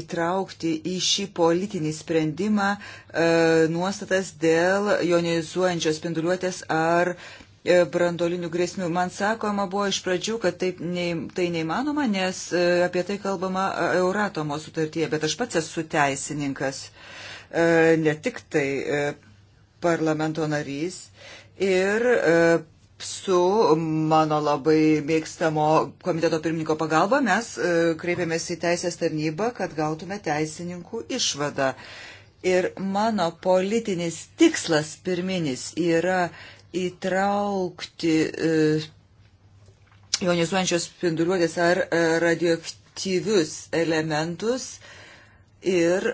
įtraukti į šį politinį sprendimą e, nuostatas dėl jonizuojančios spinduliuotės ar e, brandolinių grėsmių. Man sakoma buvo iš pradžių, kad taip nei, tai neįmanoma, nes e, apie tai kalbama e, Euratomo sutartyje, bet aš pats esu teisininkas. E, ne tik tai e, parlamento narys ir e, su mano labai mėgstamo komiteto pirmininko pagalba mes e, kreipėmės į teisės tarnybą, kad gautume teisininkų išvadą. Ir mano politinis tikslas pirminis yra įtraukti e, jonizuojančios spinduliuotės ar radioaktyvius elementus ir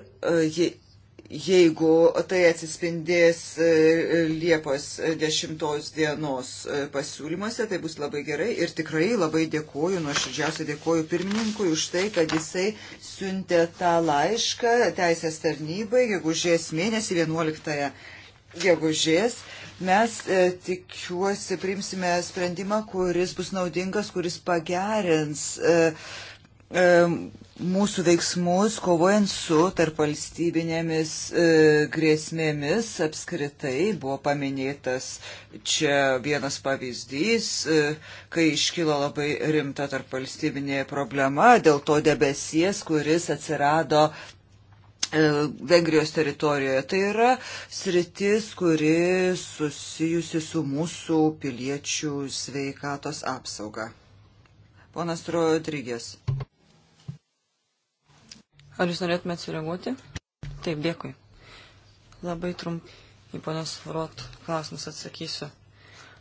jeigu tai atsispindės e, Liepos 10 dienos e, pasiūlymuose, tai bus labai gerai ir tikrai labai dėkoju, nuoširdžiausiai dėkoju pirmininkui už tai, kad jisai siuntė tą laišką teisės tarnybai, gegužės mėnesį 11 gegužės. Mes e, tikiuosi priimsime sprendimą, kuris bus naudingas, kuris pagerins. E, E, mūsų veiksmus, kovojant su tarpvalstybinėmis e, grėsmėmis apskritai. Buvo paminėtas čia vienas pavyzdys, e, kai iškilo labai rimta tarpvalstybinė problema dėl to debesies, kuris atsirado e, Vengrijos teritorijoje. Tai yra sritis, kuri susijusi su mūsų piliečių sveikatos apsauga. Ponas Rodrygės. Ar jūs norėtumėte sureaguoti? Taip, dėkui. Labai trump į ponios Rot klausimus atsakysiu.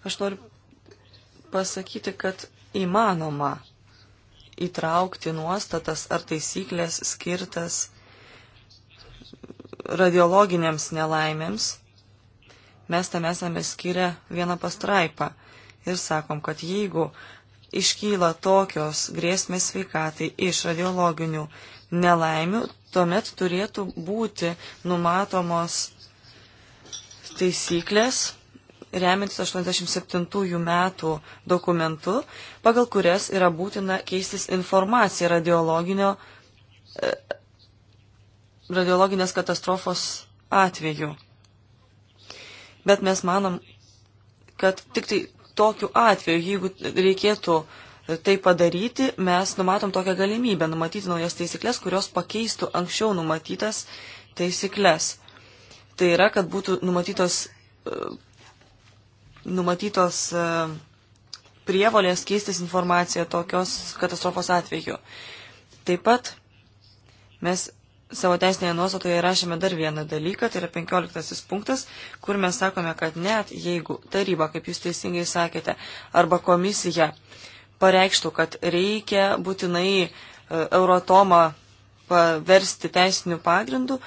Aš noriu pasakyti, kad įmanoma įtraukti nuostatas ar taisyklės skirtas radiologiniams nelaimėms. Mes tam esame skiria vieną pastraipą ir sakom, kad jeigu iškyla tokios grėsmės sveikatai iš radiologinių nelaimių, tuomet turėtų būti numatomos taisyklės, remiantis 87 metų dokumentu, pagal kurias yra būtina keistis informacija radiologinio, e, radiologinės katastrofos atveju. Bet mes manom, kad tik tai tokiu atveju, jeigu reikėtų uh, tai padaryti, mes numatom tokią galimybę numatyti naujas taisyklės, kurios pakeistų anksčiau numatytas taisyklės. Tai yra, kad būtų numatytos, e, numatytos e, prievolės keistis informacija tokios katastrofos atveju. Taip pat mes savo teisinėje nuostatoje rašėme dar vieną dalyką, tai yra 15 punktas, kur mes sakome, kad net jeigu taryba, kaip jūs teisingai sakėte, arba komisija pareikštų, kad reikia būtinai e, Eurotomą paversti teisiniu pagrindu,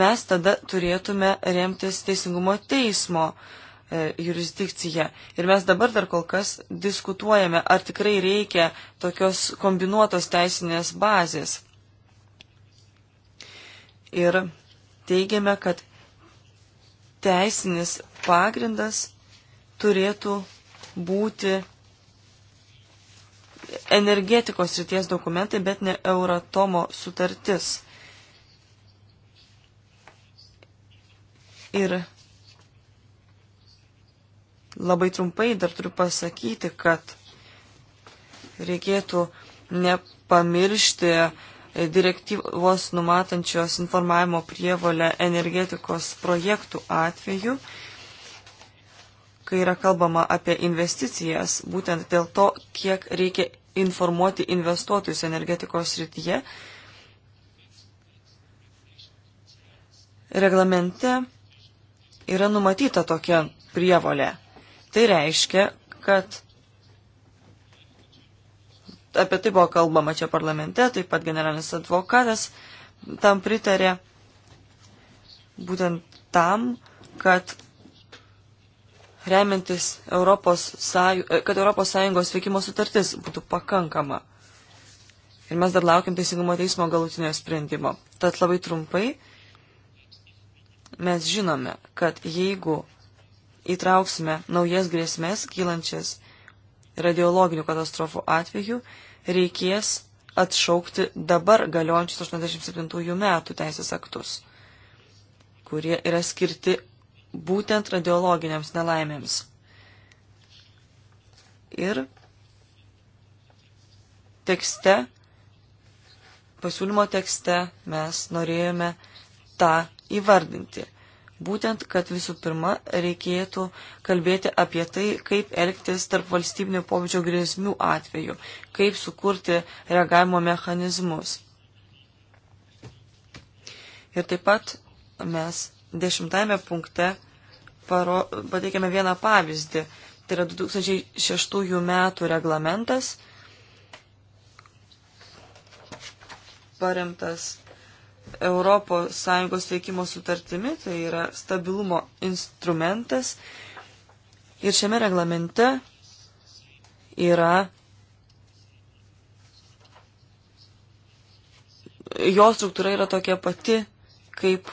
mes tada turėtume remtis Teisingumo teismo e, jurisdikcija. Ir mes dabar dar kol kas diskutuojame, ar tikrai reikia tokios kombinuotos teisinės bazės. Ir teigiame, kad teisinis pagrindas turėtų būti energetikos ryties dokumentai, bet ne Euratomo sutartis. Ir labai trumpai dar turiu pasakyti, kad reikėtų nepamiršti direktyvos numatančios informavimo prievolę energetikos projektų atveju kai yra kalbama apie investicijas, būtent dėl to, kiek reikia informuoti investuotojus energetikos srityje. Reglamente yra numatyta tokia prievolė. Tai reiškia, kad apie tai buvo kalbama čia parlamente, taip pat generalinis advokatas tam pritarė būtent tam, kad remiantis Europos, e, kad ES veikimo sutartis būtų pakankama. Ir mes dar laukiam Teisingumo teismo galutinio sprendimo. Tad labai trumpai mes žinome, kad jeigu įtrauksime naujas grėsmės kylančias radiologinių katastrofų atveju, reikės atšaukti dabar galiojančius 87 metų teisės aktus, kurie yra skirti būtent radiologiniams nelaimėms. Ir tekste, pasiūlymo tekste mes norėjome tą įvardinti. Būtent, kad visų pirma reikėtų kalbėti apie tai, kaip elgtis tarp valstybinio pobūdžio grėsmių atveju, kaip sukurti reagavimo mechanizmus. Ir taip pat mes dešimtame punkte paro, pateikėme vieną pavyzdį. Tai yra 2006 metų reglamentas, paremtas ES veikimo sutartimi, tai yra stabilumo instrumentas. Ir šiame reglamente yra jo struktūra yra tokia pati kaip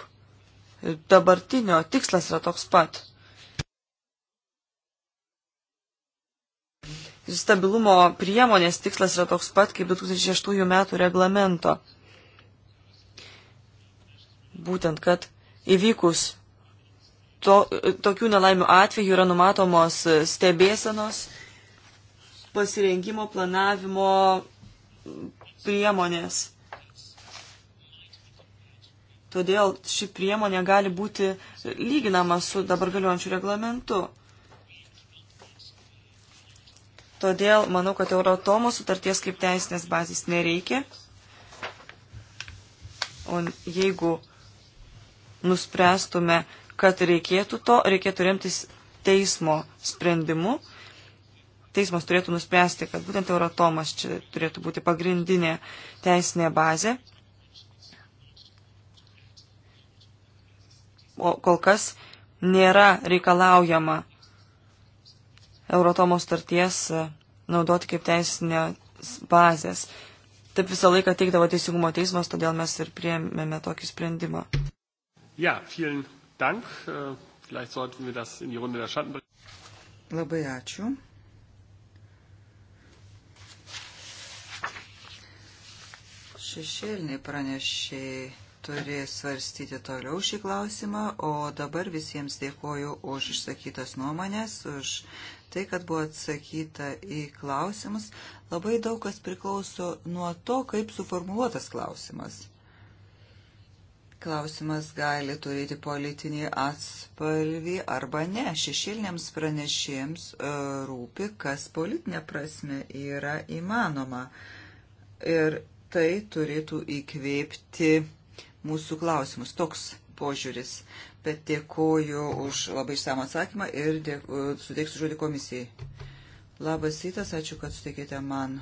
dabartinio tikslas yra toks pat. Stabilumo priemonės tikslas yra toks pat kaip 2006 metų reglamento. Būtent, kad įvykus to, tokių nelaimių atveju yra numatomos stebėsenos, pasirengimo, planavimo priemonės. Todėl ši priemonė gali būti lyginama su dabar galiojančiu reglamentu. Todėl manau, kad Euratomo sutarties kaip teisinės bazės nereikia. O jeigu nuspręstume, kad reikėtų to, reikėtų remtis teismo sprendimu. Teismas turėtų nuspręsti, kad būtent Euratomas čia turėtų būti pagrindinė teisinė bazė kol kas nėra reikalaujama Eurotomo starties e, naudoti kaip teisinės bazės. Taip visą laiką teikdavo Teisingumo teismas, todėl mes ir priėmėme tokį sprendimą. Ja, vielen Dank. Äh, vielleicht sollten wir das in die Runde der Schatten. Labai ačiū. Šešėliniai pranešiai turės svarstyti toliau šį klausimą, o dabar visiems dėkoju už išsakytas nuomonės, už tai, kad buvo atsakyta į klausimus. Labai daug kas priklauso nuo to, kaip suformuoluotas klausimas. Klausimas gali turėti politinį atspalvį arba ne. Šešiliniams pranešėjams e, rūpi, kas politinė prasme yra įmanoma. Ir tai turėtų įkvėpti mūsų klausimus. Toks požiūris. Bet dėkoju už labai išsamą atsakymą ir dėku, suteiksiu žodį komisijai. Labas rytas, ačiū, kad suteikėte man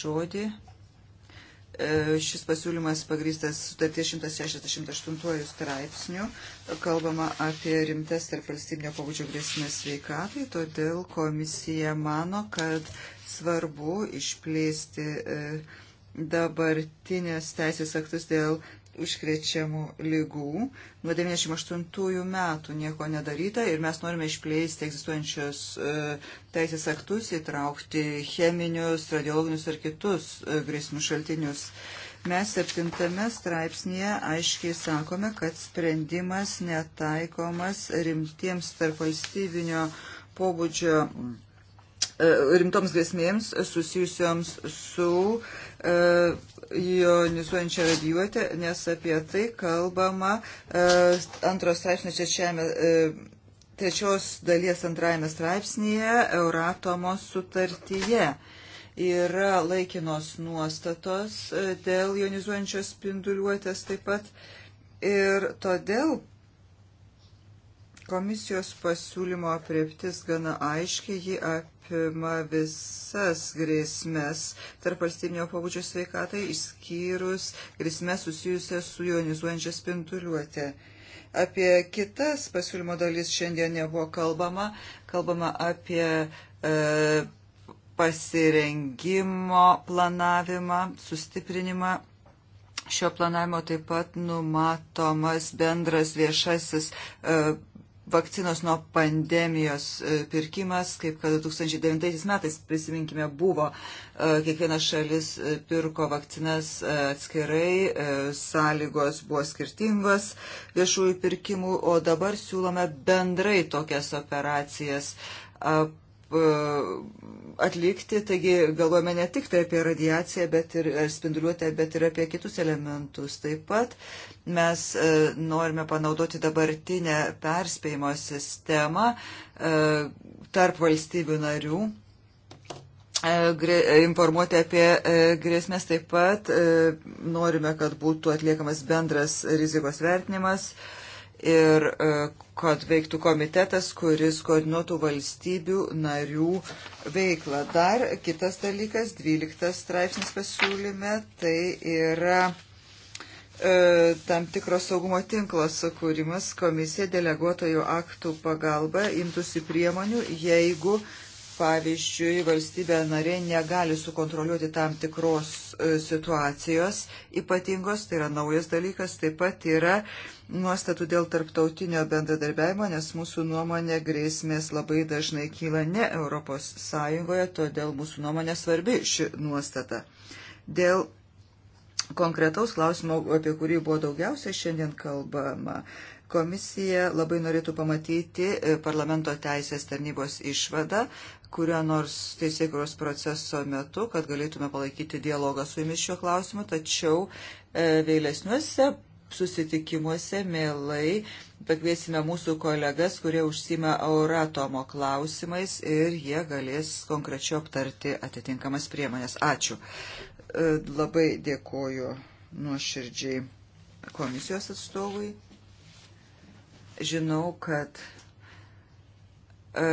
žodį. E, šis pasiūlymas pagrįstas sutarties 168 straipsnių. Kalbama apie rimtas tarp valstybinio pabudžio grėsmės sveikatai, todėl komisija mano, kad svarbu išplėsti e, dabartinės teisės aktus dėl užkrečiamų lygų. Nuo 98 metų nieko nedaryta ir mes norime išplėsti egzistuojančius e, teisės aktus, įtraukti cheminius, radiologinius ar kitus e, grėsmių šaltinius. Mes septintame straipsnėje aiškiai sakome, kad sprendimas netaikomas rimtiems tarp valstybinio pobūdžio e, rimtoms grėsmėms susijusioms su jonizuojančią radijuotę, nes apie tai kalbama e, antros straipsnio šešiame. E, trečios dalies antrajame straipsnėje Euratomos sutartyje yra laikinos nuostatos e, dėl jonizuojančios spinduliuotės taip pat ir todėl komisijos pasiūlymo apriptis gana aiškiai, ji apima visas grėsmės tarp valstybinio pabudžio sveikatai, išskyrus grėsmės susijusias su jonizuojančia spinduliuotė. Apie kitas pasiūlymo dalis šiandien nebuvo kalbama. Kalbama apie e, pasirengimo planavimą, sustiprinimą šio planavimo taip pat numatomas bendras viešasis e, vakcinos nuo pandemijos e, pirkimas, kaip kad 2009 metais, prisiminkime, buvo. E, kiekviena šalis e, pirko vakcinas atskirai, sąlygos buvo skirtingos viešųjų pirkimų, o dabar siūlome bendrai tokias operacijas E, atlikti, taigi galvojame ne tik tai apie radiaciją, bet ir spinduliuotę, bet ir apie kitus elementus. Taip pat mes e, norime panaudoti dabartinę perspėjimo sistemą e, tarp valstybių narių informuoti apie grėsmės taip pat norime, kad būtų atliekamas bendras rizikos vertinimas, ir e, kad veiktų komitetas, kuris koordinuotų valstybių narių veiklą. Dar kitas dalykas, 12 straipsnis pasiūlyme, tai yra e, tam tikros saugumo tinklo sukūrimas, komisija deleguotojų aktų pagalba imtųsi priemonių, jeigu e, pavyzdžiui, valstybė narė negali sukontroliuoti tam tikros e, situacijos ypatingos, tai yra naujas dalykas, taip pat yra nuostatų dėl tarptautinio bendradarbiavimo, nes mūsų nuomonė grėsmės labai dažnai kyla ne Europos Sąjungoje, todėl mūsų nuomonė svarbi ši nuostata. Dėl konkretaus klausimo, apie kurį buvo daugiausia šiandien kalbama, Komisija labai norėtų pamatyti e, parlamento teisės tarnybos išvadą, kurio nors teisėkuros proceso metu, kad galėtume palaikyti dialogą su jumis šiuo klausimu, tačiau e, vėlesniuose susitikimuose mielai pakviesime mūsų kolegas, kurie užsima Euratomo klausimais ir jie galės konkrečiau aptarti atitinkamas priemonės. Ačiū. E, labai dėkoju nuoširdžiai komisijos atstovui. Žinau, kad e,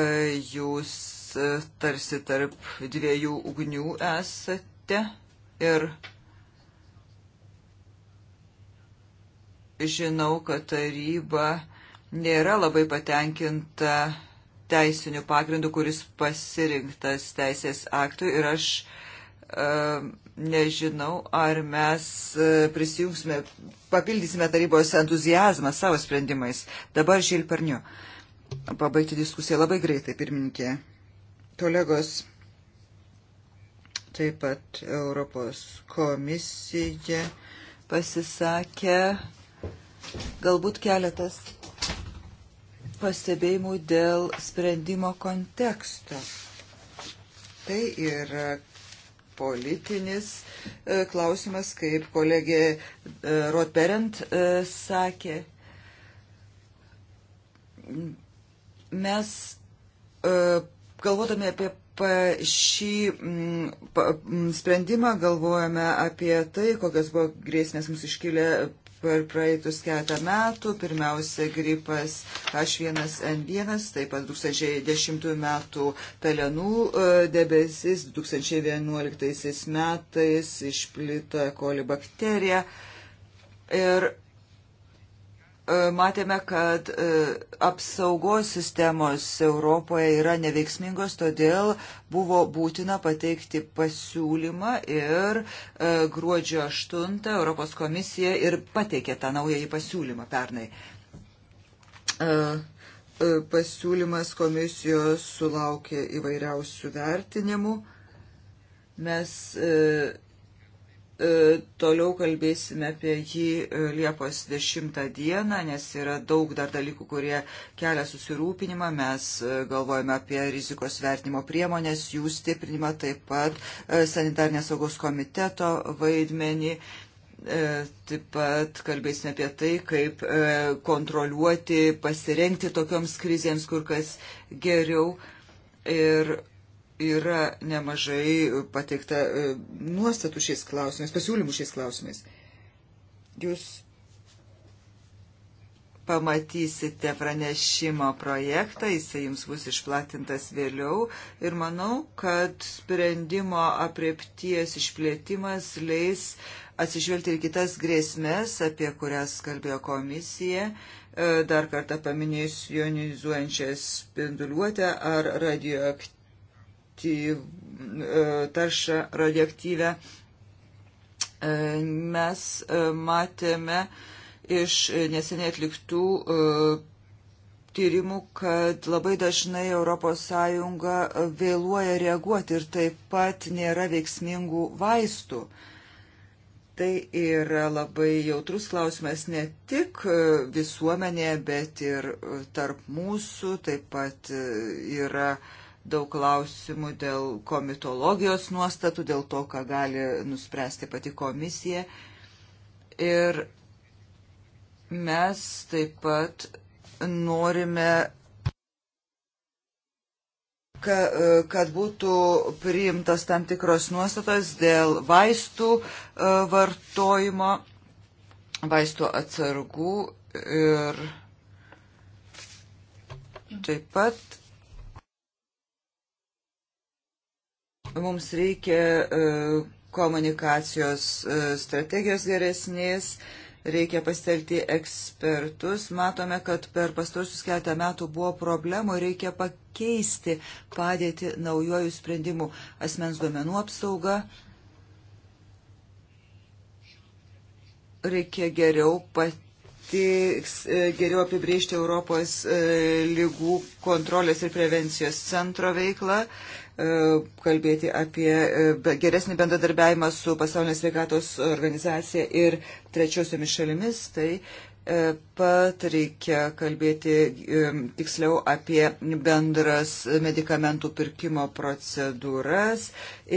jūs E, tarsi tarp dviejų ugnių esate ir žinau, kad taryba nėra labai patenkinta teisiniu pagrindu, kuris pasirinktas teisės aktui ir aš e, nežinau, ar mes e, prisijungsime, papildysime tarybos entuzijazmą savo sprendimais. Dabar Žilperniu. Pabaigti diskusiją labai greitai, pirmininkė. Kolegos, taip pat Europos komisija pasisakė galbūt keletas pastebėjimų dėl sprendimo konteksto. Tai yra politinis e, klausimas, kaip kolegė e, Rotberent e, sakė. Mes Galvodami apie šį mm, mm, sprendimą, galvojame apie tai, kokios buvo grėsmės mums iškilę per praeitus keletą metų. Pirmiausia, gripas H1N1, taip pat 2010 metų pelenų e, debesis, 2011 metais išplito kolibakterija. E. Ir E, matėme, kad e, apsaugos sistemos Europoje yra neveiksmingos, todėl buvo būtina pateikti pasiūlymą ir e, gruodžio 8 Europos komisija ir pateikė tą naująjį pasiūlymą pernai. Pasiūlymas komisijos sulaukė įvairiausių vertinimų. Mes E, toliau kalbėsime apie jį e, Liepos 10 dieną, nes yra daug dar dalykų, kurie kelia susirūpinimą. Mes e, galvojame apie rizikos vertinimo priemonės, jų stiprinimą, taip pat sanitarnės saugos komiteto vaidmenį. Taip pat kalbėsime apie tai, kaip kontroliuoti, pasirengti tokioms krizėms kur kas geriau. Ir yra nemažai pateikta e, nuostatų šiais klausimais, pasiūlymų šiais klausimais. Jūs pamatysite pranešimo projektą, jisai jums bus išplatintas vėliau ir manau, kad sprendimo apriepties išplėtimas leis atsižvelgti ir kitas grėsmės, apie kurias kalbėjo komisija. E, dar kartą paminėsiu jonizuojančią spinduliuotę ar radioaktyvą radioaktyv, e, taršą radioaktyvę e, mes e, matėme iš neseniai atliktų tyrimų, kad labai dažnai ES vėluoja reaguoti ir taip pat nėra veiksmingų vaistų. Tai yra labai jautrus klausimas ne tik visuomenėje, bet ir tarp mūsų, taip pat yra uh, daug klausimų dėl komitologijos nuostatų, dėl to, ką gali nuspręsti pati komisija. Ir mes taip pat norime, kad būtų priimtas tam tikros nuostatos dėl vaistų e, vartojimo, vaistų atsargų ir taip pat Mums reikia e, komunikacijos e, strategijos geresnės, reikia pastelti ekspertus. Matome, kad per pastarusius keletą metų buvo problemų, reikia pakeisti padėti naujojų sprendimų asmens duomenų apsaugą. Reikia geriau pati, e, geriau apibriežti Europos lygų kontrolės ir prevencijos centro veiklą. E, E, kalbėti apie e, geresnį bendradarbiavimą su pasaulinės sveikatos organizacija ir trečiosiomis šalimis, tai e, pat reikia kalbėti tiksliau apie bendras medikamentų pirkimo procedūras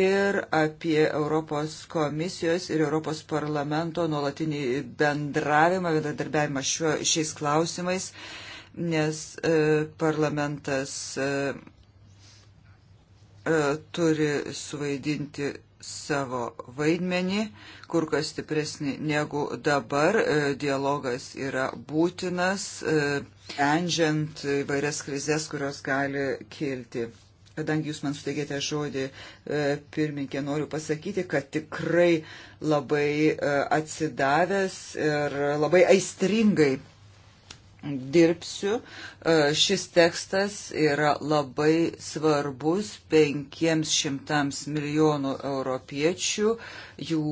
ir apie Europos komisijos ir Europos parlamento nuolatinį bendravimą, bendradarbiavimą šiuo, šiais klausimais, nes parlamentas E, turi suvaidinti savo vaidmenį, kur kas stipresnį negu dabar. E, dialogas yra būtinas, e, endžiant įvairias krizės, kurios gali kilti. Kadangi jūs man suteikėte žodį, pirminkė, noriu pasakyti, kad tikrai labai atsidavęs ir labai aistringai dirbsiu. E, šis tekstas yra labai svarbus 500 milijonų europiečių, jų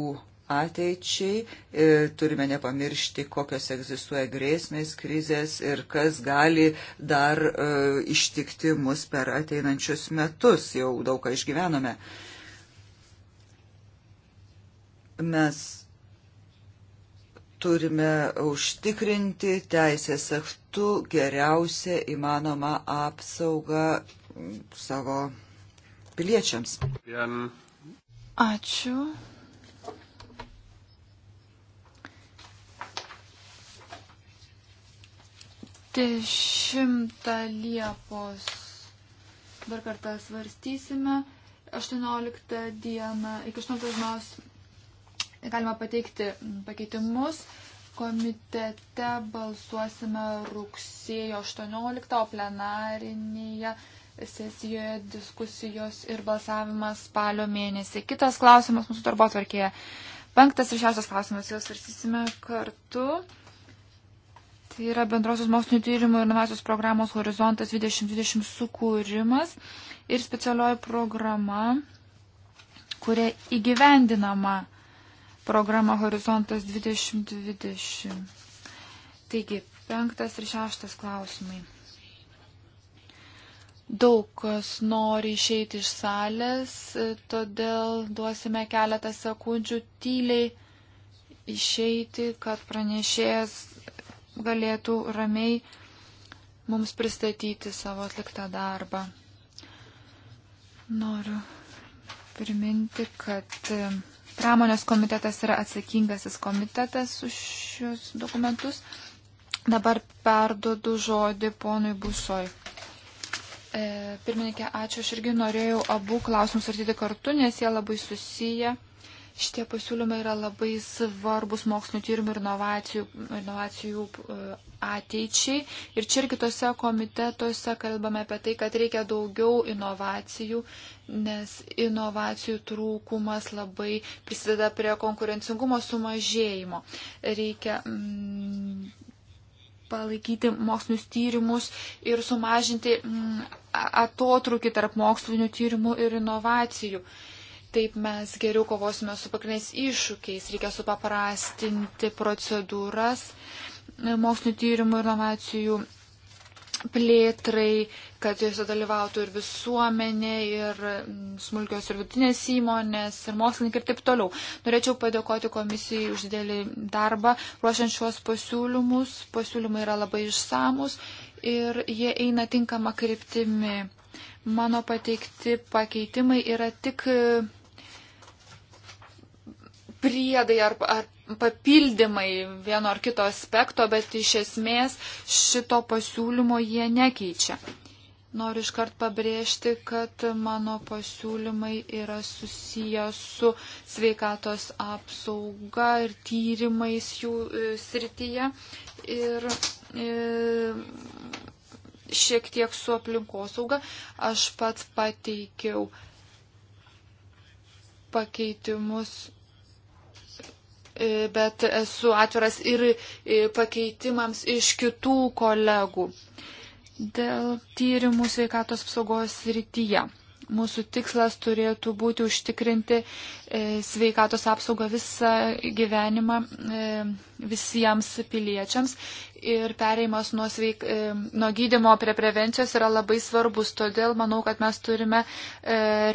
ateičiai. E, turime nepamiršti, kokios egzistuoja grėsmės, krizės ir kas gali dar e, ištikti mus per ateinančius metus. Jau daug ką išgyvenome. Mes turime užtikrinti teisės aktų geriausią įmanomą apsaugą savo piliečiams. Ačiū. Dešimtą Liepos dar kartą svarstysime. 18 dieną, iki 18 dienos galima pateikti mm, pakeitimus. Komitete balsuosime rugsėjo 18, o plenarinėje sesijoje diskusijos ir balsavimas spalio mėnesį. Kitas klausimas mūsų darbo tvarkėje. Penktas ir šeštas klausimas jau svarstysime kartu. Tai yra bendrosios mokslinio tyrimų ir inovacijos programos Horizontas 2020 sukūrimas ir specialioji programa, kuria įgyvendinama programą Horizontas 2020. Taigi, penktas ir šeštas klausimai. Daug kas nori išeiti iš salės, todėl duosime keletą sekundžių tyliai išeiti, kad pranešėjas galėtų ramiai mums pristatyti savo atliktą darbą. Noriu priminti, kad Pramonės komitetas yra atsakingasis komitetas už šios dokumentus. Dabar perdodu žodį ponui Busoj. E, pirmininkė, ačiū. Aš irgi norėjau abu klausimus svarstyti kartu, nes jie labai susiję. Šitie pasiūlymai yra labai svarbus mokslinio tyrimų ir inovacijų, inovacijų e, ateičiai. Ir čia ir kitose komitetuose kalbame apie tai, kad reikia daugiau inovacijų, nes inovacijų trūkumas labai prisideda prie konkurencingumo sumažėjimo. Reikia. Mm, palaikyti mokslinius tyrimus ir sumažinti mm, atotrukį tarp mokslinių tyrimų ir inovacijų. Uh, Taip mes geriau kovosime su pagrindiniais iššūkiais. Reikia supaprastinti procedūras mokslinio tyrimų ir inovacijų plėtrai, kad jose dalyvautų ir visuomenė, ir mm, smulkios ir vidutinės įmonės, ir mokslininkai ir taip toliau. Norėčiau padėkoti komisijai už didelį darbą, ruošiant šios pasiūlymus. Pasiūlymai yra labai išsamus ir jie eina tinkama kryptimi mano pateikti pakeitimai yra tik priedai ar, ar papildymai vieno ar kito aspekto, bet iš esmės šito pasiūlymo jie nekeičia. Noriu iškart pabrėžti, kad mano pasiūlymai yra susiję su sveikatos apsauga ir tyrimais jų e, srityje ir e, šiek tiek su aplinkosauga. Aš pats pateikiau pakeitimus E, bet esu atviras ir e, pakeitimams iš kitų kolegų dėl tyrimų sveikatos apsaugos rytyje. Mūsų tikslas turėtų būti užtikrinti e, sveikatos apsaugą visą gyvenimą e, visiems piliečiams ir pereimas nuo, sveik, e, nuo gydimo prie prevencijos yra labai svarbus. Todėl manau, kad mes turime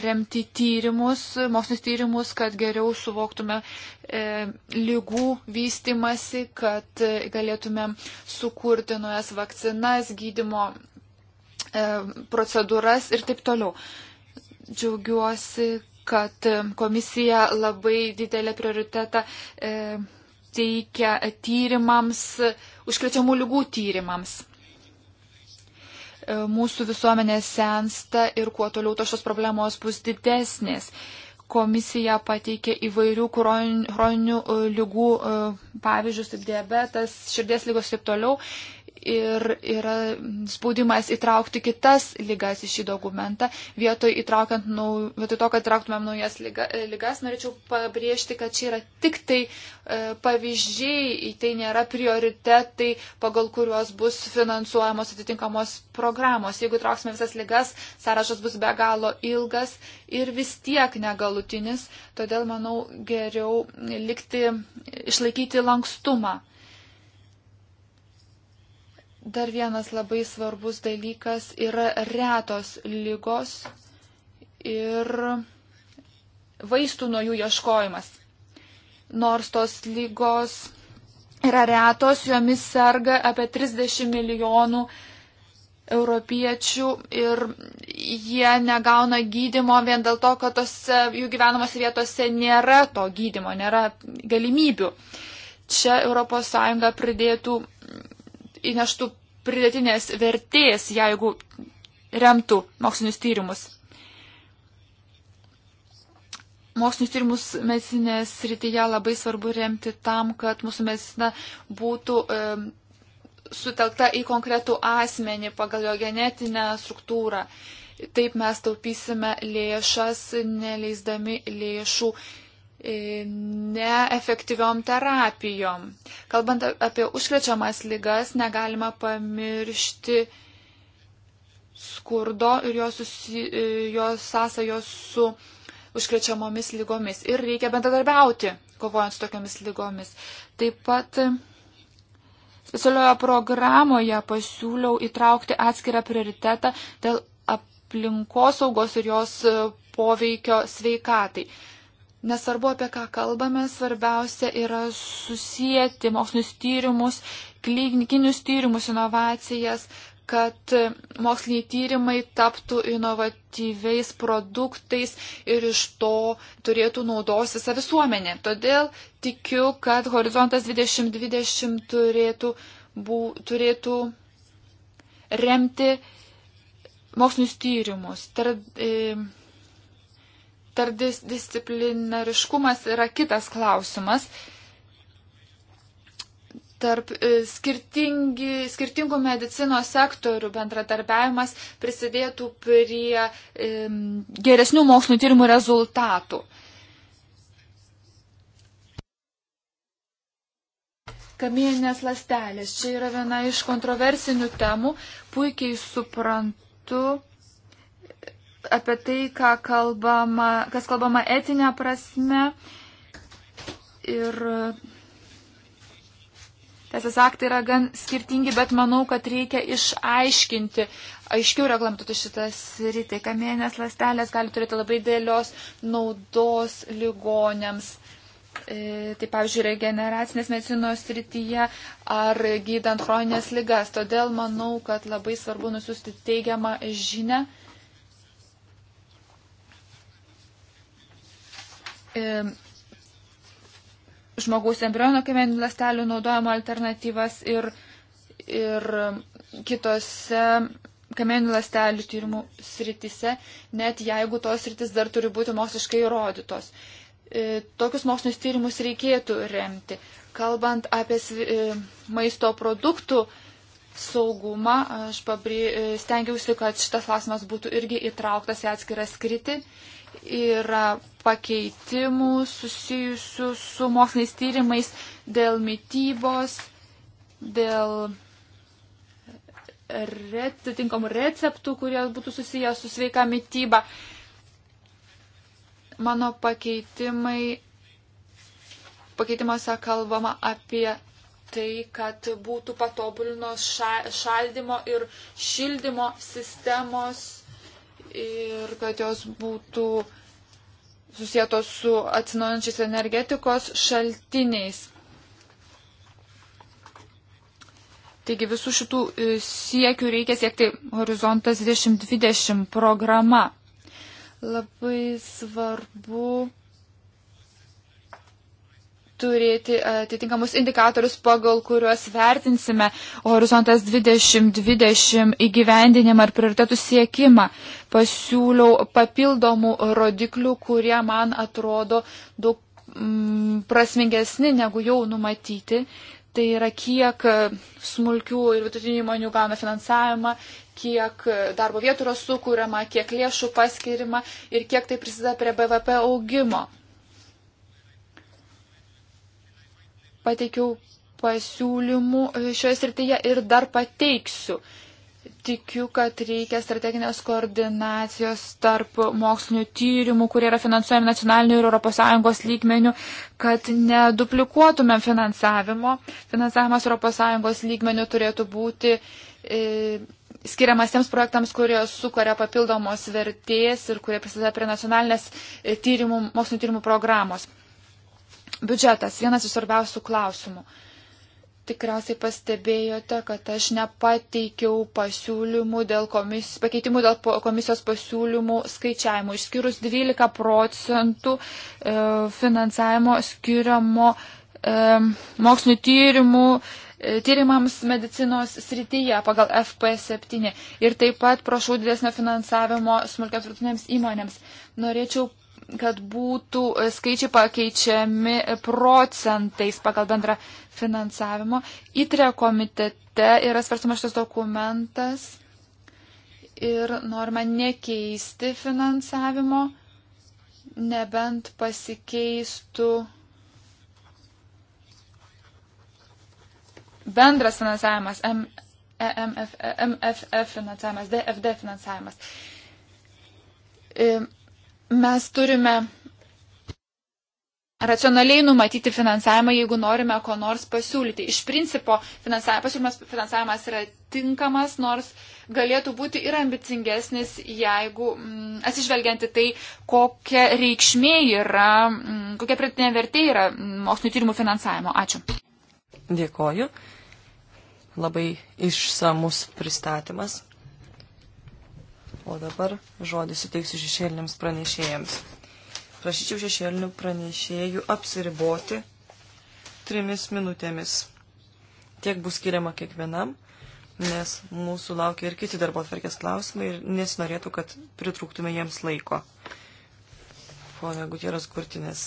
remti tyrimus, mokslinius tyrimus, kad geriau suvoktume lygų vystimasi, kad galėtume sukurti nuojas vakcinas, gydimo procedūras ir taip toliau. Džiaugiuosi, kad komisija labai didelę prioritetą e, teikia tyrimams, užkrečiamų lygų tyrimams. E, mūsų visuomenė sensta ir kuo toliau to šios problemos bus didesnės komisija pateikė įvairių chroninių e, lygų pavyzdžius, kaip diabetas, širdies lygos ir taip toliau ir yra spaudimas įtraukti kitas lygas į šį dokumentą. Vietoj, nau, vietoj to, kad įtrauktumėm naujas lyga, e, lygas, norėčiau pabrėžti, kad čia yra tik tai e, pavyzdžiai, tai nėra prioritetai, pagal kuriuos bus finansuojamos atitinkamos programos. Jeigu trauksime visas lygas, sąrašas bus be galo ilgas ir vis tiek negalutinis, todėl manau geriau likti, išlaikyti lankstumą. Dar vienas labai svarbus dalykas yra retos lygos ir vaistų nuo jų ieškojimas. Nors tos lygos yra retos, jomis serga apie 30 milijonų europiečių ir jie negauna gydimo vien dėl to, kad tose jų gyvenamose vietose nėra to gydimo, nėra galimybių. Čia ES pridėtų įneštų pridėtinės vertės, jeigu remtų mokslinius tyrimus. Mokslinius tyrimus medicinės srityje labai svarbu remti tam, kad mūsų medicina būtų e, sutelkta į konkretų asmenį pagal jo genetinę struktūrą. Taip mes taupysime lėšas, neleisdami lėšų E, neefektyviom terapijom. Kalbant apie užkrečiamas lygas, negalima pamiršti skurdo ir jos, susi, e, jos sąsajos su užkrečiamomis lygomis. Ir reikia bendradarbiauti, kovojant su tokiamis lygomis. Taip pat specialioje programoje pasiūliau įtraukti atskirą prioritetą dėl aplinkosaugos ir jos poveikio sveikatai. Nesvarbu, apie ką kalbame, svarbiausia yra susijęti mokslinius tyrimus, klinikinius tyrimus, inovacijas, kad moksliniai tyrimai taptų inovatyviais produktais ir iš to turėtų naudos visa visuomenė. Todėl tikiu, kad Horizontas 2020 turėtų, bū, turėtų remti mokslinius tyrimus. Tar, e, Interdisciplinariškumas yra kitas klausimas. Tarp e, skirtingų medicinos sektorių bendradarbiavimas prisidėtų prie e, geresnių mokslinio tyrimų rezultatų. kamieninės lastelės. Čia yra viena iš kontroversinių temų. Puikiai suprantu, apie tai, kalbama, kas kalbama etinė prasme. Ir Teisės aktai yra gan skirtingi, bet manau, kad reikia išaiškinti, aiškiau reglamentuoti šitas rytai. Kamienės lastelės gali turėti labai dėlios naudos lygonėms. E, tai pavyzdžiui, regeneracinės medicinos srityje ar gydant chroninės ligas. Todėl manau, kad labai svarbu nusiųsti teigiamą žinę E, žmogaus embriono kamieninių lastelių naudojimo alternatyvas ir, ir kitose kamieninių lastelių tyrimų sritise, net jeigu tos sritis dar turi būti moksliškai įrodytos. E, tokius mokslinius tyrimus reikėtų remti. Kalbant apie e, maisto produktų saugumą, aš pabrė, stengiausi, kad šitas klausimas būtų irgi įtrauktas į atskirą skritį. Yra pakeitimų susijusių su moksliniais tyrimais dėl mytybos, dėl atitinkamų receptų, kurie būtų susiję su sveika mytyba. Mano pakeitimai, pakeitimuose kalbama apie tai, kad būtų patobulinos šaldimo ir šildymo sistemos ir kad jos būtų susijėtos su atsinaujančiais energetikos šaltiniais. Taigi visų šitų e, siekių reikia siekti horizontas 2020 programa. Labai svarbu turėti atitinkamus indikatorius, pagal kuriuos vertinsime horizontas 2020 įgyvendinimą ir prioritetų siekimą. Pasiūliau papildomų rodiklių, kurie man atrodo daug mm, prasmingesni negu jau numatyti. Tai yra, kiek smulkių ir vidutinių įmonių gauna finansavimą, kiek darbo vietų yra sukūriama, kiek lėšų paskirima ir kiek tai prisideda prie BVP augimo. pateikiau pasiūlymų e, šioje srityje ir dar pateiksiu. Tikiu, kad reikia strateginės koordinacijos tarp mokslinių tyrimų, kurie yra finansuojami nacionaliniu ir ES lygmeniu, kad neduplikuotumėm finansavimo. Finansavimas ES lygmeniu turėtų būti e, skiriamas tiems projektams, kurie sukuria papildomos vertės ir kurie prisideda prie nacionalinės e, tyrimų, mokslinio tyrimų programos. Biudžetas vienas iš svarbiausių klausimų. Tikriausiai pastebėjote, kad aš nepateikiau pasiūlymų dėl komis, pakeitimų dėl komisijos pasiūlymų skaičiavimų, išskyrus 12 procentų e, finansavimo skiriamo e, mokslinio tyrimų e, tyrimams medicinos srityje pagal FP7 ir taip pat prašau didesnio finansavimo smulkios vidutinėms įmonėms. Norėčiau kad būtų e, skaičiai pakeičiami procentais pagal bendrą finansavimo. ITRE komitete yra svarstamas šitas dokumentas ir norima nekeisti finansavimo, nebent pasikeistų bendras finansavimas, MFF e, e, finansavimas, DFD finansavimas. Mes turime racionaliai numatyti finansavimą, jeigu norime ko nors pasiūlyti. Iš principo finansavimas, finansavimas yra tinkamas, nors galėtų būti ir ambicingesnis, jeigu mm, atsižvelgianti tai, kokia reikšmė yra, mm, kokia pritinė vertė yra mokslinio tyrimų finansavimo. Ačiū. Dėkoju. Labai išsamus pristatymas. O dabar žodį suteiksiu šešėliniams pranešėjams. Prašyčiau šešėlinių pranešėjų apsiriboti trimis minutėmis. Tiek bus skiriama kiekvienam, nes mūsų laukia ir kiti darbo atverkės klausimai ir nesinorėtų, kad pritrūktume jiems laiko. Pone Gutieras Kurtinės.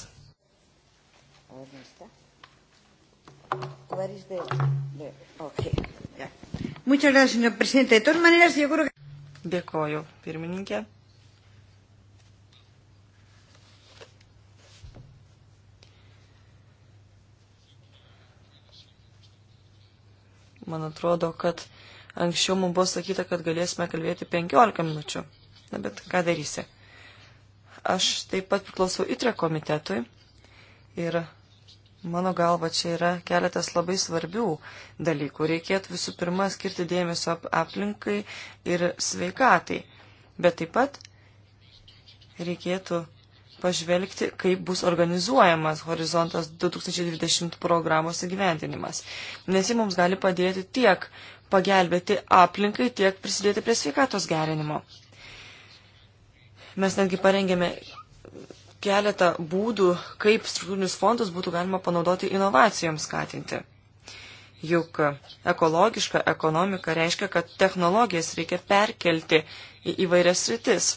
Muchas gracias, señor presidente. De todas maneras, yo creo que. Dėkoju, pirmininkė. Man atrodo, kad anksčiau mums buvo sakyta, kad galėsime kalbėti 15 minučių. Na, bet ką darysi? Aš taip pat priklausau ITRE komitetui ir Mano galva, čia yra keletas labai svarbių dalykų. Reikėtų visų pirma skirti dėmesio aplinkai ir sveikatai, bet taip pat reikėtų pažvelgti, kaip bus organizuojamas Horizontas 2020 programos įgyventinimas. Nes jį mums gali padėti tiek pagelbėti aplinkai, tiek prisidėti prie sveikatos gerinimo. Mes netgi parengėme keletą būdų, kaip struktūrinius fondus būtų galima panaudoti inovacijoms skatinti. Juk ekologiška ekonomika reiškia, kad technologijas reikia perkelti į įvairias rytis.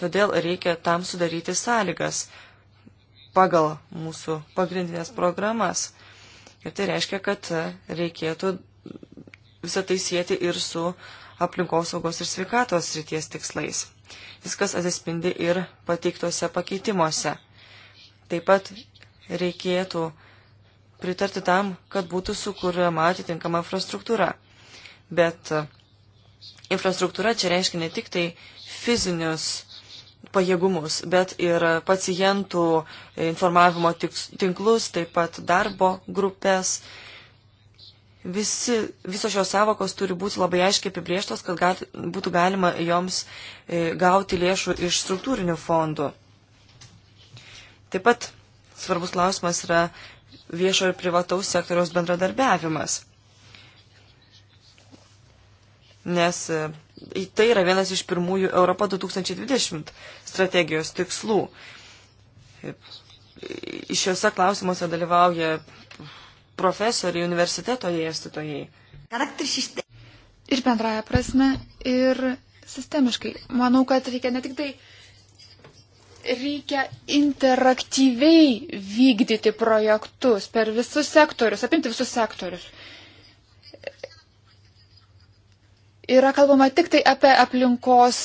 Todėl reikia tam sudaryti sąlygas pagal mūsų pagrindinės programas. Ir tai reiškia, kad reikėtų visą tai sieti ir su aplinkosaugos ir sveikatos ryties tikslais. Viskas atsispindi ir pateiktose pakeitimuose. Taip pat reikėtų pritarti tam, kad būtų sukūriama atitinkama infrastruktūra. Bet e, infrastruktūra čia reiškia ne tik tai fizinius pajėgumus, bet ir pacientų informavimo tinklus, taip pat darbo grupės, Visi, visos šios savokos turi būti labai aiškiai apibrieštos, kad gal, būtų galima joms e, gauti lėšų iš struktūrinių fondų. Taip pat svarbus klausimas yra viešo ir privataus sektoriaus bendradarbiavimas. Nes e, tai yra vienas iš pirmųjų Europa 2020 strategijos tikslų. Šiuose klausimuose dalyvauja profesoriai, universiteto dėstytojai. Ir bendraja prasme, ir sistemiškai. Manau, kad reikia ne tik tai. Reikia interaktyviai vykdyti projektus per visus sektorius, apimti visus sektorius. Yra kalbama tik tai apie aplinkos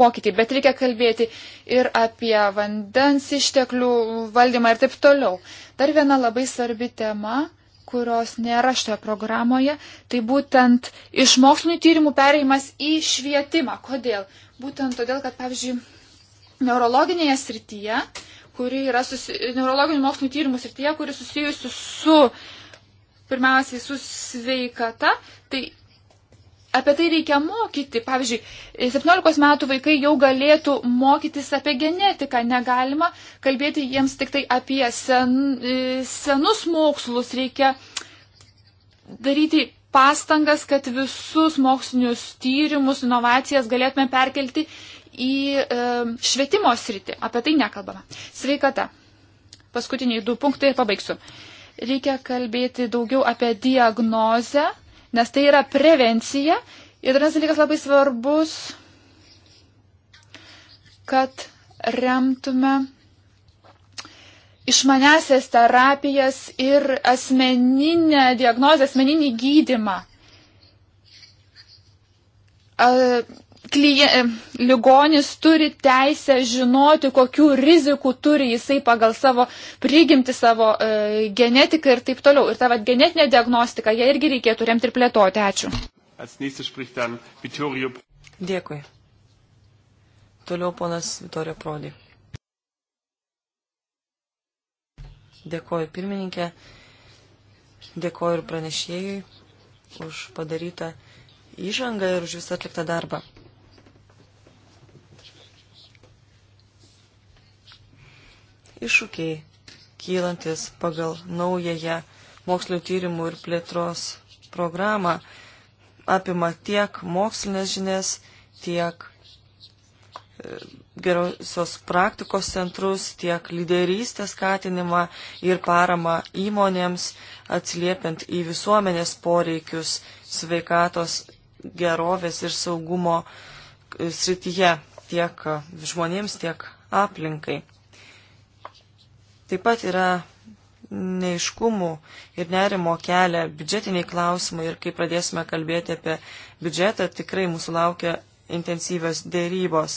pokytį, bet reikia kalbėti ir apie vandens išteklių valdymą ir taip toliau. Dar viena labai svarbi tema, kurios nėra šitoje programoje, tai būtent iš mokslinių tyrimų pereimas į švietimą. Kodėl? Būtent todėl, kad, pavyzdžiui, neurologinėje srityje, kuri yra susi... neurologinių mokslinių tyrimų srityje, kuri susijusi su pirmiausiai su sveikata, tai apie tai reikia mokyti. Pavyzdžiui, 17 metų vaikai jau galėtų mokytis apie genetiką. Negalima kalbėti jiems tik tai apie sen, e, senus mokslus. Reikia daryti pastangas, kad visus mokslinius tyrimus, inovacijas galėtume perkelti į e, švietimo sritį. Apie tai nekalbama. Sveikata. Paskutiniai du punktai ir pabaigsiu. Reikia kalbėti daugiau apie diagnozę nes tai yra prevencija. Ir vienas dalykas labai svarbus, kad remtume išmanesias terapijas ir asmeninę diagnozę, asmeninį gydimą klien, ligonis turi teisę žinoti, kokių rizikų turi jisai pagal savo prigimti, savo e, genetiką ir taip toliau. Ir tą vat, genetinę diagnostiką ją irgi reikėtų remti ir plėtoti. Ačiū. Dėkui. Toliau ponas Vitorija Prodi. Dėkoju pirmininkė, dėkoju ir pranešėjui už padarytą įžangą ir už visą atliktą darbą. iššūkiai kylantis pagal naująją mokslių tyrimų ir plėtros programą apima tiek mokslinės žinias, tiek e, gerosios praktikos centrus, tiek lyderystės skatinimą ir paramą įmonėms, atsiliepiant į visuomenės poreikius sveikatos, gerovės ir saugumo e, srityje tiek žmonėms, tiek aplinkai. Taip pat yra neiškumų ir nerimo kelia biudžetiniai klausimai ir kai pradėsime kalbėti apie biudžetą, tikrai mūsų laukia intensyvios dėrybos.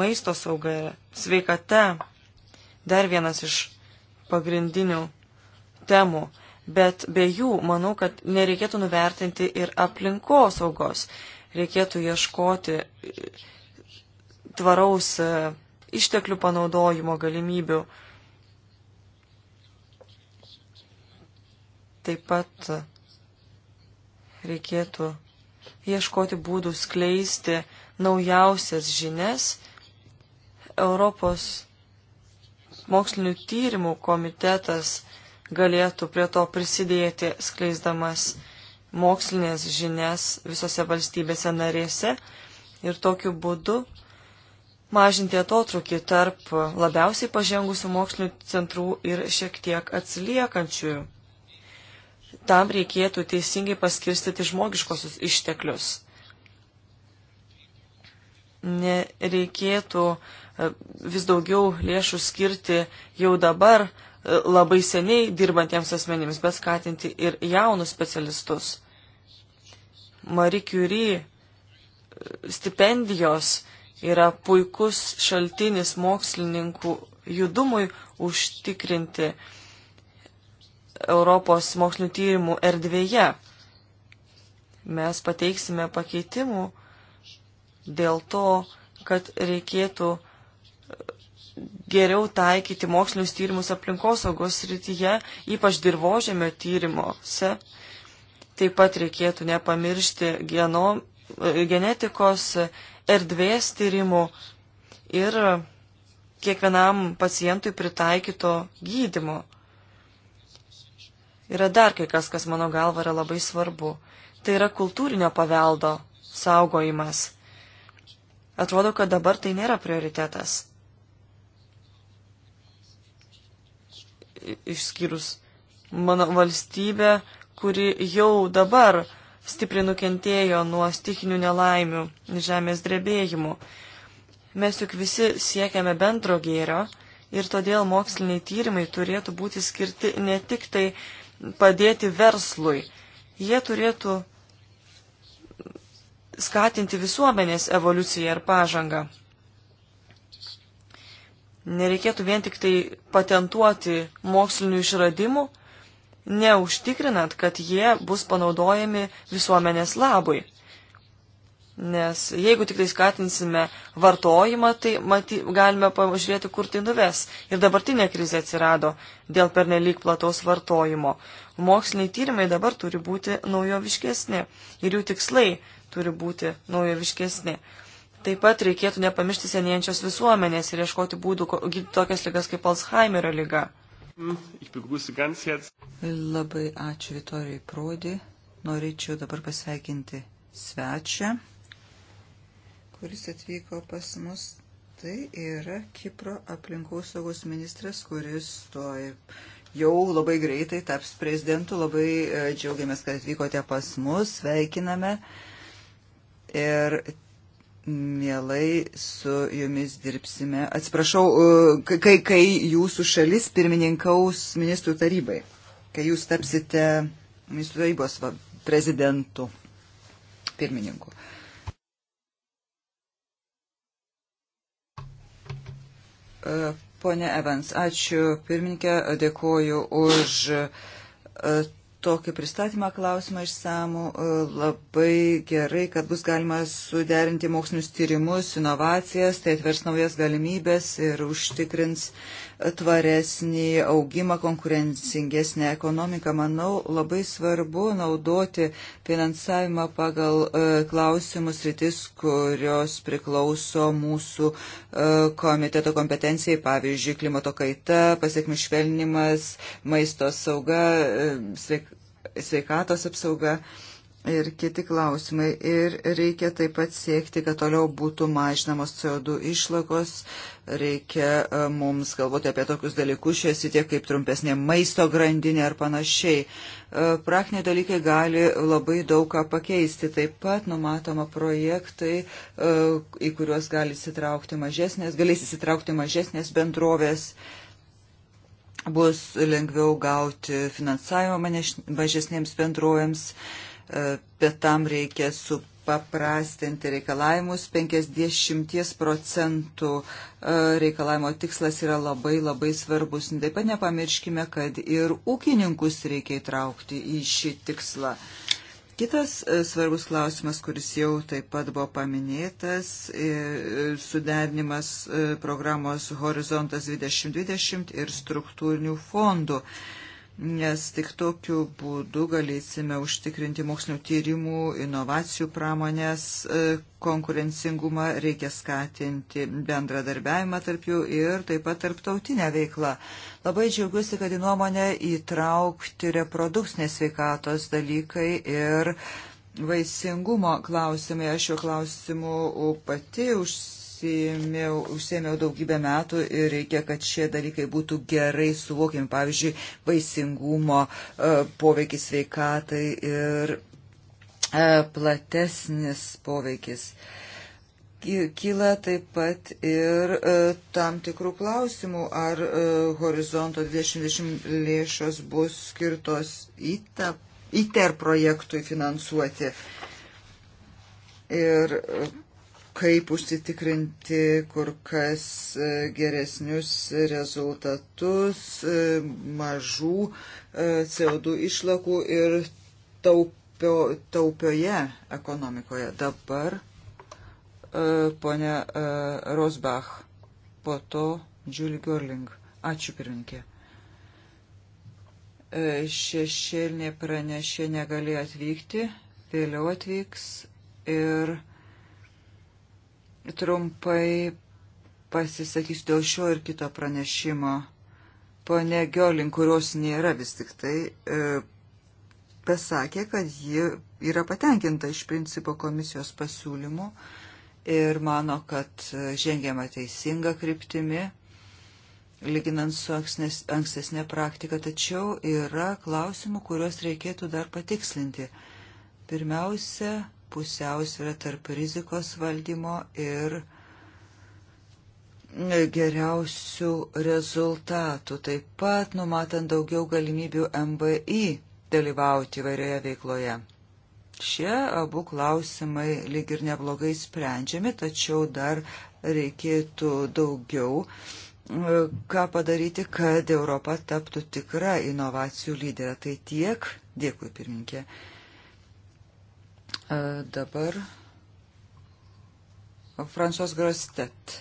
Maisto sauga ir sveikata dar vienas iš pagrindinių temų, bet be jų manau, kad nereikėtų nuvertinti ir aplinkosaugos. Reikėtų ieškoti tvaraus išteklių panaudojimo galimybių. Taip pat reikėtų ieškoti būdų skleisti naujausias žinias Europos mokslinių tyrimų komitetas galėtų prie to prisidėti, skleisdamas mokslinės žinias visose valstybėse narėse ir tokiu būdu mažinti atotrukį tarp labiausiai pažengusių mokslinių centrų ir šiek tiek atsiliekančiųjų. Tam reikėtų teisingai paskirstyti žmogiškosius išteklius. Nereikėtų e, vis daugiau lėšų skirti jau dabar e, labai seniai dirbantiems asmenims, bet skatinti ir jaunus specialistus. Marie Curie e, stipendijos yra puikus šaltinis mokslininkų judumui užtikrinti Europos mokslinių tyrimų erdvėje. Mes pateiksime pakeitimų dėl to, kad reikėtų geriau taikyti mokslinius tyrimus aplinkosaugos srityje, ypač dirbožėmio tyrimuose. Taip pat reikėtų nepamiršti genom, genetikos, erdvės tyrimų ir kiekvienam pacientui pritaikyto gydimo. Yra dar kai kas, kas mano galva yra labai svarbu. Tai yra kultūrinio paveldo saugojimas. Atrodo, kad dabar tai nėra prioritetas. Išskyrus mano valstybę, kuri jau dabar stipriai nukentėjo nuo stichinių nelaimių, žemės drebėjimų. Mes juk visi siekiame bendro gėrio ir todėl moksliniai tyrimai turėtų būti skirti ne tik tai padėti verslui, jie turėtų skatinti visuomenės evoliuciją ir pažangą. Nereikėtų vien tik tai patentuoti mokslinių išradimų, neužtikrinant, kad jie bus panaudojami visuomenės labui. Nes jeigu tik tai skatinsime vartojimą, tai maty, galime pažiūrėti, kur tai nuves. Ir dabartinė krizė atsirado dėl pernelyg plataus vartojimo. Moksliniai tyrimai dabar turi būti naujoviškesni ir jų tikslai turi būti naujoviškesni. Taip pat reikėtų nepamiršti senėjančios visuomenės ir ieškoti būdų gydyti tokias lygas kaip Alzheimerio lyga. Labai ačiū Vitorijai Prodi. Norėčiau dabar pasveikinti svečią, kuris atvyko pas mus. Tai yra Kipro aplinkosaugos ministras, kuris toj jau labai greitai taps prezidentu. Labai e, džiaugiamės, kad atvykote pas mus. Sveikiname. Ir mielai su jumis dirbsime. Atsiprašau, e, kai, kai jūsų šalis pirmininkaus ministrų tarybai, kai jūs tapsite ministrų tarybos prezidentu, pirmininku. E, pone Evans, ačiū pirmininkė, dėkoju už e, tokį pristatymą klausimą išsamų. E, Labai gerai, kad bus galima suderinti mokslinius tyrimus, inovacijas, tai atvers naujas galimybės ir užtikrins tvaresnį augimą, konkurencingesnę ekonomiką. Manau, labai svarbu naudoti finansavimą pagal e, klausimus rytis, kurios priklauso mūsų e, komiteto kompetencijai, pavyzdžiui, klimato kaita, pasiekmių švelnimas, maisto sauga, e, sveikatos apsauga ir kiti klausimai. Ir reikia taip pat siekti, kad toliau būtų mažinamos CO2 išlakos. Reikia e, mums galvoti apie tokius dalykus šiais tiek kaip trumpesnė maisto grandinė ar panašiai. E, praktiniai dalykai gali labai daug ką pakeisti. Taip pat numatoma projektai, e, į kuriuos gali įsitraukti mažesnės, galės įsitraukti mažesnės bendrovės bus lengviau gauti finansavimą mažesnėms bendrovėms. Uh, E, bet tam reikia supaprastinti reikalavimus. 50 procentų e, reikalavimo tikslas yra labai labai svarbus. Taip pat nepamirškime, kad ir ūkininkus reikia įtraukti į šį tikslą. Kitas e, svarbus klausimas, kuris jau taip pat buvo paminėtas, sudernimas programos Horizontas 2020 ir struktūrinių fondų nes tik tokiu būdu galėsime užtikrinti mokslinio tyrimų, inovacijų pramonės e, konkurencingumą, reikia skatinti bendradarbiavimą tarp jų ir taip pat tarptautinę veiklą. Labai džiaugiuosi, kad į nuomonę įtraukti reprodukcinės sveikatos dalykai ir vaisingumo klausimai. Aš šiuo klausimu pati užsikrėsiu užsėmiau, užsėmiau daugybę metų ir reikia, kad šie dalykai būtų gerai suvokiami. Pavyzdžiui, vaisingumo e, poveikis veikatai ir e, platesnis poveikis. Kyla taip pat ir e, tam tikrų klausimų, ar horizonto 2020 lėšos bus skirtos ITER projektui finansuoti. Ir kaip užsitikrinti kur kas e, geresnius rezultatus e, mažų e, CO2 išlakų ir taupio, taupioje ekonomikoje. Dabar ponia Rosbach, po to Julie Görling. Ačiū pirminkė šešėlinė pranešė negalėjo atvykti, vėliau atvyks ir trumpai pasisakysiu dėl šio ir kito pranešimo. Pone Giolin, kurios nėra vis tik tai, e, pasakė, kad ji yra patenkinta iš principo komisijos pasiūlymų ir mano, kad e, žengiama teisinga kryptimi, lyginant su ankstesnė praktika, tačiau yra klausimų, kuriuos reikėtų dar patikslinti. Pirmiausia, pusiausvyrą tarp rizikos valdymo ir geriausių rezultatų, taip pat numatant daugiau galimybių MBI dalyvauti įvairioje veikloje. Šie abu klausimai lyg ir neblogai sprendžiami, tačiau dar reikėtų daugiau e, ką padaryti, kad Europa taptų tikra inovacijų lyderė. Tai tiek. Dėkui, pirminkė. Dabar Fransos Grostet.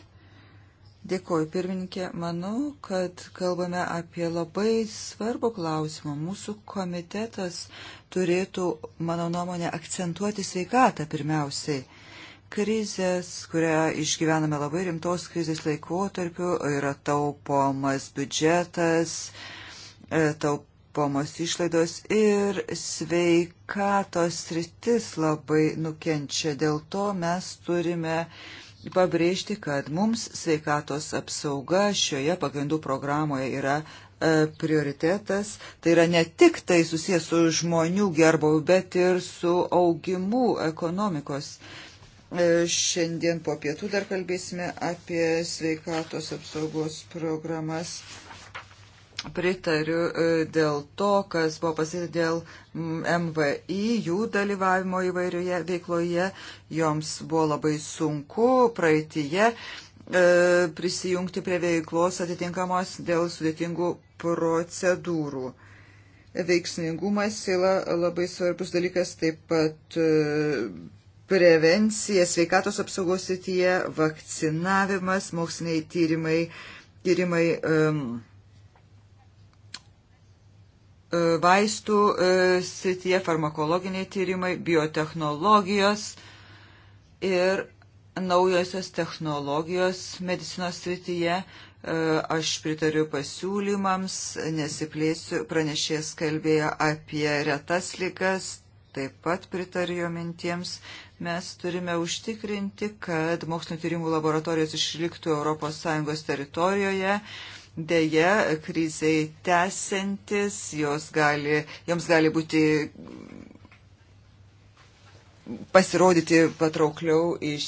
Dėkoju, pirmininkė. Manau, kad kalbame apie labai svarbų klausimą. Mūsų komitetas turėtų, mano nuomonė, akcentuoti sveikatą pirmiausiai. Krizės, kurią išgyvename labai rimtos krizės laikotarpiu, yra taupomas biudžetas, e, taup, taikomos išlaidos ir sveikatos sritis labai nukenčia. Dėl to mes turime pabrėžti, kad mums sveikatos apsauga šioje pagrindų programoje yra e, prioritetas. Tai yra ne tik tai susijęs su žmonių gerbovu, bet ir su augimu ekonomikos. E, šiandien po pietų dar kalbėsime apie sveikatos apsaugos programas pritariu e, dėl to, kas buvo pasakyta dėl MVI, jų dalyvavimo įvairioje veikloje. Joms buvo labai sunku praeitįje e, prisijungti prie veiklos atitinkamos dėl sudėtingų procedūrų. Veiksmingumas yra labai svarbus dalykas, taip pat e, prevencija, sveikatos apsaugos sityje, vakcinavimas, moksliniai tyrimai, tyrimai um, E, vaistų e, sityje, farmakologiniai tyrimai, biotehnologijos ir naujosios technologijos medicinos srityje. E, aš pritariu pasiūlymams, nesiplėsiu, pranešėjas kalbėjo apie retas lygas, taip pat pritariu jo mintiems. Mes turime užtikrinti, kad mokslinio tyrimų laboratorijos išliktų ES teritorijoje Deja, kriziai tęsiantis, gali, joms gali būti pasirodyti patraukliau iš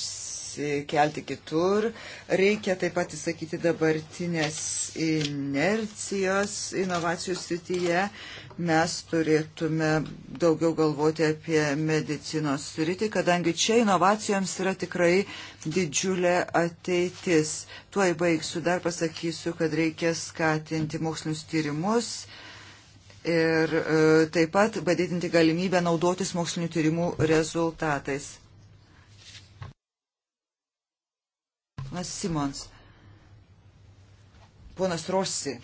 persikelti kitur. Reikia taip pat įsakyti dabartinės inercijos inovacijų srityje. Mes turėtume daugiau galvoti apie medicinos sritį, kadangi čia inovacijoms yra tikrai didžiulė ateitis. Tuo įbaigsiu, dar pasakysiu, kad reikia skatinti mokslinius tyrimus ir e, taip pat padidinti galimybę naudotis mokslinių tyrimų rezultatais. Ponas Simons. Ponas Rossi.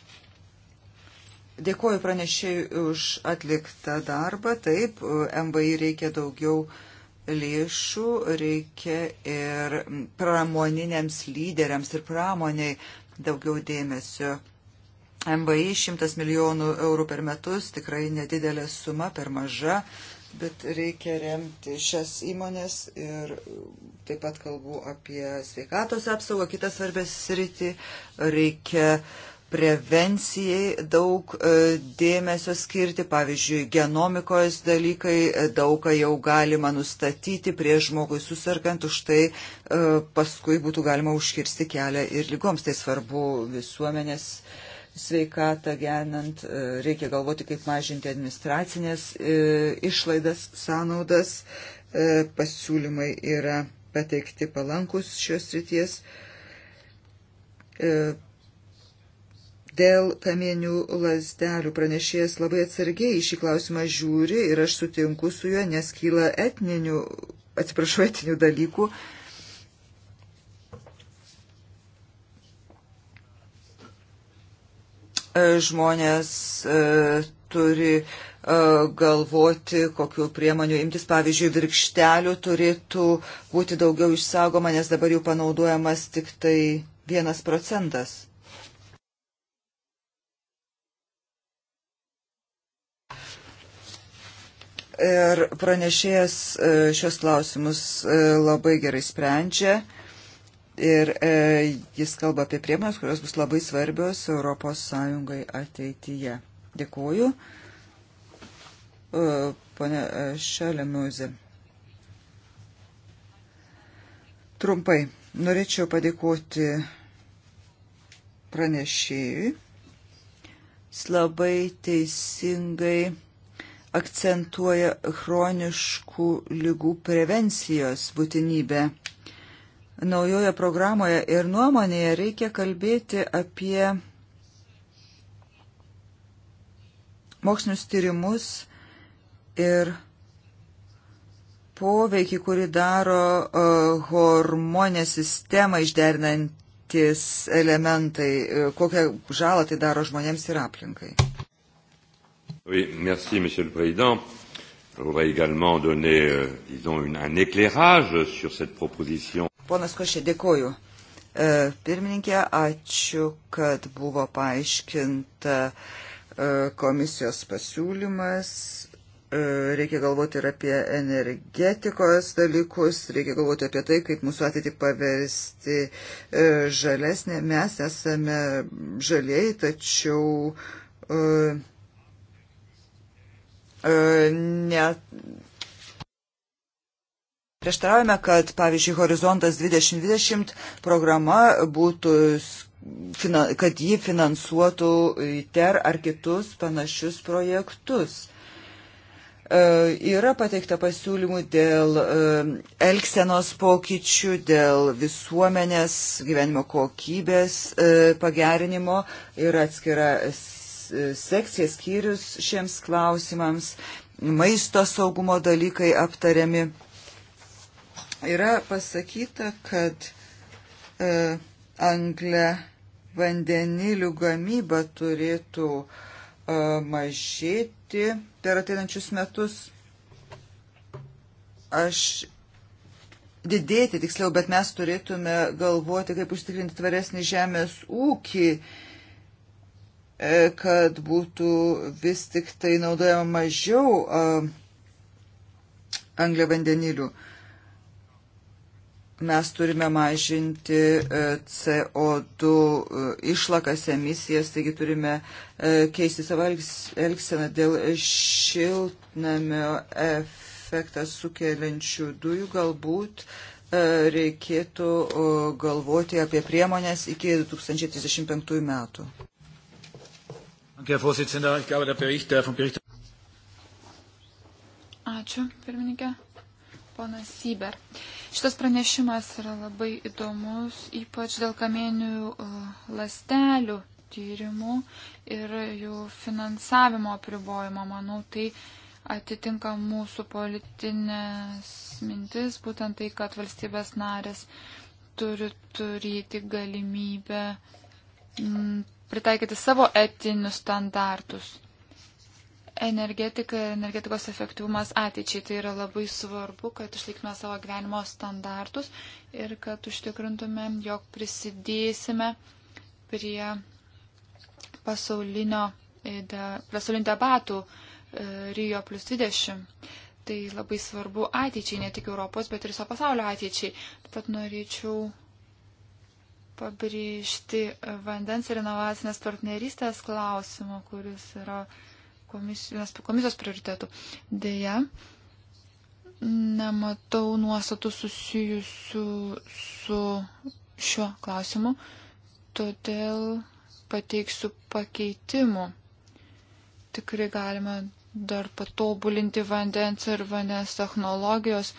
Dėkuoju pranešėjui už atliktą darbą. Taip, MVI reikia daugiau lėšų, reikia ir pramoniniams lyderiams ir pramoniai daugiau dėmesio. MVI 100 milijonų eurų per metus tikrai nedidelė suma, per maža bet reikia remti šias įmonės ir taip pat kalbu apie sveikatos apsaugą, kitą svarbę sritį, reikia prevencijai daug e, dėmesio skirti, pavyzdžiui, genomikos dalykai, e, daugą jau galima nustatyti prieš žmogui susirgant, už tai e, paskui būtų galima užkirsti kelią ir lygoms, tai svarbu visuomenės uh, sveikatą gerinant, e, reikia galvoti, kaip mažinti administracinės e, išlaidas, sąnaudas. E, pasiūlymai yra pateikti palankus šios ryties. Dėl kamienių lasdelių pranešėjas labai atsargiai į šį klausimą žiūri ir aš sutinku su juo, nes kyla etninių, atsiprašau, etinių dalykų, uh, E, žmonės e, turi e, galvoti, kokiu priemoniu imtis. Pavyzdžiui, virkštelių turėtų būti daugiau išsaugoma, nes dabar jų panaudojamas tik tai vienas procentas. Ir pranešėjas šios klausimus labai gerai sprendžia. Ir e, jis kalba apie priemonės, kurios bus labai svarbios Europos Sąjungai ateityje. Dėkuoju. E, pane Šelemiuzė. Trumpai. Norėčiau padėkoti pranešėjui. Jis labai teisingai akcentuoja chroniškų lygų prevencijos būtinybę naujoje programoje ir nuomonėje reikia kalbėti apie mokslinius tyrimus ir poveikį, kurį daro uh, hormonė sistema išderinantis elementai, uh, kokią žalą tai daro žmonėms ir aplinkai. Oui, merci, Monsieur le Président. Je voudrais également donner, euh, disons, une, un éclairage sur cette proposition. Ponas Košė, dėkoju. E, pirmininkė, ačiū, kad buvo paaiškinta e, komisijos pasiūlymas. E, reikia galvoti ir apie energetikos dalykus, reikia galvoti apie tai, kaip mūsų ateitį paversti žalesnė. Mes esame žaliai, tačiau net Prieštaraujame, kad, pavyzdžiui, Horizontas 2020 programa būtų, kad ji finansuotų ITER ar kitus panašius projektus. E, yra pateikta pasiūlymų dėl e, elksenos pokyčių, dėl visuomenės gyvenimo kokybės e, pagerinimo ir atskira sekcija skyrius šiems klausimams, maisto saugumo dalykai aptariami yra pasakyta, kad e, anglė vandenilių gamyba turėtų e, mažėti per ateinančius metus. Aš didėti tiksliau, bet mes turėtume galvoti, kaip užtikrinti tvaresnį žemės ūkį, e, kad būtų vis tik tai naudojama mažiau e, angliavandenilių. vandenilių mes turime mažinti e, CO2 e, išlakas, emisijas, taigi turime e, keisti savo elgseną dėl šiltnamio efektą sukeliančių dujų. Galbūt reikėtų galvoti apie priemonės iki 2035 metų. Ačiū, pirmininkė. Ponas Sybert. Uh, Šitas pranešimas yra labai įdomus, ypač dėl kamienių e, lastelių tyrimų ir jų finansavimo apribojimo. Manau, tai atitinka mūsų politinės mintis, būtent tai, kad valstybės narės turi turėti galimybę pritaikyti savo etinius standartus energetika ir energetikos efektyvumas ateičiai. Tai yra labai svarbu, kad išliktume savo gyvenimo standartus ir kad užtikrintume, jog prisidėsime prie pasaulinio, e, de, pasaulinio debatų e, Rio plus 20. Tai labai svarbu ateičiai, ne tik Europos, bet ir viso pasaulio ateičiai. Taip pat norėčiau pabrėžti vandens ir inovacinės partnerystės klausimą, kuris yra uh, komisijos, komisijos prioritetų. Deja, nematau nuostatų susijusių su šiuo klausimu, todėl pateiksiu pakeitimu. Tikrai galima dar patobulinti vandens ir vandens technologijos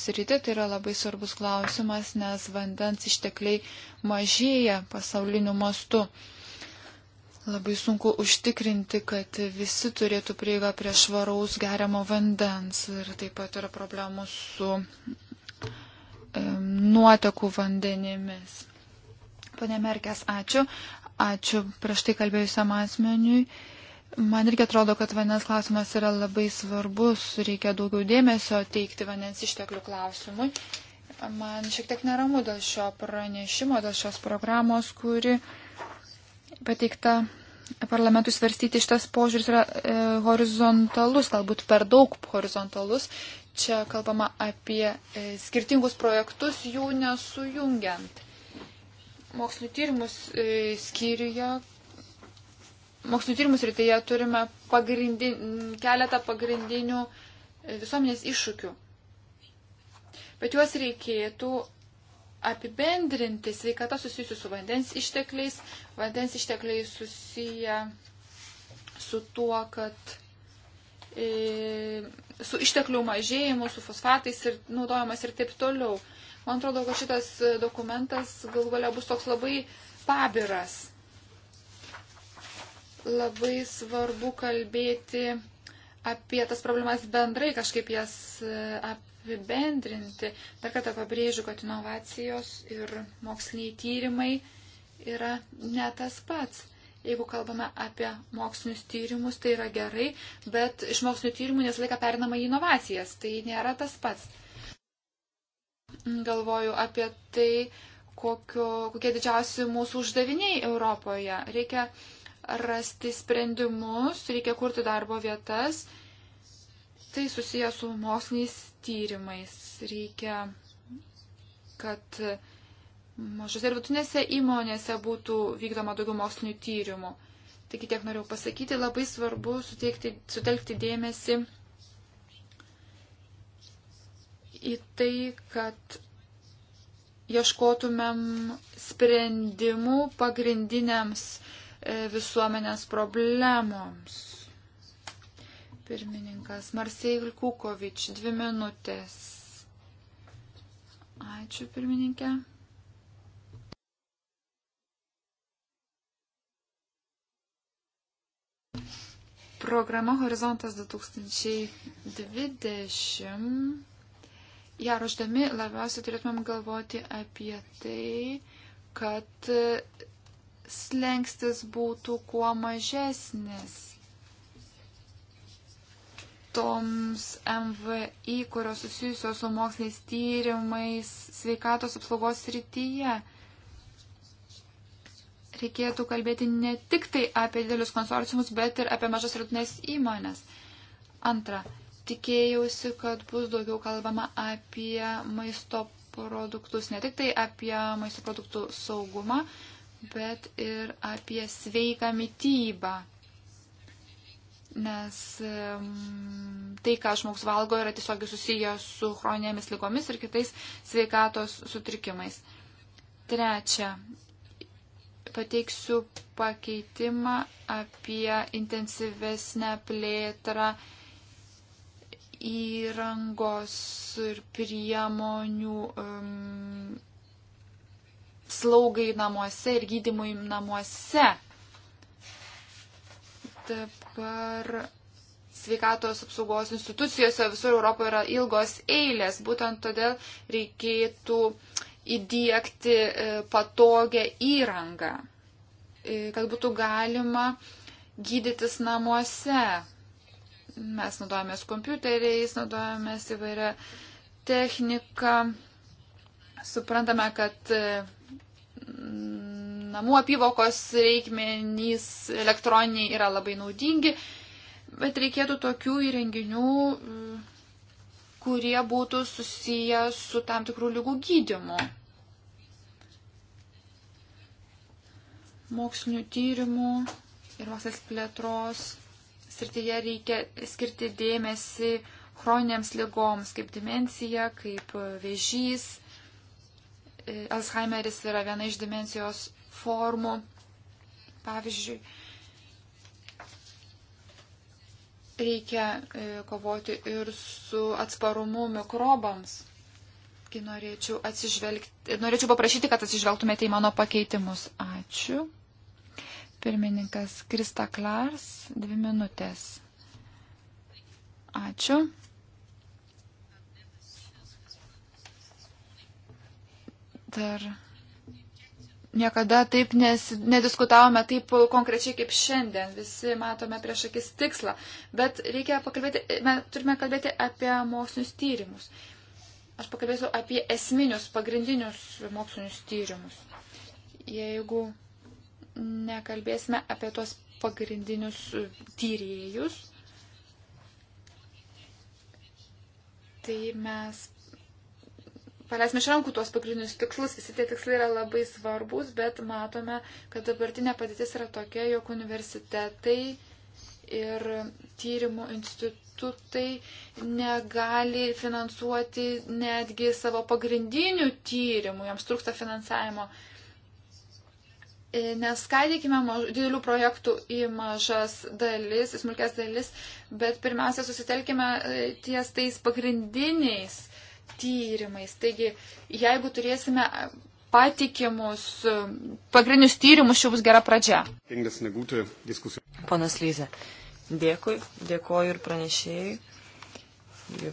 sritį. Tai yra labai svarbus klausimas, nes vandens ištekliai mažėja pasauliniu mastu. Labai sunku užtikrinti, kad visi turėtų prieigą prie švaraus geriamo vandens ir taip pat yra problemų su e, nuotekų vandenimis. Pane Merkės, ačiū. Ačiū prieš tai kalbėjusiam asmeniui. Man irgi atrodo, kad vandens klausimas yra labai svarbus, reikia daugiau dėmesio teikti vandens išteklių klausimui. Man šiek tiek neramu dėl šio pranešimo, dėl šios programos, kuri pateikta parlamentui svarstyti šitas požiūris yra e, horizontalus, galbūt per daug horizontalus. Čia kalbama apie e, skirtingus projektus, jų nesujungiant. Mokslinio tyrimus e, skyriuje. Mokslinio tyrimus rytyje turime pagrindin, keletą pagrindinių e, visuomenės iššūkių. Bet juos reikėtų apibendrinti sveikatą susijusiu su vandens ištekliais. Vandens ištekliai susiję su tuo, kad e, su išteklių mažėjimu, su fosfatais ir naudojamas ir taip toliau. Man atrodo, kad šitas dokumentas gal galia bus toks labai pabiras. Labai svarbu kalbėti apie tas problemas bendrai kažkaip jas e, apibendrinti. Dar kartą pabrėžiu, kad inovacijos ir moksliniai tyrimai yra ne tas pats. Jeigu kalbame apie mokslinius tyrimus, tai yra gerai, bet iš mokslinių tyrimų neslaika perinama į inovacijas. Tai nėra tas pats. Galvoju apie tai, kokio, kokie didžiausi mūsų uždaviniai Europoje. Reikia uh, rasti sprendimus, reikia kurti darbo vietas. Tai susiję su moksliniais tyrimais. Reikia, kad mažose ir vidutinėse įmonėse būtų vykdoma daugiau mokslinių tyrimų. Taigi tiek noriu pasakyti, labai svarbu suteikti, sutelkti dėmesį į tai, kad ieškotumėm sprendimų pagrindiniams uh, E, visuomenės problemoms. Pirmininkas Marsej Vilkukovič, dvi minutės. Ačiū, pirmininkė. Programa Horizontas 2020. Ja ruoždami labiausiai turėtumėm galvoti apie tai, kad slengstis būtų kuo mažesnis toms MVI, kurios susijusios su moksliniais tyrimais sveikatos apsaugos srityje. Reikėtų kalbėti ne tik tai apie didelius konsorciumus, bet ir apie mažas rytinės įmonės. Antra, tikėjausi, kad bus daugiau kalbama apie maisto produktus, ne tik tai apie maisto produktų saugumą, bet ir apie sveiką mytybą. Nes tai, ką žmogus valgo, yra tiesiog susiję su chroninėmis lygomis ir kitais sveikatos sutrikimais. Trečia, pateiksiu pakeitimą apie intensyvesnę plėtrą įrangos ir priemonių um, slaugai namuose ir gydimui namuose. Dabar sveikatos apsaugos institucijose visur Europoje yra ilgos eilės, būtent todėl reikėtų įdėkti e, patogią įrangą, e, kad būtų galima gydytis namuose. Mes naudojamės kompiuteriais, naudojamės įvairią techniką. Suprantame, kad e, namų apyvokos reikmenys elektroniniai yra labai naudingi, bet reikėtų tokių įrenginių, kurie būtų susiję su tam tikrų lygų gydimu. Mokslinių tyrimų ir mokslas plėtros srityje reikia skirti dėmesį chroninėms lygoms, kaip dimencija, kaip vėžys Alzheimeris yra viena iš dimensijos formų. Pavyzdžiui, reikia e, kovoti ir su atsparumu mikrobams. Kai norėčiau, norėčiau paprašyti, kad atsižvelgtumėte į mano pakeitimus. Ačiū. Pirmininkas Krista Klars, dvi minutės. Ačiū. dar niekada taip nes, nediskutavome taip konkrečiai kaip šiandien. Visi matome prieš akis tikslą. Bet reikia pakalbėti, mes turime kalbėti apie mokslinius tyrimus. Aš pakalbėsiu apie esminius, pagrindinius mokslinius tyrimus. Jeigu nekalbėsime apie tuos pagrindinius tyrėjus, tai mes paleisime iš rankų tuos pagrindinius tikslus. Visi tie tikslai yra labai svarbus, bet matome, kad dabartinė padėtis yra tokia, jog universitetai ir tyrimo institutai negali finansuoti netgi savo pagrindinių tyrimų, jiems trūksta finansavimo. E, neskaidykime didelių projektų į mažas dalis, į smulkės dalis, bet pirmiausia susitelkime e, ties tais pagrindiniais tyrimais. Taigi, jeigu turėsime patikimus pagrindinius tyrimus, čia bus gera pradžia. Ponas Lyze, dėkui, dėkoju ir pranešėjai.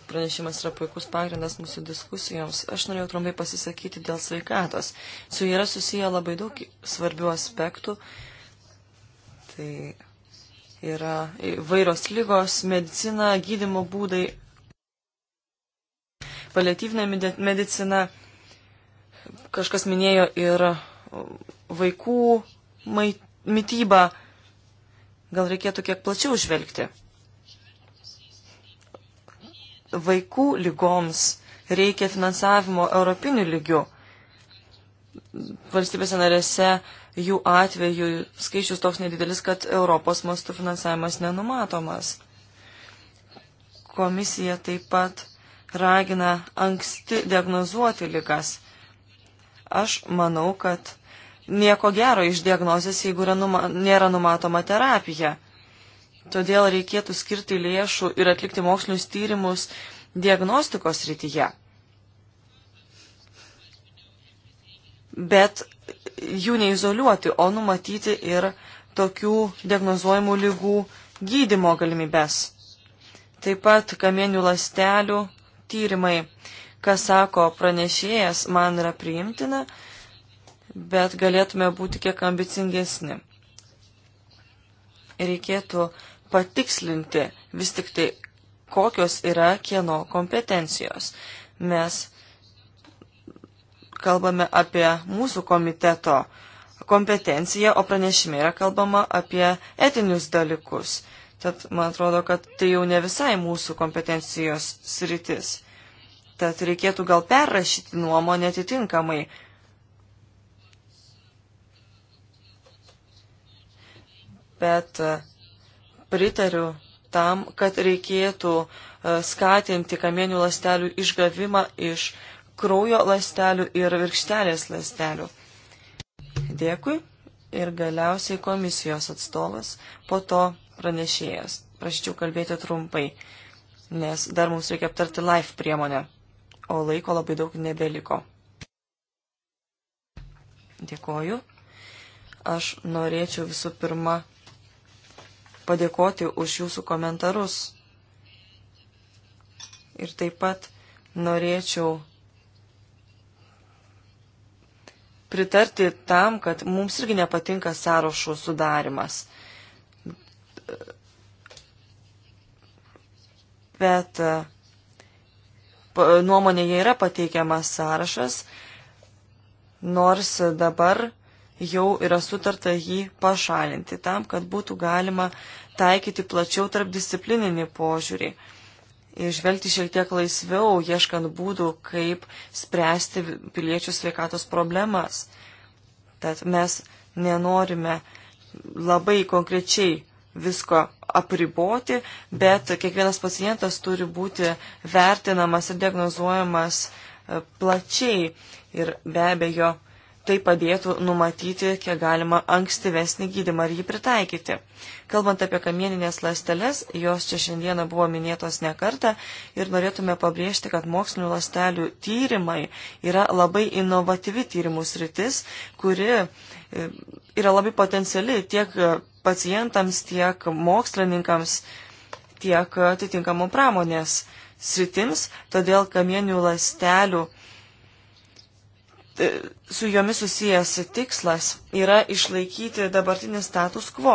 Pranešimas yra puikus pagrindas mūsų diskusijoms. Aš norėjau trumpai pasisakyti dėl sveikatos. Su jie yra susiję labai daug svarbių aspektų. Tai yra vairios lygos, medicina, gydimo būdai, paliatyvinė medicina, kažkas minėjo ir vaikų mytybą. Gal reikėtų kiek plačiau žvelgti. Vaikų lygoms reikia finansavimo europinių lygių. Valstybėse narėse jų atveju skaičius toks nedidelis, kad Europos mastų finansavimas nenumatomas. Komisija taip pat ragina anksti diagnozuoti ligas. Aš manau, kad nieko gero iš diagnozės, jeigu numa, nėra numatoma terapija. Todėl reikėtų skirti lėšų ir atlikti mokslinius tyrimus diagnostikos rytyje. Bet jų neizoliuoti, o numatyti ir tokių diagnozuojamų lygų gydimo galimybės. Taip pat kamienių lastelių tyrimai, kas sako pranešėjas, man yra priimtina, bet galėtume būti kiek ambicingesni. Reikėtų patikslinti vis tik tai, kokios yra kieno kompetencijos. Mes kalbame apie mūsų komiteto kompetenciją, o pranešime yra kalbama apie etinius dalykus. Tad man atrodo, kad tai jau ne visai mūsų kompetencijos sritis. Tad reikėtų gal perrašyti nuomonę atitinkamai. Bet e, pritariu tam, kad reikėtų e, skatinti kamienių lastelių išgavimą iš kraujo lastelių ir virkštelės lastelių. Dėkui. Ir galiausiai komisijos atstovas, po to pranešėjas. Prašyčiau kalbėti trumpai, nes dar mums reikia aptarti live priemonę, o laiko labai daug nebeliko. Dėkoju. Aš norėčiau visų pirma padėkoti už jūsų komentarus. Ir taip pat norėčiau pritarti tam, kad mums irgi nepatinka sąrašų sudarimas. bet e, nuomonėje yra pateikiamas sąrašas, nors dabar jau yra sutarta jį pašalinti tam, kad būtų galima taikyti plačiau tarp disciplininį požiūrį. Ir žvelgti šiek tiek laisviau, ieškant būdų, kaip spręsti piliečių sveikatos problemas. Tad mes nenorime labai konkrečiai visko apriboti, bet kiekvienas pacientas turi būti vertinamas ir diagnozuojamas e, plačiai ir be abejo tai padėtų numatyti, kiek galima ankstyvesnį gydimą ir jį pritaikyti. Kalbant apie kamieninės ląsteles, jos čia šiandieną buvo minėtos ne kartą ir norėtume pabrėžti, kad mokslinių ląstelių tyrimai yra labai inovatyvi tyrimų sritis, kuri e, yra labai potenciali tiek pacientams, tiek mokslininkams, tiek atitinkamų pramonės sritims, todėl kamieninių ląstelių E, su jomis susijęs tikslas yra išlaikyti dabartinį status quo,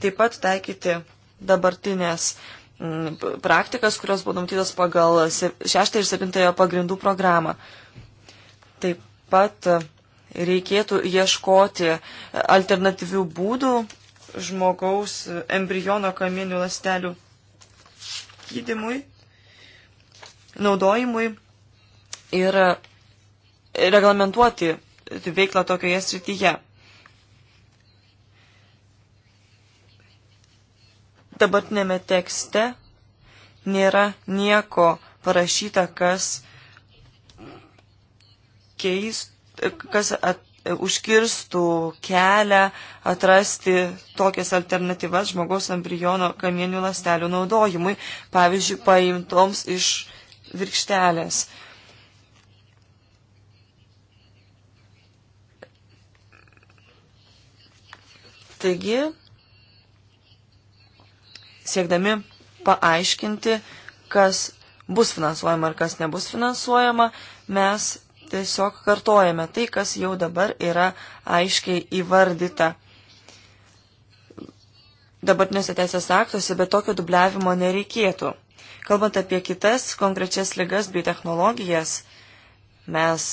taip pat taikyti dabartinės praktikas, kurios buvo numatytos pagal 6 ir 7 pagrindų programą. Taip pat e, reikėtų ieškoti alternatyvių būdų žmogaus embriono kamienių lastelių gydimui, naudojimui ir reglamentuoti veiklą tokioje srityje. Dabartinėme tekste nėra nieko parašyta, kas keis, kas at, užkirstų kelią atrasti tokias alternatyvas žmogaus embriono kamieninių lastelių naudojimui, pavyzdžiui, paimtoms iš virkštelės. Uh, Taigi, siekdami paaiškinti, kas bus finansuojama ir kas nebus finansuojama, mes tiesiog kartojame tai, kas jau dabar yra aiškiai įvardyta dabartiniuose teisės aktuose, bet tokio dubliavimo nereikėtų. Kalbant apie kitas konkrečias ligas bei technologijas, mes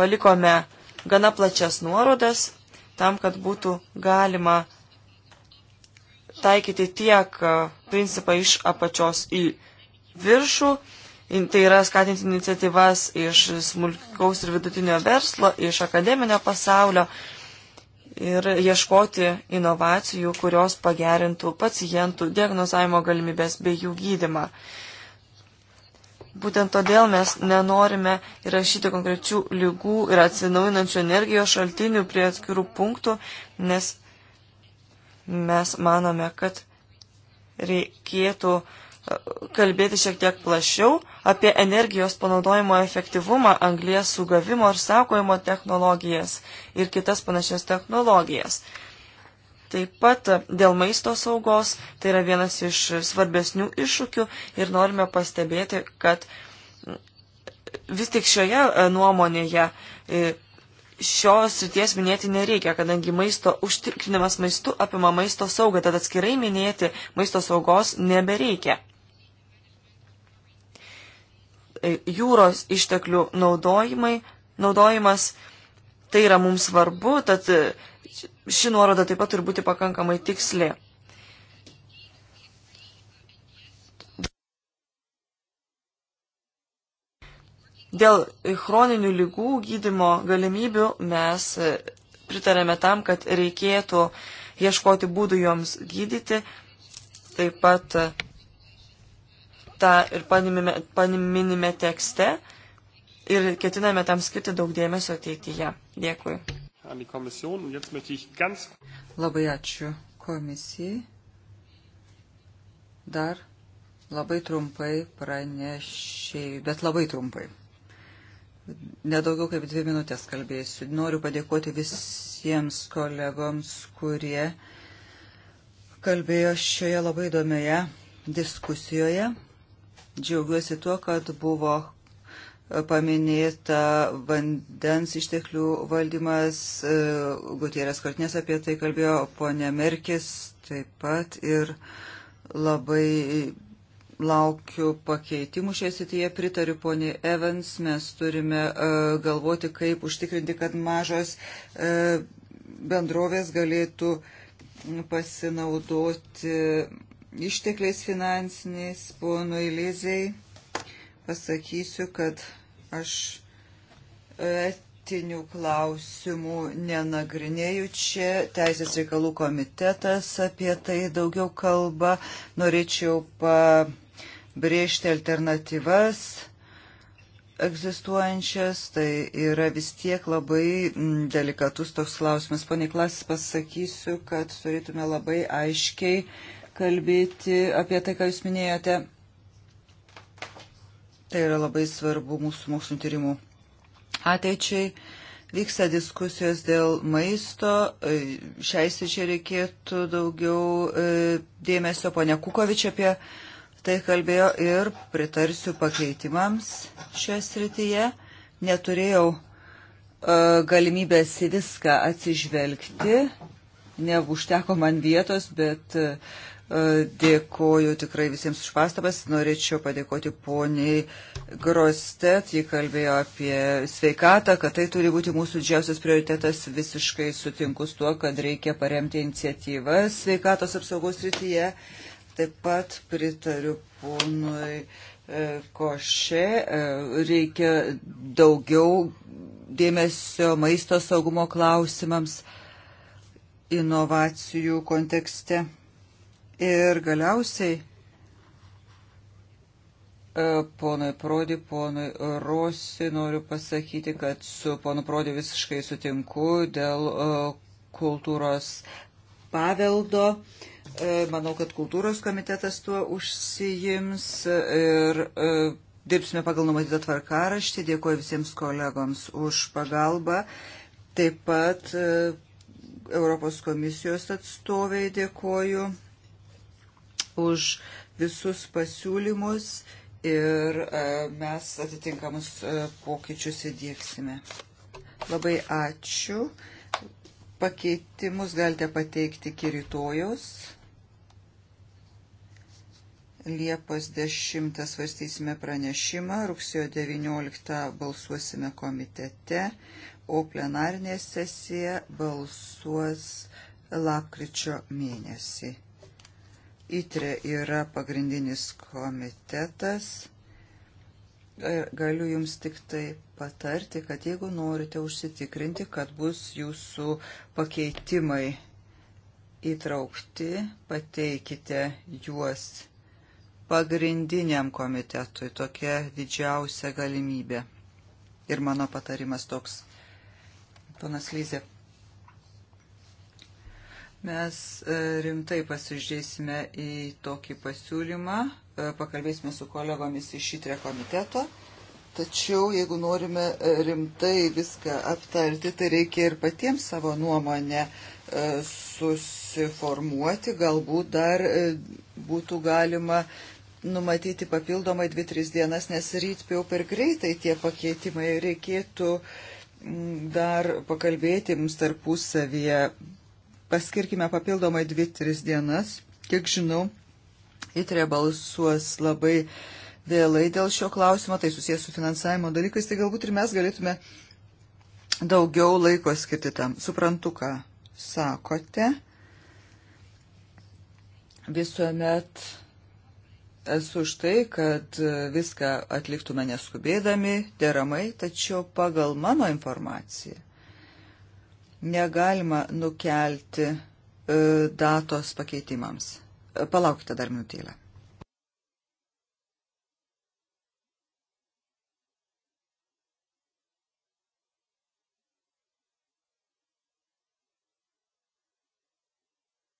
palikome gana plačias nuorodas tam, kad būtų galima taikyti tiek e, principą iš apačios į viršų, tai yra skatinti iniciatyvas iš smulkaus ir vidutinio verslo, iš akademinio pasaulio ir ieškoti inovacijų, kurios pagerintų pacientų diagnozavimo galimybės bei jų gydimą. Būtent todėl mes nenorime įrašyti konkrečių lygų ir atsinaujinančių energijos šaltinių prie atskirų punktų, nes mes manome, kad reikėtų e, kalbėti šiek tiek plašiau apie energijos panaudojimo efektyvumą, anglės sugavimo ir saugojimo technologijas ir kitas panašias technologijas. Taip pat dėl maisto saugos tai yra vienas iš svarbesnių iššūkių ir norime pastebėti, kad vis tik šioje e, nuomonėje e, šios suties minėti nereikia, kadangi maisto užtikrinimas maistu apima maisto saugą, tad atskirai minėti maisto saugos nebereikia. E, jūros išteklių naudojimai, naudojimas tai yra mums svarbu, tad ši nuoroda taip pat turi būti pakankamai tiksli. Dėl chroninių lygų gydimo galimybių mes pritarėme tam, kad reikėtų ieškoti būdų joms gydyti. Taip pat tą ir panimime, paniminime tekste ir ketiname tam skirti daug dėmesio ateityje. Dėkui an die Kommission. Und jetzt möchte ich ganz. Labai ačiū komisijai. Dar labai trumpai pranešėjai, bet labai trumpai. Nedaugiau kaip dvi minutės kalbėsiu. Noriu padėkoti visiems kolegoms, kurie kalbėjo šioje labai įdomioje diskusijoje. Džiaugiuosi tuo, kad buvo paminėta vandens išteklių valdymas, e, Gutierės Kortinės apie tai kalbėjo, ponė Merkis taip pat ir labai laukiu pakeitimų šioje srityje, pritariu poniai Evans, mes turime uh, galvoti, kaip užtikrinti, kad mažos uh, bendrovės galėtų pasinaudoti ištekliais finansiniais, ponui Lizei pasakysiu, kad Aš e, etinių klausimų nenagrinėju čia. Teisės reikalų komitetas apie tai daugiau kalba. Norėčiau pabrėžti alternatyvas egzistuojančias, tai yra vis tiek labai delikatus toks klausimas. Pane Klasis, pasakysiu, kad turėtume labai aiškiai kalbėti apie tai, ką Jūs minėjote Tai yra labai svarbu mūsų mokslinio tyrimų ateičiai. Vyksta diskusijos dėl maisto. E, šiai sričiai reikėtų daugiau e, dėmesio. Pone Kukovič apie tai kalbėjo ir pritarsiu pakeitimams šioje srityje. Neturėjau e, galimybės į viską atsižvelgti. Neužteko man vietos, bet E, dėkoju tikrai visiems už pastabas. Norėčiau padėkoti poniai Grostet. Ji kalbėjo apie sveikatą, kad tai turi būti mūsų didžiausias prioritetas. Visiškai sutinku su tuo, kad reikia paremti iniciatyvas sveikatos apsaugos rytyje. Taip pat pritariu ponui e, koše, reikia daugiau dėmesio maisto saugumo klausimams inovacijų kontekste. Ir galiausiai e, ponui Prodi, ponui Rosi noriu pasakyti, kad su ponu Prodi visiškai sutinku dėl e, kultūros paveldo. E, manau, kad kultūros komitetas tuo užsijims ir dirbsime pagal numatytą tvarkaraštį. Dėkuoju visiems kolegoms už pagalbą. Taip pat Europos komisijos atstoviai dėkuoju už visus pasiūlymus ir e, mes atitinkamus e, pokyčius įdėksime. Labai ačiū. Pakeitimus galite pateikti iki rytojaus. Liepos 10 svarstysime pranešimą, rugsėjo 19 balsuosime komitete, o plenarinė sesija balsuos lapkričio mėnesį. ITRE yra pagrindinis komitetas. E, galiu Jums tik tai patarti, kad jeigu norite užsitikrinti, kad bus Jūsų pakeitimai įtraukti, pateikite juos pagrindiniam komitetui. Tokia didžiausia galimybė. Ir mano patarimas toks. Ponas Lyzė Mes e, rimtai pasižiūrėsime į tokį pasiūlymą, e, pakalbėsime su kolegomis iš šitre komiteto. Tačiau, jeigu norime e, rimtai viską aptarti, tai reikia ir patiems savo nuomonę susiformuoti. Galbūt dar būtų galima numatyti papildomai 2-3 dienas, nes ryt jau per greitai tie pakeitimai reikėtų dar pakalbėti mums tarpusavyje paskirkime papildomai 2-3 dienas. Kiek žinau, įtrė balsuos labai vėlai dėl šio klausimo, tai susijęs su finansavimo dalykais, tai galbūt ir mes galėtume daugiau laiko skirti tam. Suprantu, ką sakote. Visuomet esu už tai, kad viską atliktume neskubėdami, deramai, tačiau pagal mano informaciją Negalima nukelti e, datos pakeitimams. E, palaukite dar minutėlę.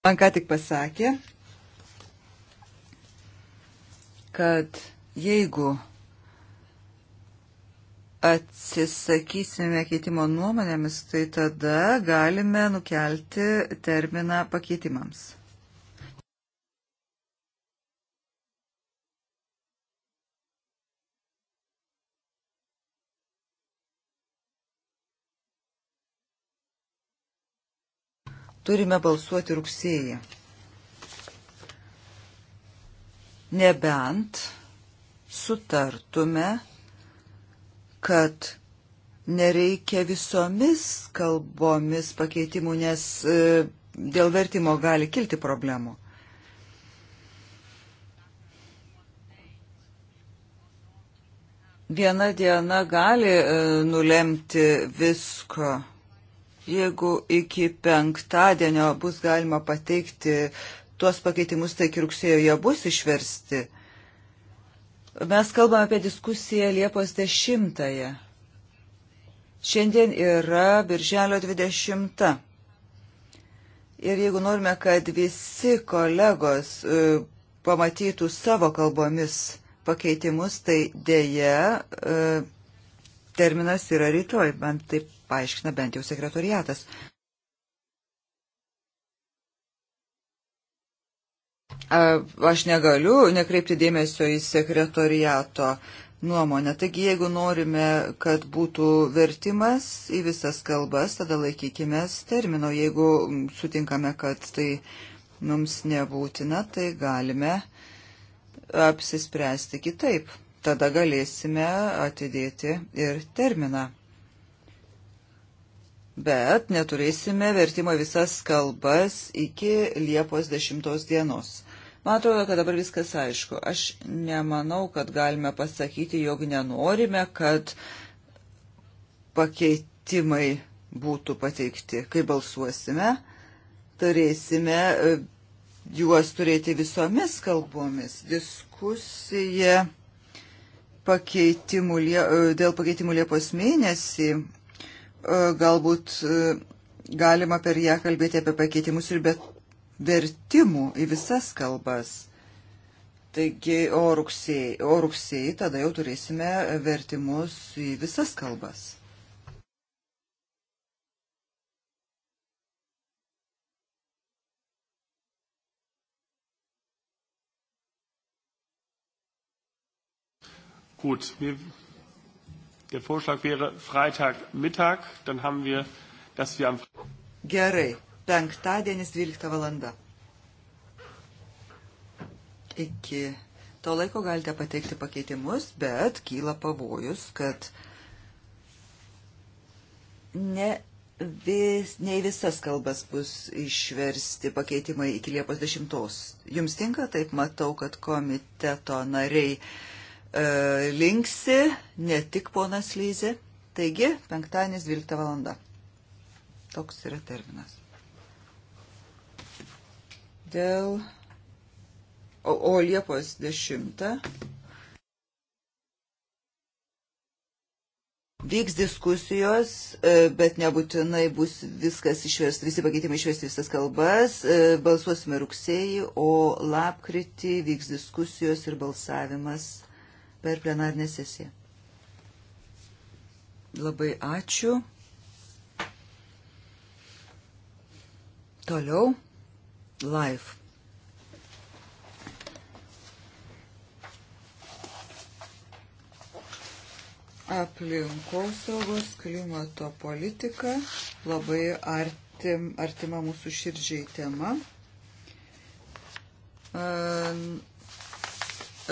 Man ką tik pasakė, kad jeigu atsisakysime keitimo nuomonėmis, tai tada galime nukelti terminą pakeitimams. Turime balsuoti rugsėjį. Nebent sutartume kad nereikia visomis kalbomis pakeitimų, nes e, dėl vertimo gali kilti problemų. Viena diena gali e, nulemti visko. Jeigu iki penktadienio bus galima pateikti tuos pakeitimus, tai iki rugsėjo jie bus išversti. Mes kalbame apie diskusiją Liepos 10. Šiandien yra Birželio 20. Ir jeigu norime, kad visi kolegos e, pamatytų savo kalbomis pakeitimus, tai dėja e, terminas yra rytoj, man taip paaiškina bent jau sekretoriatas. aš negaliu nekreipti dėmesio į sekretoriato nuomonę. Taigi, jeigu norime, kad būtų vertimas į visas kalbas, tada laikykime termino. Jeigu sutinkame, kad tai mums nebūtina, tai galime apsispręsti kitaip. Tada galėsime atidėti ir terminą. Bet neturėsime vertimo visas kalbas iki Liepos 10 dienos. Man atrodo, kad dabar viskas aišku. Aš nemanau, kad galime pasakyti, jog nenorime, kad pakeitimai būtų pateikti. Kai balsuosime, turėsime e, juos turėti visomis kalbomis. Diskusija pakeitimų, e, dėl pakeitimų Liepos mėnesį e, galbūt galima per ją kalbėti apie pakeitimus ir bet vertimų į visas kalbas. Taigi, o rugsėjai, o rugsėjai tada jau turėsime vertimus į visas kalbas. Gut, wir, der Vorschlag wäre Freitagmittag, dann haben wir, dass wir am Gerai penktadienis 12 valanda. Iki to laiko galite pateikti pakeitimus, bet kyla pavojus, kad ne vis, ne į visas kalbas bus išversti pakeitimai iki Liepos 10. Jums tinka, taip matau, kad komiteto nariai e, linksi, ne tik ponas Lyzė. Taigi, penktadienis 12 valanda. Toks yra terminas dėl, o, o Liepos 10 vyks diskusijos, e, bet nebūtinai bus viskas išversti, visi pakeitimai išversti visas kalbas, e, balsuosime rugsėjį, o lapkritį vyks diskusijos ir balsavimas per plenarnę sesiją. Labai ačiū. Toliau. Life. Aplinkosaugos klimato politika labai artim, artima mūsų širdžiai tema.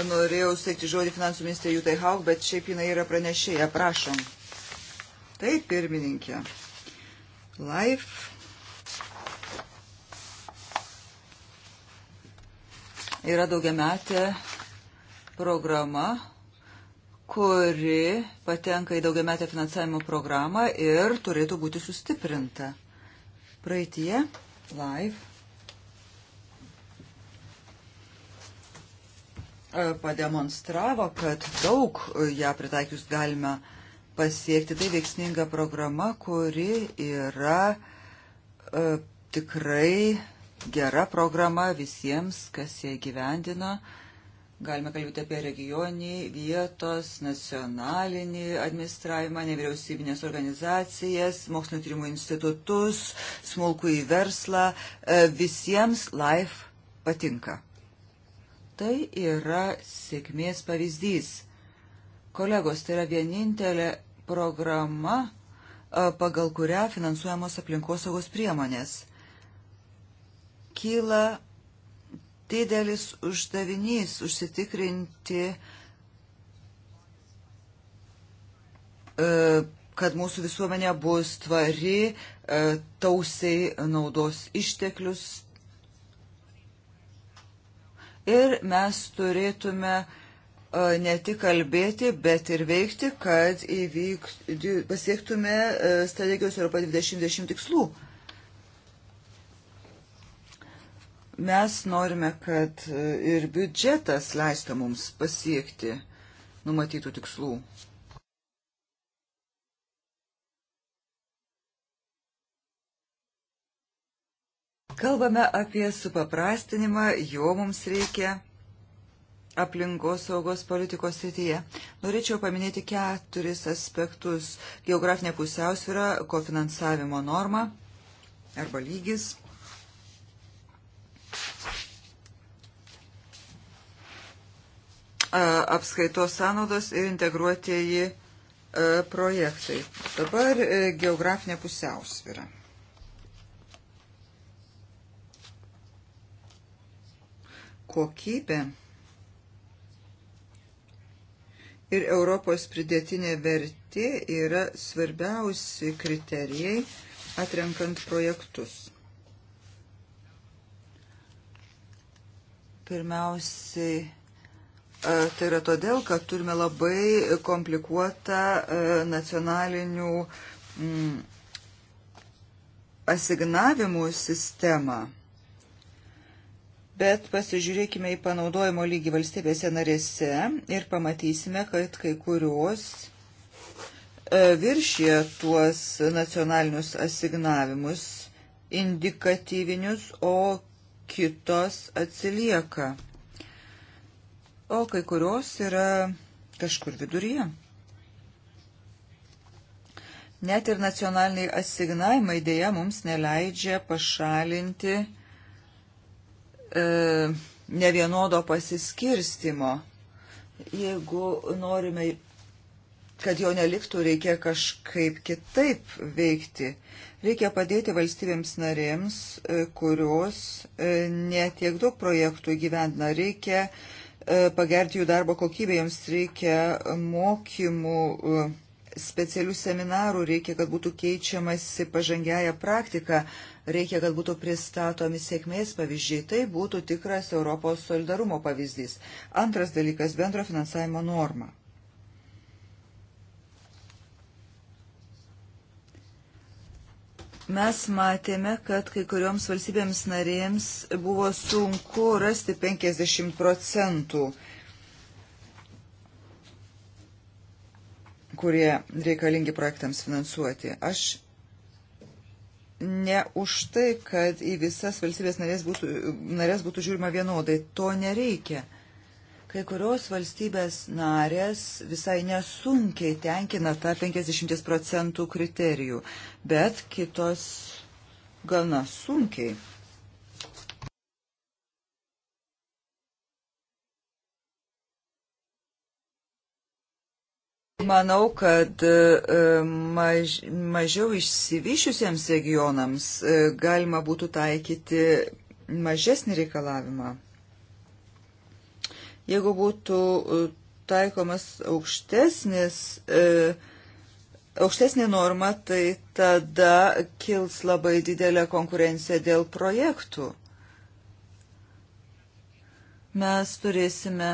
Norėjau steigti žodį finansų ministrė Jutai Haug, bet šiaip jinai yra pranešėja. Prašom. Taip, pirmininkė. Life yra daugiametė programa, kuri patenka į daugiametę finansavimo programą ir turėtų būti sustiprinta. Praeitie, live, e, pademonstravo, kad daug ją pritaikius galime pasiekti. Tai veiksminga programa, kuri yra e, tikrai gera programa visiems, kas ją gyvendino. Galime kalbėti apie regionį, vietos, nacionalinį administravimą, nevyriausybinės organizacijas, mokslinio tyrimų institutus, smulkų į verslą. E, visiems life patinka. Tai yra sėkmės pavyzdys. Kolegos, tai yra vienintelė programa, e, pagal kurią finansuojamos aplinkosaugos priemonės kyla didelis uždavinys užsitikrinti, e, kad mūsų visuomenė bus tvari, e, tausiai naudos išteklius. Ir mes turėtume e, ne tik kalbėti, bet ir veikti, kad įvyk, pasiektume strategijos Europa 2020 tikslų. Mes norime, kad e, ir biudžetas leistų mums pasiekti numatytų tikslų. Kalbame apie supaprastinimą, jo mums reikia aplinkos saugos politikos srityje. Norėčiau paminėti keturis aspektus - geografinė pusiausvyrą, kofinansavimo norma arba lygis – apskaitos sąnaudos ir integruotieji projektai. Dabar e, geografinė pusiausvyra. Kokybė ir Europos pridėtinė vertė yra svarbiausi kriterijai atrenkant projektus. Pirmiausiai Tai yra todėl, kad turime labai komplikuotą e, nacionalinių mm, asignavimų sistemą. Bet pasižiūrėkime į panaudojimo lygį valstybėse narėse ir pamatysime, kad kai kurios e, viršė tuos nacionalinius asignavimus indikatyvinius, o kitos atsilieka o kai kurios yra kažkur viduryje. Net ir nacionaliniai asignavimai dėja mums neleidžia pašalinti e, nevienodo pasiskirstimo. Jeigu norime, kad jo neliktų, reikia kažkaip kitaip veikti. Reikia padėti valstybėms narėms, e, kurios e, netiek daug projektų gyvendina. Reikia e, E, pagerinti jų darbo kokybę, jiems reikia mokymų, e, specialių seminarų, reikia, kad būtų keičiamasi pažangiaja praktika, reikia, kad būtų pristatomi sėkmės pavyzdžiai. Tai būtų tikras Europos solidarumo pavyzdys. Antras dalykas - bendro finansavimo norma. Mes matėme, kad kai kurioms valstybėms narėms buvo sunku rasti 50 procentų, kurie reikalingi projektams finansuoti. Aš ne už tai, kad į visas valstybės narės būtų, narės būtų žiūrima vienodai. To nereikia. Kai kurios valstybės narės visai nesunkiai tenkina tą 50 procentų kriterijų, bet kitos gana sunkiai. Manau, kad e, maž, mažiau išsivyšiusiems regionams e, galima būtų taikyti mažesnį reikalavimą. Jeigu būtų e, taikomas aukštesnis, e, aukštesnė norma, tai tada kils labai didelė konkurencija dėl projektų. Mes turėsime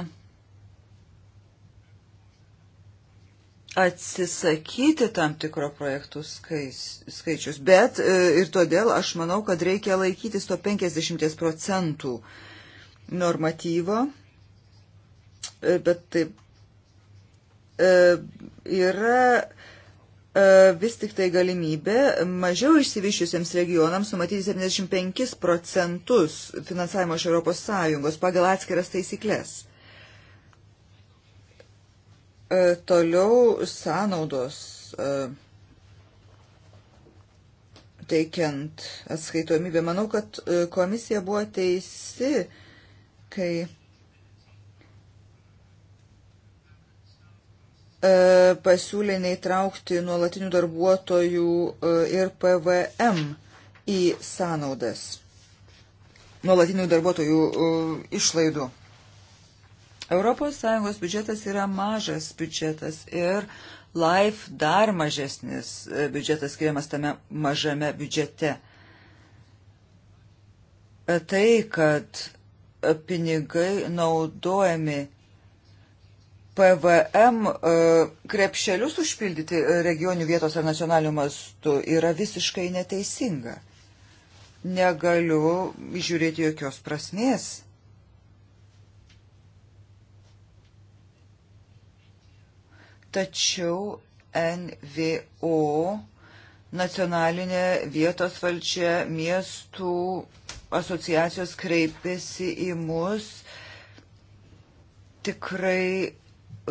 atsisakyti tam tikro projektų skais, skaičius, bet e, ir todėl aš manau, kad reikia laikytis to 50 procentų normatyvo E, bet taip e, yra e, vis tik tai galimybė mažiau išsivyščiusiems regionams numatyti 75 procentus finansavimo iš Europos Sąjungos pagal atskiras taisyklės. Toliau sąnaudos teikiant atskaitomybę. Manau, kad komisija buvo teisi, kai E, pasiūlė neįtraukti nuolatinių darbuotojų e, ir PVM į sąnaudas, nuolatinių darbuotojų e, išlaidų. ES biudžetas yra mažas biudžetas ir LIFE dar mažesnis biudžetas skiriamas tame mažame biudžete. Tai, kad pinigai naudojami PVM e, krepšelius užpildyti e, regionių vietos ar nacionalinių mastų yra visiškai neteisinga. Negaliu žiūrėti jokios prasmės. Tačiau NVO nacionalinė vietos valdžia miestų asociacijos kreipėsi į mus tikrai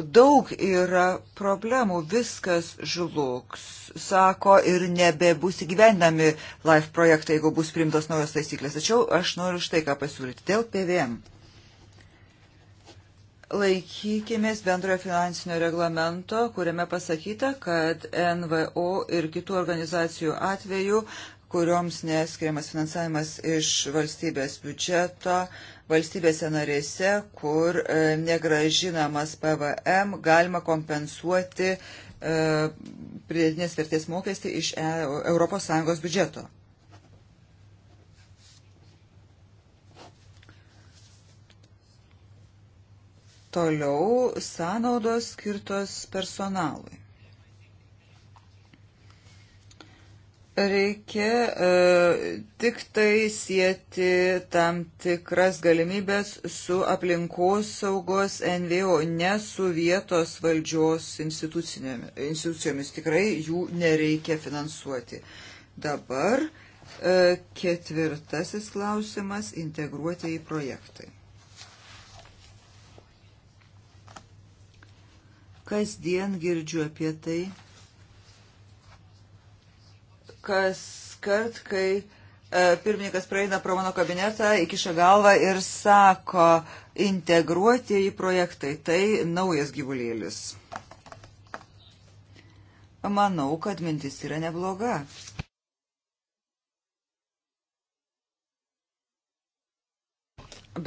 daug yra problemų, viskas žlugs, sako, ir nebebus įgyvendami LIFE projektai, jeigu bus priimtos naujos taisyklės. Tačiau aš noriu štai ką pasiūlyti dėl PVM. Laikykimės bendrojo finansinio reglamento, kuriame pasakyta, kad NVO ir kitų organizacijų atveju kurioms neskiriamas finansavimas iš valstybės biudžeto, valstybėse narėse, kur e, negražinamas PVM galima kompensuoti e, pridėtinės vertės mokestį iš ES biudžeto. Toliau sąnaudos skirtos personalui. reikia e, tik tai sieti tam tikras galimybės su aplinkos saugos NVO, ne su vietos valdžios institucijomis. Tikrai jų nereikia finansuoti. Dabar e, ketvirtasis klausimas - integruoti į projektai. Kasdien girdžiu apie tai kas kart, kai e, pirmininkas praeina pro mano kabinetą, įkiša galvą ir sako, integruotieji projektai - tai naujas gyvulėlis. Manau, kad mintis yra nebloga.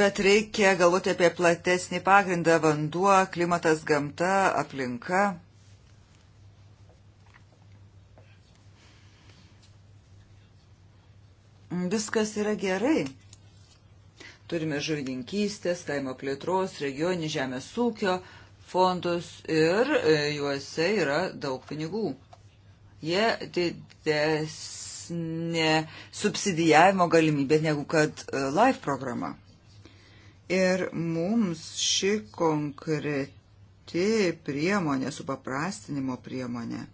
Bet reikia galvoti apie platesnį pagrindą - vanduo, klimatas, gamta, aplinka. Viskas yra gerai. Turime žuvininkystės, kaimo plėtros, regionį žemės ūkio fondus ir e, juose yra daug pinigų. Jie didesnė subsidijavimo galimybė negu kad e, live programa. Ir mums ši konkreti priemonė, supaprastinimo priemonė,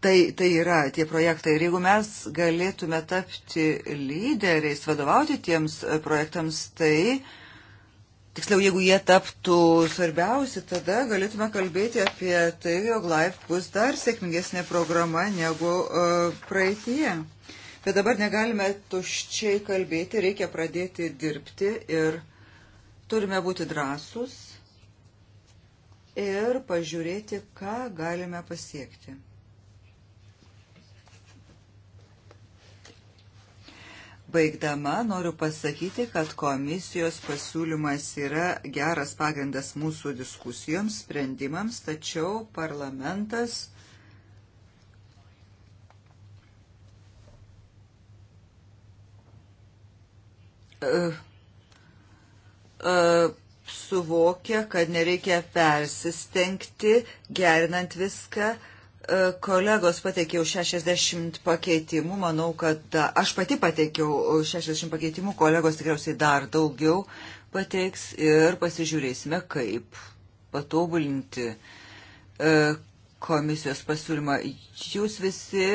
tai, tai yra tie projektai. Ir jeigu mes galėtume tapti lyderiais, vadovauti tiems projektams, tai tiksliau, jeigu jie taptų svarbiausi, tada galėtume kalbėti apie tai, jog Life bus dar sėkmingesnė programa negu uh, praeitie. Bet dabar negalime tuščiai kalbėti, reikia pradėti dirbti ir turime būti drąsus ir pažiūrėti, ką galime pasiekti. Baigdama noriu pasakyti, kad komisijos pasiūlymas yra geras pagrindas mūsų diskusijoms, sprendimams, tačiau parlamentas uh, uh, suvokia, kad nereikia persistengti, gerinant viską, uh, E, kolegos pateikiau 60 pakeitimų, manau, kad e, aš pati pateikiau 60 e, pakeitimų, kolegos tikriausiai dar daugiau pateiks ir pasižiūrėsime, kaip patobulinti komisijos pasiūlymą. Jūs visi,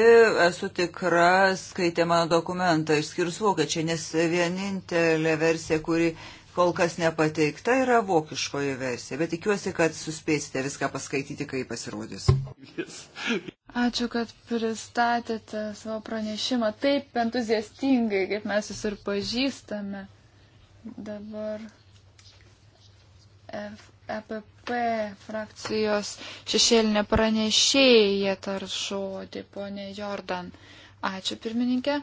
esu tikra, skaitė mano dokumentą, išskyrus vokiečiai, nes vienintelė versija, kuri kol kas nepateikta yra vokiškoji versija, bet tikiuosi, kad suspėsite viską paskaityti, kai pasirodys. Ačiū, kad pristatėte savo pranešimą taip entuziastingai, kaip mes jūs ir pažįstame. Dabar F EPP frakcijos šešėlinė pranešėja tar žodį, ponė Jordan. Ačiū pirmininkė.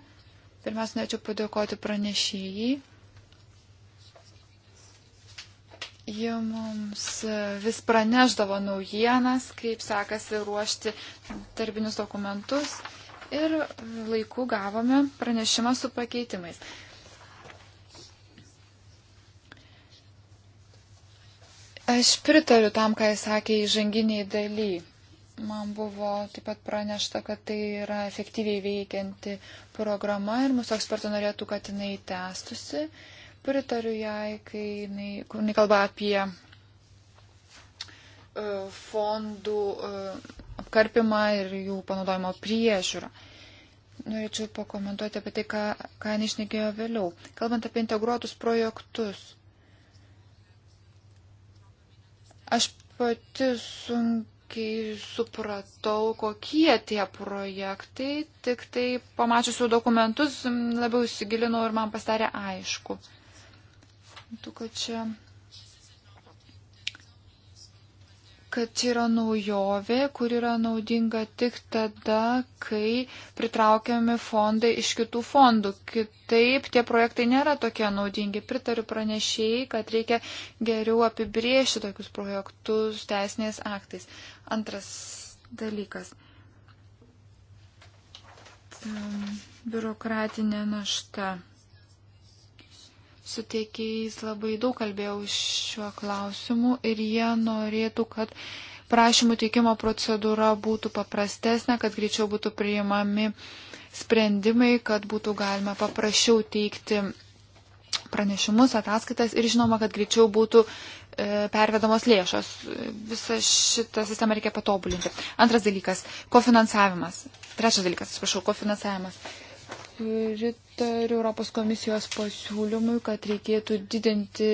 Pirmiausia, norėčiau padėkoti pranešėjai Ji mums vis praneždavo naujienas, kaip sekasi ruošti darbinius dokumentus ir laiku gavome pranešimą su pakeitimais. Aš pritariu tam, ką jis sakė įžanginiai daly. Man buvo taip pat pranešta, kad tai yra efektyviai veikianti programa ir mūsų ekspertų norėtų, kad jinai tęstusi. Uh, Pritariu jai, kai jinai, jinai kalba apie e, fondų e, apkarpimą ir jų panaudojimo priežiūrą. Norėčiau pakomentuoti apie tai, ką, ką išnekėjo vėliau. Kalbant apie integruotus projektus. Aš pati sunkiai supratau, kokie tie projektai, tik tai pamačiusių dokumentus labiau įsigilinau ir man pastarė aišku. Uh, tu, kad čia kad čia yra naujovė, kur yra naudinga tik tada, kai pritraukiami fondai iš kitų fondų. Kitaip tie projektai nėra tokie naudingi. Pritariu pranešėjai, kad reikia geriau apibriežti tokius projektus teisiniais aktais. Antras dalykas. Biurokratinė našta su tiekėjais labai daug kalbėjau šiuo klausimu ir jie norėtų, kad prašymų teikimo procedūra būtų paprastesnė, kad greičiau būtų priimami sprendimai, kad būtų galima paprasčiau teikti pranešimus, ataskaitas ir žinoma, kad greičiau būtų e, pervedamos lėšos. Visą šitą sistemą reikia patobulinti. Antras dalykas - kofinansavimas. Trečias dalykas, atsiprašau, kofinansavimas pritariu Europos komisijos pasiūlymui, kad reikėtų didinti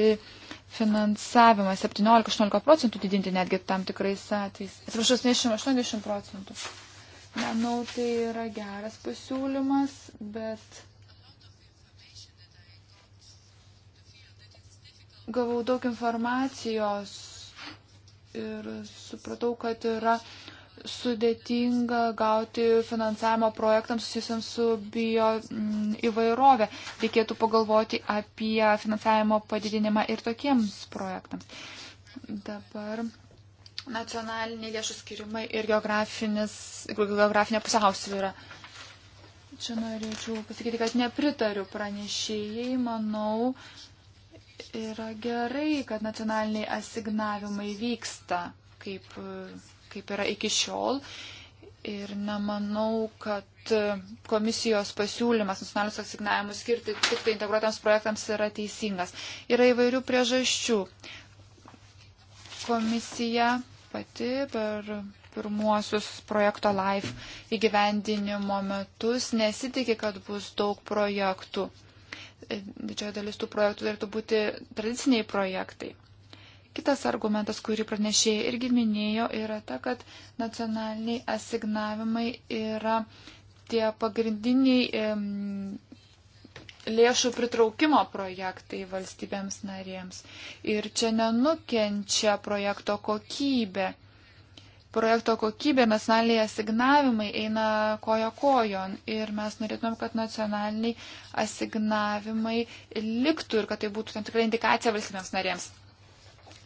finansavimą 17-18 procentų, didinti netgi tam tikrais atvejais. Atsiprašau, 70-80 procentų. Manau, tai yra geras pasiūlymas, bet gavau daug informacijos ir supratau, kad yra sudėtinga gauti finansavimo projektams susijusiams su bio mm, įvairovė. Reikėtų pagalvoti apie finansavimo padidinimą ir tokiems projektams. Dabar nacionaliniai lėšų skirimai ir geografinė pusiausvyrą. Čia norėčiau pasakyti, kad nepritariu pranešėjai, manau, yra gerai, kad nacionaliniai asignavimai vyksta kaip kaip yra iki šiol. Ir nemanau, kad komisijos pasiūlymas nacionalinius asignavimus skirti tik tai integruotams projektams yra teisingas. Yra įvairių priežasčių. Komisija pati per pirmuosius projekto LIFE įgyvendinimo metus nesitikė, kad bus daug projektų. Didžioji dalis tų projektų turėtų būti tradiciniai projektai. Kitas argumentas, kurį pranešėjai irgi minėjo, yra ta, kad nacionaliniai asignavimai yra tie pagrindiniai lėšų pritraukimo projektai valstybėms narėms. Ir čia nenukenčia projekto kokybė. Projekto kokybė, nacionaliniai asignavimai eina koja kojon ir mes norėtumėm, kad nacionaliniai asignavimai liktų ir kad tai būtų tam tikra indikacija valstybėms narėms.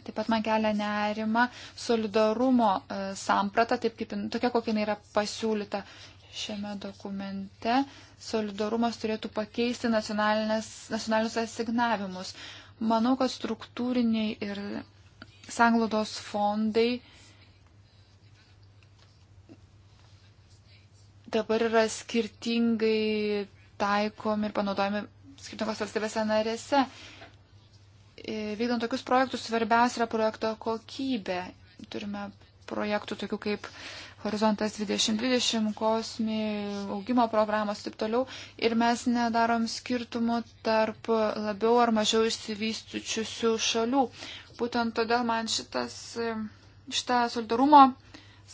Taip pat man kelia nerima solidarumo e, samprata, taip kaip tokia, kokia jinai yra pasiūlyta šiame dokumente. Solidarumas turėtų pakeisti nacionalinius asignavimus. Manau, kad struktūriniai ir sanglaudos fondai dabar yra skirtingai taikomi ir panaudojami skirtingos valstybėse narėse. E, vykdant tokius projektus svarbiausia yra projekto kokybė. Turime projektų tokių kaip Horizontas 2020, Kosmi, augimo programos ir taip toliau. Ir mes nedarom skirtumų tarp labiau ar mažiau išsivystučiusių šalių. Būtent todėl man šitas, e, šita solidarumo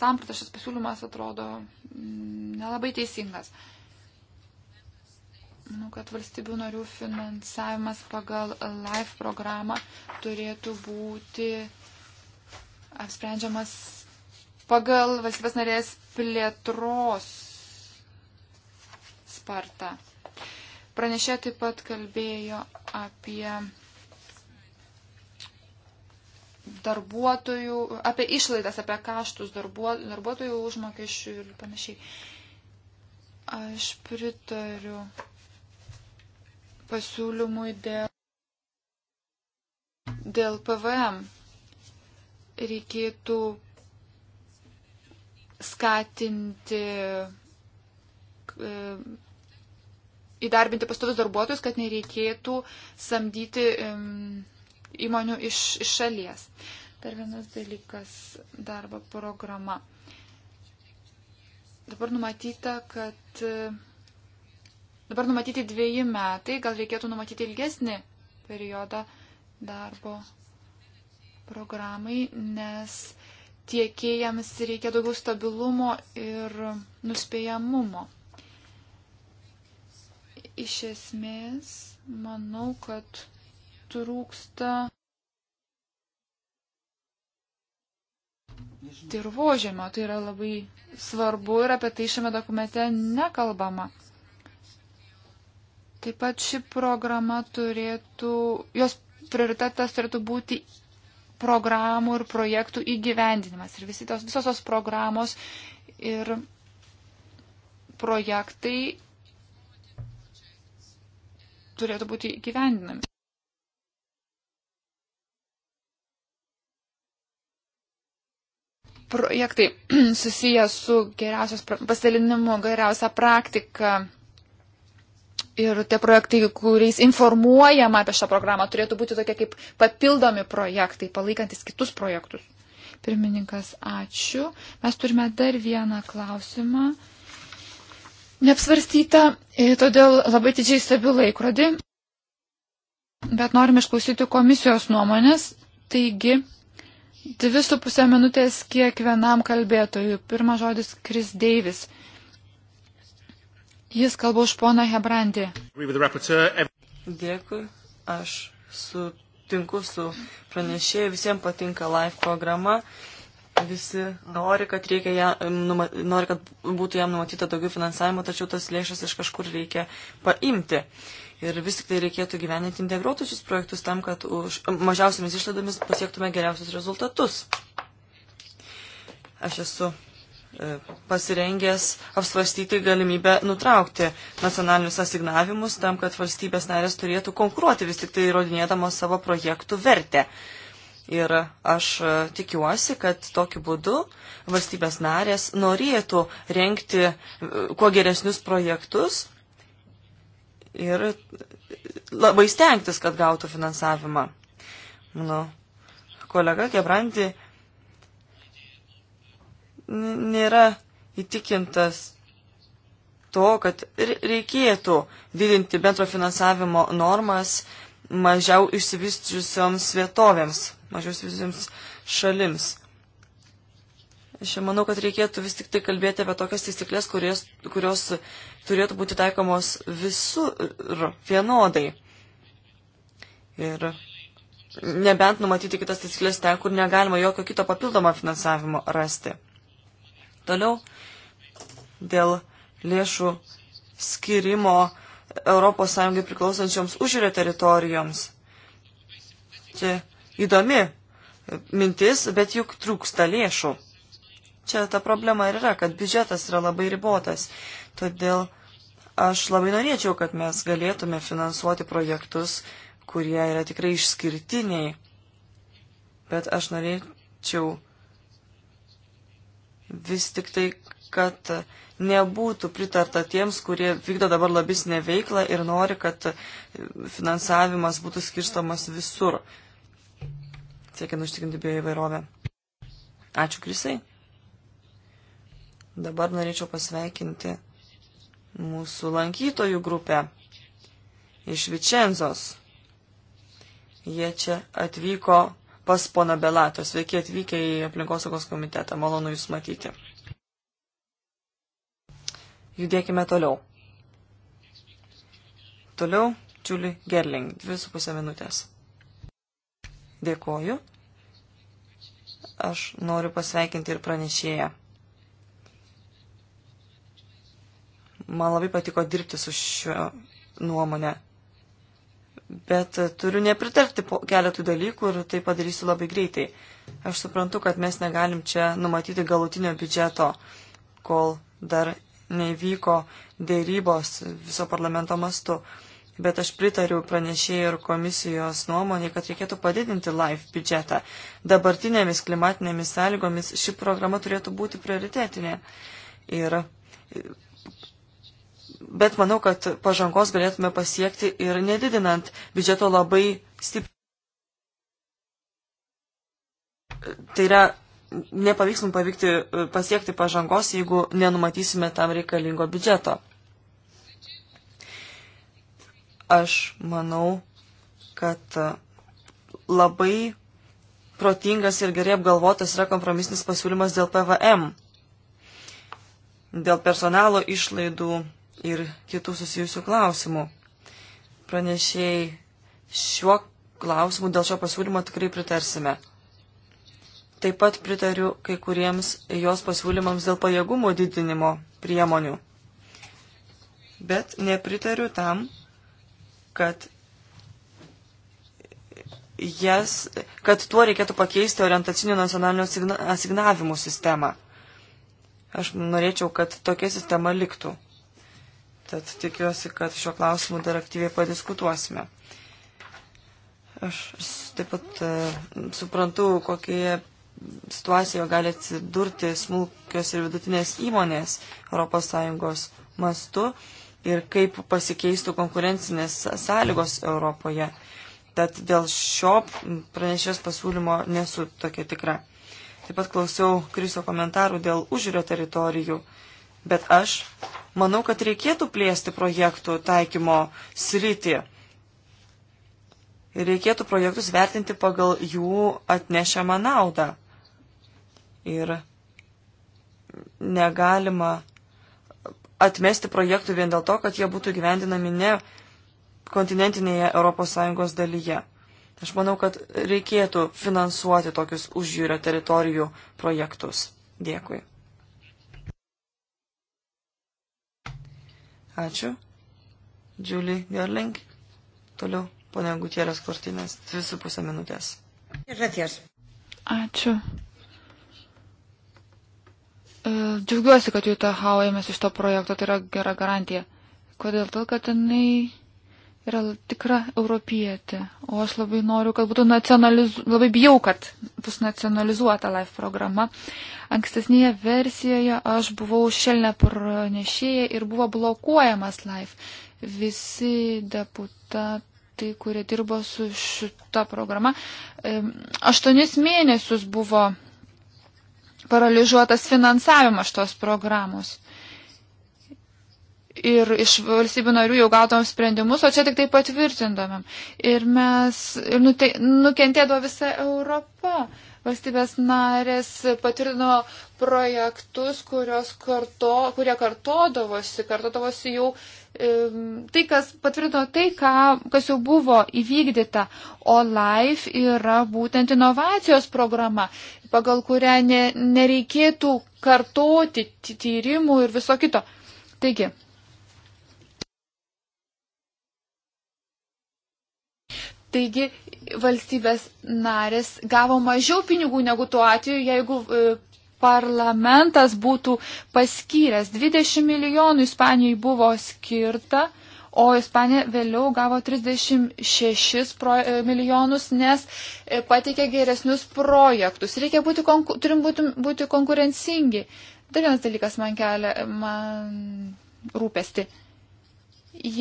sampratas, šis pasiūlymas atrodo mm, nelabai teisingas. Mm, nu, kad valstybių narių finansavimas pagal LIFE programą turėtų būti apsprendžiamas pagal valstybės narės plėtros spartą. Pranešė taip pat kalbėjo apie darbuotojų, apie išlaidas, apie kaštus darbuo, darbuotojų užmokesčių ir panašiai. Aš pritariu pasiūlymui dėl, dėl PVM. Reikėtų skatinti e, įdarbinti pastovius darbuotojus, kad nereikėtų samdyti įmonių iš, iš šalies. Dar vienas dalykas - darbo programa. Dabar numatyta, kad e, Dabar numatyti dviejį metai, gal reikėtų numatyti ilgesnį periodą darbo programai, nes tiekėjams reikia daugiau stabilumo ir nuspėjamumo. Iš esmės, manau, kad trūksta dirbožėmio. Tai yra labai svarbu ir apie tai šiame dokumente nekalbama. Taip pat ši programa turėtų, jos prioritetas turėtų būti programų ir projektų įgyvendinimas. Ir visi tos, visos tos programos ir projektai turėtų būti įgyvendinami. Projektai susijęs su geriausios pasidalinimu, geriausia praktika Ir tie projektai, kuriais informuojama apie šią programą, turėtų būti tokie kaip papildomi projektai, palaikantis kitus projektus. Pirmininkas, ačiū. Mes turime dar vieną klausimą. Neapsvarstyta, e, todėl labai didžiai stebiu laikrodį. Bet norim išklausyti komisijos nuomonės. Taigi, dvi su pusė minutės kiekvienam kalbėtojui. Pirmas žodis Kris Deivis. Jis kalba už poną Hebrandį. Dėkui, aš sutinku su pranešėju, visiems patinka live programa, visi nori, kad, reikia ją, nori, kad būtų jam numatyta daugiau finansavimo, tačiau tas lėšas iš kažkur reikia paimti. Ir vis tik tai reikėtų gyveninti integruotusius projektus tam, kad už mažiausiamis išlaidomis pasiektume geriausius rezultatus. Aš esu E, pasirengęs apsvarstyti galimybę nutraukti nacionalinius asignavimus tam, kad valstybės narės turėtų konkuruoti vis tik tai įrodinėdamos savo projektų vertę. Ir aš e, tikiuosi, kad tokiu būdu valstybės narės norėtų renkti e, kuo geresnius projektus ir labai stengtis, kad gautų finansavimą. Mano kolega Gebrandi nėra įtikintas to, kad reikėtų didinti bendro finansavimo normas mažiau išsivysčiusioms vietovėms, mažiau išsivysčiusioms šalims. Aš manau, kad reikėtų vis tik tai kalbėti apie tokias taisyklės, kurios, kurios turėtų būti taikomos visur vienodai. Ir nebent numatyti kitas taisyklės ten, kur negalima jokio kito papildomo finansavimo rasti. Toliau dėl lėšų skirimo ES priklausančioms užsienio teritorijoms. Čia įdomi mintis, bet juk trūksta lėšų. Čia ta problema ir yra, kad biudžetas yra labai ribotas. Todėl aš labai norėčiau, kad mes galėtume finansuoti projektus, kurie yra tikrai išskirtiniai. Bet aš norėčiau vis tik tai, kad nebūtų pritarta tiems, kurie vykdo dabar lobistinę veiklą ir nori, kad finansavimas būtų skirstamas visur, siekiant užtikrinti bioįvairovę. Ačiū, Krisai. Dabar norėčiau pasveikinti mūsų lankytojų grupę iš Vicenzos. Jie čia atvyko pas poną Belato. Sveiki atvykę į aplinkosaugos komitetą. Malonu Jūs matyti. Judėkime toliau. Toliau Čiuli Gerling. Dvi su pusė minutės. Dėkoju. Aš noriu pasveikinti ir pranešėją. Man labai patiko dirbti su šiuo nuomonė. Bet turiu nepritarti keletų dalykų ir tai padarysiu labai greitai. Aš suprantu, kad mes negalim čia numatyti galutinio biudžeto, kol dar nevyko dėrybos viso parlamento mastu. Bet aš pritariu pranešėjų ir komisijos nuomonė, kad reikėtų padidinti LIFE biudžetą. Dabartinėmis klimatinėmis sąlygomis ši programa turėtų būti prioritetinė. Ir bet manau, kad pažangos galėtume pasiekti ir nedidinant biudžeto labai stipriai. Tai yra, nepavyks mums pavykti pasiekti pažangos, jeigu nenumatysime tam reikalingo biudžeto. Aš manau, kad labai protingas ir gerai apgalvotas yra kompromisinis pasiūlymas dėl PVM, dėl personalo išlaidų ir kitų susijusių klausimų. Pranešėjai šiuo klausimu dėl šio pasiūlymo tikrai pritarsime. Taip pat pritariu kai kuriems jos pasiūlymams dėl pajėgumo didinimo priemonių. Bet nepritariu tam, kad, jas, kad tuo reikėtų pakeisti orientacinių nacionalinių asignavimų sistemą. Aš norėčiau, kad tokia sistema liktų. Tad tikiuosi, kad šiuo klausimu dar aktyviai padiskutuosime. Aš taip pat uh, suprantu, kokie situacijoje gali atsidurti smulkios ir vidutinės įmonės ES mastu ir kaip pasikeistų konkurencinės sąlygos Europoje. Tad dėl šio pranešės pasiūlymo nesu tokia tikra. Taip pat klausiau Kriso komentarų dėl užžiūrio teritorijų, bet aš Manau, kad reikėtų plėsti projektų taikymo sritį. Reikėtų projektus vertinti pagal jų atnešamą naudą. Ir negalima atmesti projektų vien dėl to, kad jie būtų gyvendinami ne kontinentinėje ES dalyje. Aš manau, kad reikėtų finansuoti tokius užjūrio teritorijų projektus. Dėkui. Ačiū. Julie Gerling. Toliau, ponia Gutierės Kortinės, 2,5 minutės. Ačiū. E, džiaugiuosi, kad Jūta Hau ėmėsi iš to projekto, tai yra gera garantija. Kodėl? Todėl, kad jinai yra tikra europietė, o aš labai noriu, kad būtų nacionalizuota, labai bijau, kad bus nacionalizuota live programa. Ankstesnėje versijoje aš buvau šelne pranešėja ir buvo blokuojamas live. Visi deputatai, kurie dirbo su šita programa, aštuonis mėnesius buvo paralyžiuotas finansavimas tos programos ir iš valstybių narių jau gautom sprendimus, o čia tik tai patvirtindomėm. Ir mes ir nute, nukentėdavo visa Europa. Valstybės narės patvirtino projektus, karto, kurie kartodavosi, kartodavosi jau e, tai, kas patvirtino tai, ką, kas jau buvo įvykdyta. O LIFE yra būtent inovacijos programa, pagal kurią ne, nereikėtų kartoti tyrimų ir viso kito. Taigi, Taigi valstybės narės gavo mažiau pinigų negu tuo atveju, jeigu e, parlamentas būtų paskyręs. 20 milijonų Ispanijai buvo skirta, o Ispanija vėliau gavo 36 pro, e, milijonus, nes e, pateikė geresnius projektus. Reikia būti, konku, turim būti, būti konkurencingi. Dar vienas dalykas man kelia, man rūpesti.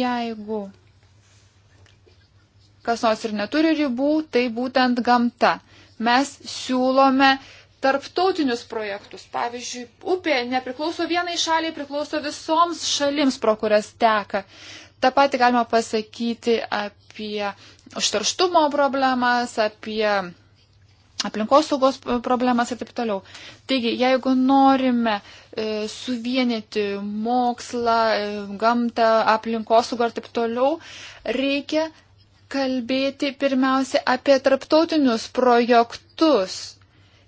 Jeigu kas nors ir neturi ribų, tai būtent gamta. Mes siūlome tarptautinius projektus. Pavyzdžiui, upė nepriklauso vienai šaliai, priklauso visoms šalims, pro kurias teka. Ta pati galima pasakyti apie užtarštumo problemas, apie aplinkosaugos problemas ir taip toliau. Taigi, jeigu norime e, suvienyti mokslą, e, gamtą, aplinkosaugą ir taip toliau, reikia kalbėti pirmiausia apie tarptautinius projektus.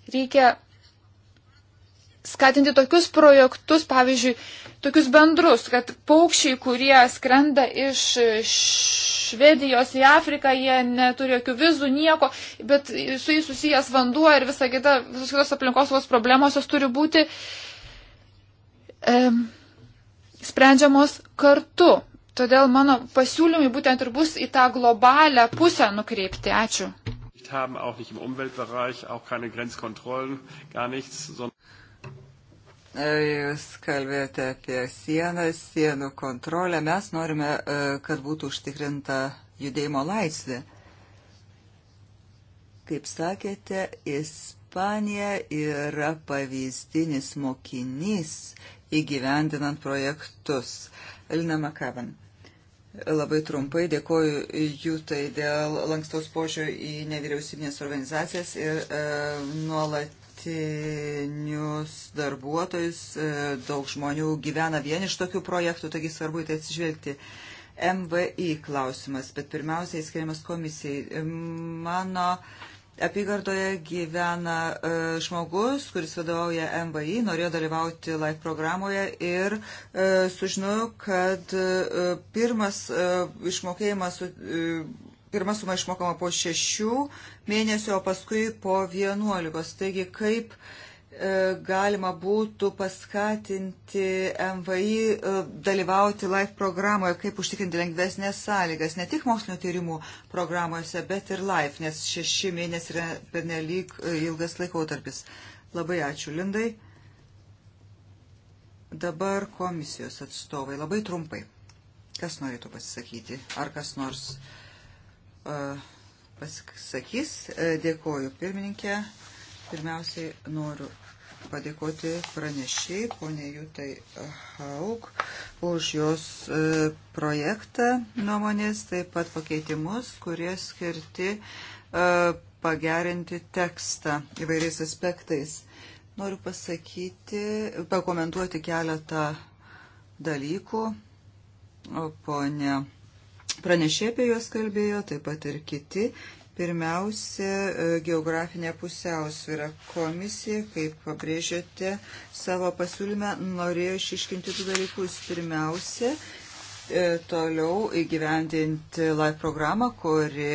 Reikia skatinti tokius projektus, pavyzdžiui, tokius bendrus, kad paukščiai, kurie skrenda iš Švedijos į Afriką, jie neturi jokių vizų, nieko, bet su jais susijęs vanduo ir visa kita, visos kitos aplinkosaugos problemos jos turi būti e, sprendžiamos kartu. Todėl mano pasiūlymai būtent ir bus į tą globalią pusę nukreipti. Ačiū. Haben, auch nicht im Umweltbereich, auch keine Grenzkontrollen, gar nichts, sondern Jūs kalbėjote apie sienas, sienų kontrolę. Mes norime, e, kad būtų užtikrinta judėjimo laisvė. Kaip sakėte, Ispanija yra pavyzdinis mokinys įgyvendinant projektus. Elina Makavan. Labai trumpai dėkoju Jūtai dėl lankstaus požiūrio į nevyriausybinės organizacijas ir e, nuolatinius darbuotojus. E, daug žmonių gyvena vien iš tokių projektų, taigi svarbu į tai atsižvelgti. MVI klausimas, bet pirmiausiai skiriamas komisijai. Mano e, apygardoje gyvena e, žmogus, kuris vadovauja MVI, norėjo dalyvauti live programoje ir e, sužinojo, kad e, pirmas išmokėjimas, pirma suma išmokama po šešių mėnesių, o paskui po vienuolikos. Taigi, kaip E, galima būtų paskatinti MVI e, dalyvauti LIFE programoje, kaip užtikrinti lengvesnės sąlygas, ne tik mokslinio tyrimų programuose, bet ir LIFE, nes šeši mėnesiai yra pernelyg e, ilgas laikotarpis. Labai ačiū, Lindai. Dabar komisijos atstovai, labai trumpai. Kas norėtų pasisakyti? Ar kas nors uh, pasisakys? Dėkoju, pirmininkė. Pirmiausiai noriu padėkoti pranešiai, ponė Jutai Hauk, už jos e, projektą nuomonės, taip pat pakeitimus, kurie skirti e, pagerinti tekstą įvairiais aspektais. Noriu pasakyti, pakomentuoti keletą dalykų. O ponė pranešė apie juos kalbėjo, taip pat ir kiti Pirmiausia, e, geografinė pusiausvyrą. Komisija, kaip pabrėžėte, savo pasiūlyme norėjo išiškinti tų dalykus. Pirmiausia, e, toliau įgyvendinti live programą, kuri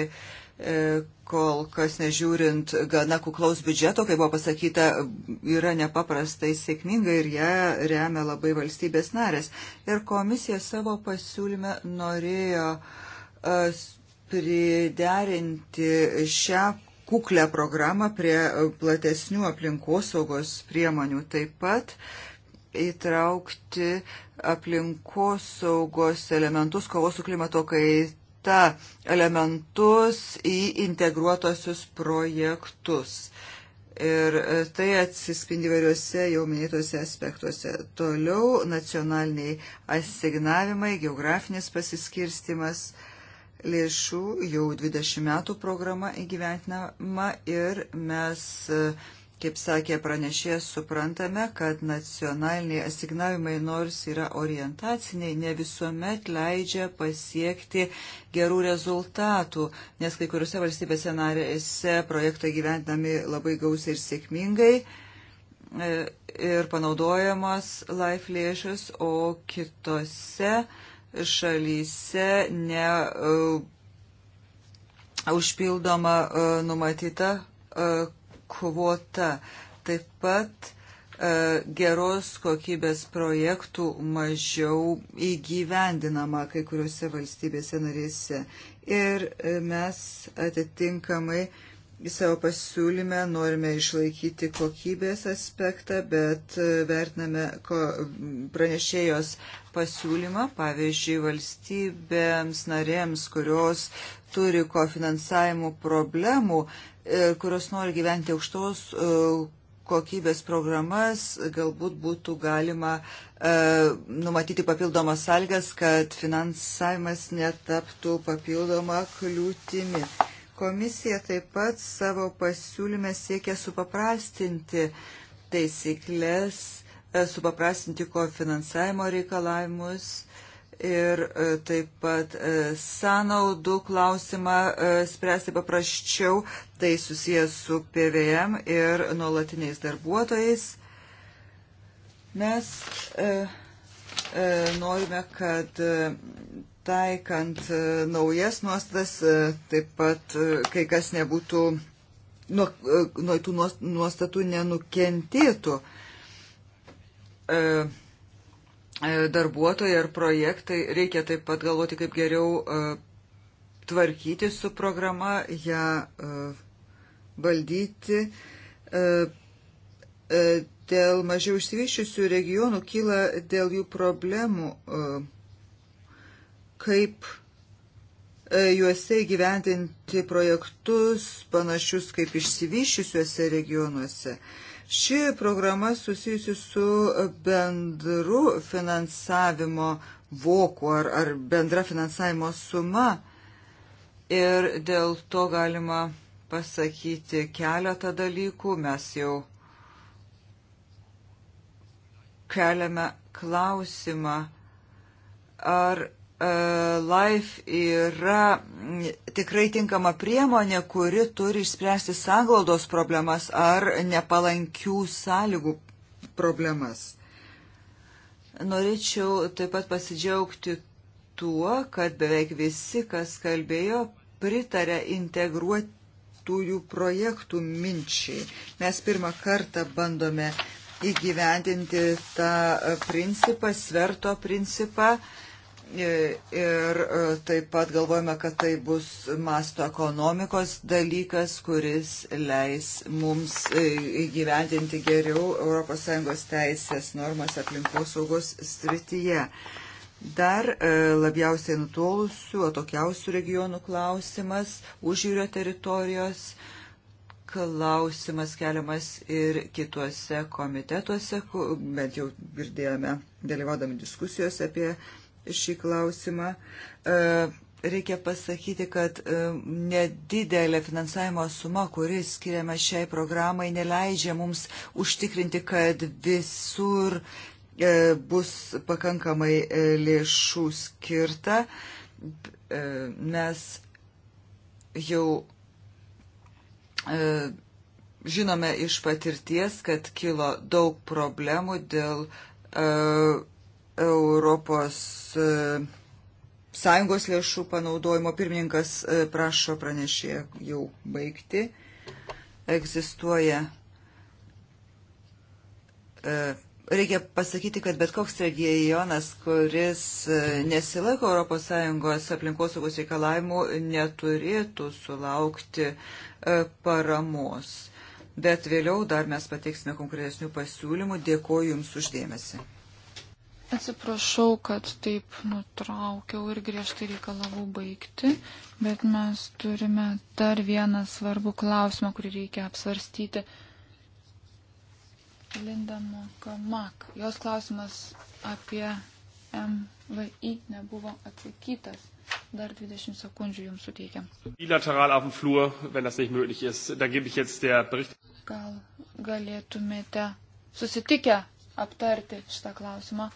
e, kol kas nežiūrint gana kuklaus biudžeto, kaip buvo pasakyta, yra nepaprastai sėkminga ir ją remia labai valstybės narės. Ir komisija savo pasiūlyme norėjo priderinti šią kuklę programą prie platesnių aplinkosaugos priemonių. Taip pat įtraukti aplinkosaugos elementus, kovos su klimato kaita elementus į integruotosius projektus. Ir tai atsispindi variuose jau minėtose aspektuose. Toliau nacionaliniai asignavimai, geografinis pasiskirstimas lėšų, jau 20 metų programa įgyventinama ir mes, kaip sakė pranešėjas, suprantame, kad nacionaliniai asignavimai nors yra orientaciniai, ne visuomet leidžia pasiekti gerų rezultatų, nes kai kuriuose valstybėse narėse projektai gyventinami labai gausiai ir sėkmingai e, ir panaudojamos life lėšas, o kitose šalyse ne e, užpildoma e, numatyta e, kvota. Taip pat geros kokybės projektų mažiau įgyvendinama kai kuriuose valstybėse narėse. Ir mes atitinkamai uh, savo pasiūlyme norime išlaikyti kokybės aspektą, bet e, vertiname pranešėjos pasiūlymą, pavyzdžiui, valstybėms narėms, kurios turi kofinansavimų problemų, e, kurios nori gyventi aukštos e, kokybės programas, galbūt būtų galima numatyti papildomas sąlygas, kad finansavimas netaptų papildoma kliūtimi Komisija taip pat savo pasiūlyme siekia supaprastinti taisyklės, e, supaprastinti kofinansavimo reikalavimus ir e, taip pat e, sąnaudų klausimą spręsti paprasčiau, tai susijęs su PVM ir nuolatiniais darbuotojais. Mes e, e, norime, kad taikant e, naujas nuostas, e, taip pat e, kai kas nebūtų, nuo, nuo tų nuostatų nenukentėtų darbuotojai ar projektai. Reikia taip pat galvoti, kaip geriau tvarkyti su programa, ją valdyti. Dėl mažiau išsivyščiusių regionų kyla dėl jų problemų kaip e, juose įgyvendinti projektus panašius kaip išsivyščiusiuose regionuose. Ši programa susijusi su bendru finansavimo voku ar, ar bendra finansavimo suma ir dėl to galima pasakyti keletą dalykų. Mes jau keliame klausimą, ar E, Life yra tikrai tinkama priemonė, kuri turi išspręsti sanglaudos problemas ar nepalankių sąlygų problemas. Norėčiau taip pat pasidžiaugti tuo, kad beveik visi, kas kalbėjo, pritarė integruotųjų projektų minčiai. Mes pirmą kartą bandome įgyvendinti tą principą, sverto principą. principą E, ir e, taip pat galvojame, kad tai bus masto ekonomikos dalykas, kuris leis mums e, įgyvendinti geriau ES teisės normas aplinkos saugos srityje. Dar labiausiai nutolusių, atokiausių regionų klausimas, užjūrio teritorijos klausimas keliamas ir kituose komitetuose, bent jau girdėjome dalyvaudami diskusijos apie šį klausimą. E, reikia pasakyti, kad e, nedidelė finansavimo suma, kuri skiriama šiai programai, neleidžia mums užtikrinti, kad visur e, bus pakankamai lėšų skirta. Mes jau žinome iš patirties, kad kilo daug problemų dėl Europos e, Sąjungos lėšų panaudojimo pirmininkas e, prašo pranešėją jau baigti. Egzistuoja. E, reikia pasakyti, kad bet koks regionas, kuris nesilaiko ES aplinkosaugos reikalavimų, neturėtų sulaukti paramos. Bet vėliau dar mes pateiksime konkretesnių pasiūlymų. Dėkuoju Jums uždėmesi. Atsiprašau, kad taip nutraukiau ir griežtai reikalavau baigti, bet mes turime dar vieną svarbų klausimą, kurį reikia apsvarstyti. Linda Mokamak. Jos klausimas apie MVI nebuvo atsakytas. Dar 20 sekundžių jums suteikiam. Bilateral auf dem Flur, wenn das nicht möglich ist, da gebe ich jetzt der Bericht. Gal galėtumėte susitikę aptarti šitą klausimą?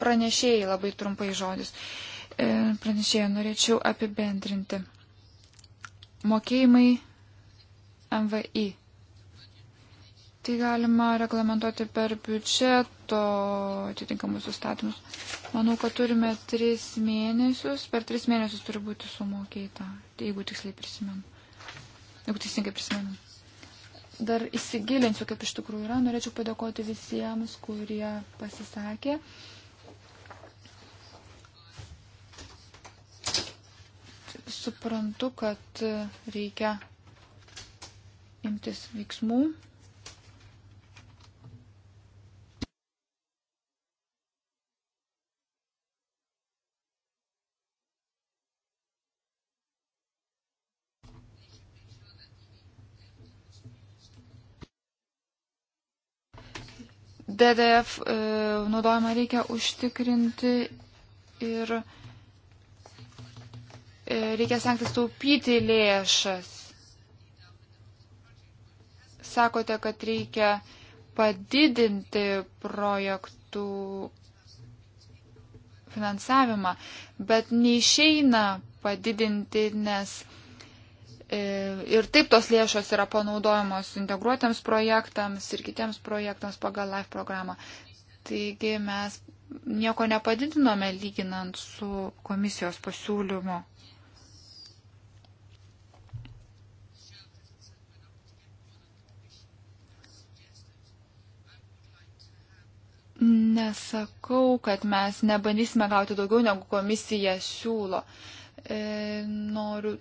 pranešėjai labai trumpai žodis. E, pranešėjai norėčiau apibendrinti. Mokėjimai MVI. Tai galima reglamentuoti per biudžeto atitinkamus sustatymus. Manau, kad turime tris mėnesius. Per tris mėnesius turi būti sumokėta, jeigu tiksliai prisimenu. Jeigu teisingai prisimenu dar įsigilinsiu, kaip iš tikrųjų yra. Norėčiau padėkoti visiems, kurie pasisakė. suprantu, kad reikia imtis veiksmų. DDF e, naudojimą reikia užtikrinti ir e, E, reikia stengtis taupyti lėšas. Sakote, kad reikia padidinti projektų finansavimą, bet neišeina padidinti, nes e, ir taip tos lėšos yra panaudojamos integruotams projektams ir kitiems projektams pagal LIFE programą. Taigi mes nieko nepadidinome lyginant su komisijos pasiūlymu. Nesakau, kad mes nebandysime gauti daugiau, negu komisija siūlo. E, noriu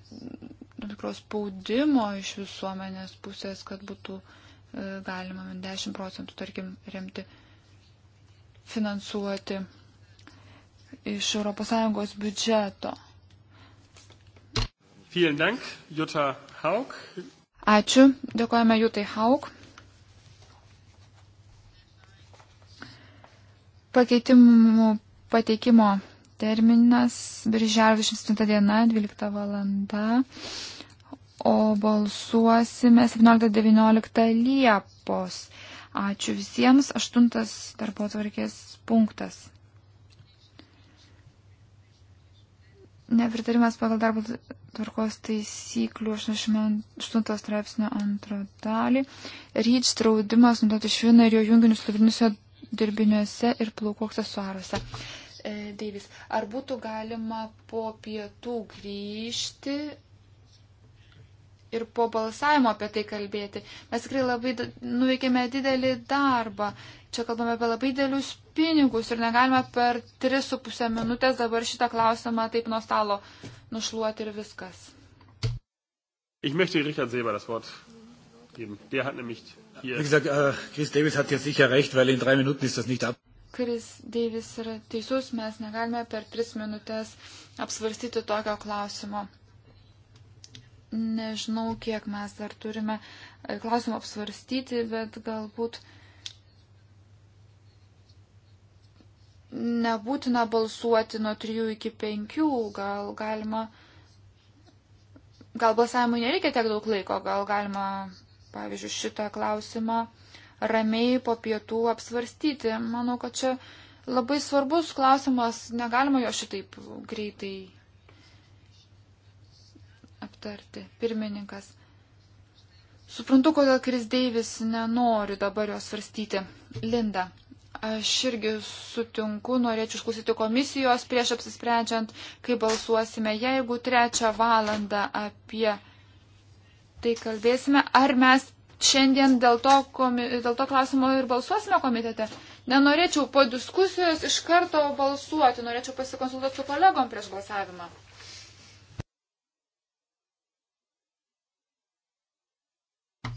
tikros spaudimo iš visuomenės pusės, kad būtų e, galima 10 procentų, tarkim, remti, finansuoti iš ES biudžeto. Dank, Jutta Haug. Ačiū, dėkojame Jutai Haug. Pakeitimų pateikimo terminas birželio 27 diena, 12 valanda, o balsuosime 17-19 Liepos. Ačiū visiems. Aštuntas darbo tvarkės punktas. Nepritarimas pagal darbo tvarkos taisyklių 88 straipsnio antrą dalį. Ryč draudimas naudoti šviną ir jo junginius lavinusio dirbiniuose ir plaukų aksesuaruose. E, Deivis, ar būtų galima po pietų grįžti ir po balsavimo apie tai kalbėti? Mes tikrai labai nuveikėme didelį darbą. Čia kalbame apie labai dėlius pinigus ir negalime per 3,5 minutės dabar šitą klausimą taip nuo stalo nušluoti ir viskas. Ich möchte Richard Seber das Wort geben. Der hat nämlich Wie gesagt, äh, Chris Davis hat jetzt sicher recht, weil in drei Minuten ist das nicht ab. Chris Davis yra teisus, mes negalime per tris minutės apsvarstyti tokio klausimo. Nežinau, kiek mes dar turime e, klausimą apsvarstyti, bet galbūt nebūtina balsuoti nuo 3 iki 5, gal galima, gal balsavimui nereikia tiek daug laiko, gal galima pavyzdžiui, šitą klausimą ramiai po pietų apsvarstyti. Manau, kad čia labai svarbus klausimas, negalima jo šitaip greitai aptarti. Pirmininkas. Suprantu, kodėl Kris Deivis nenori dabar jos svarstyti. Linda, aš irgi sutinku, norėčiau išklausyti komisijos prieš apsisprendžiant, kai balsuosime, jeigu trečią valandą apie tai kalbėsime, ar mes šiandien dėl to, komi, dėl to klausimo ir balsuosime komitete. Nenorėčiau po diskusijos iš karto balsuoti, norėčiau pasikonsultuoti su kolegom prieš balsavimą.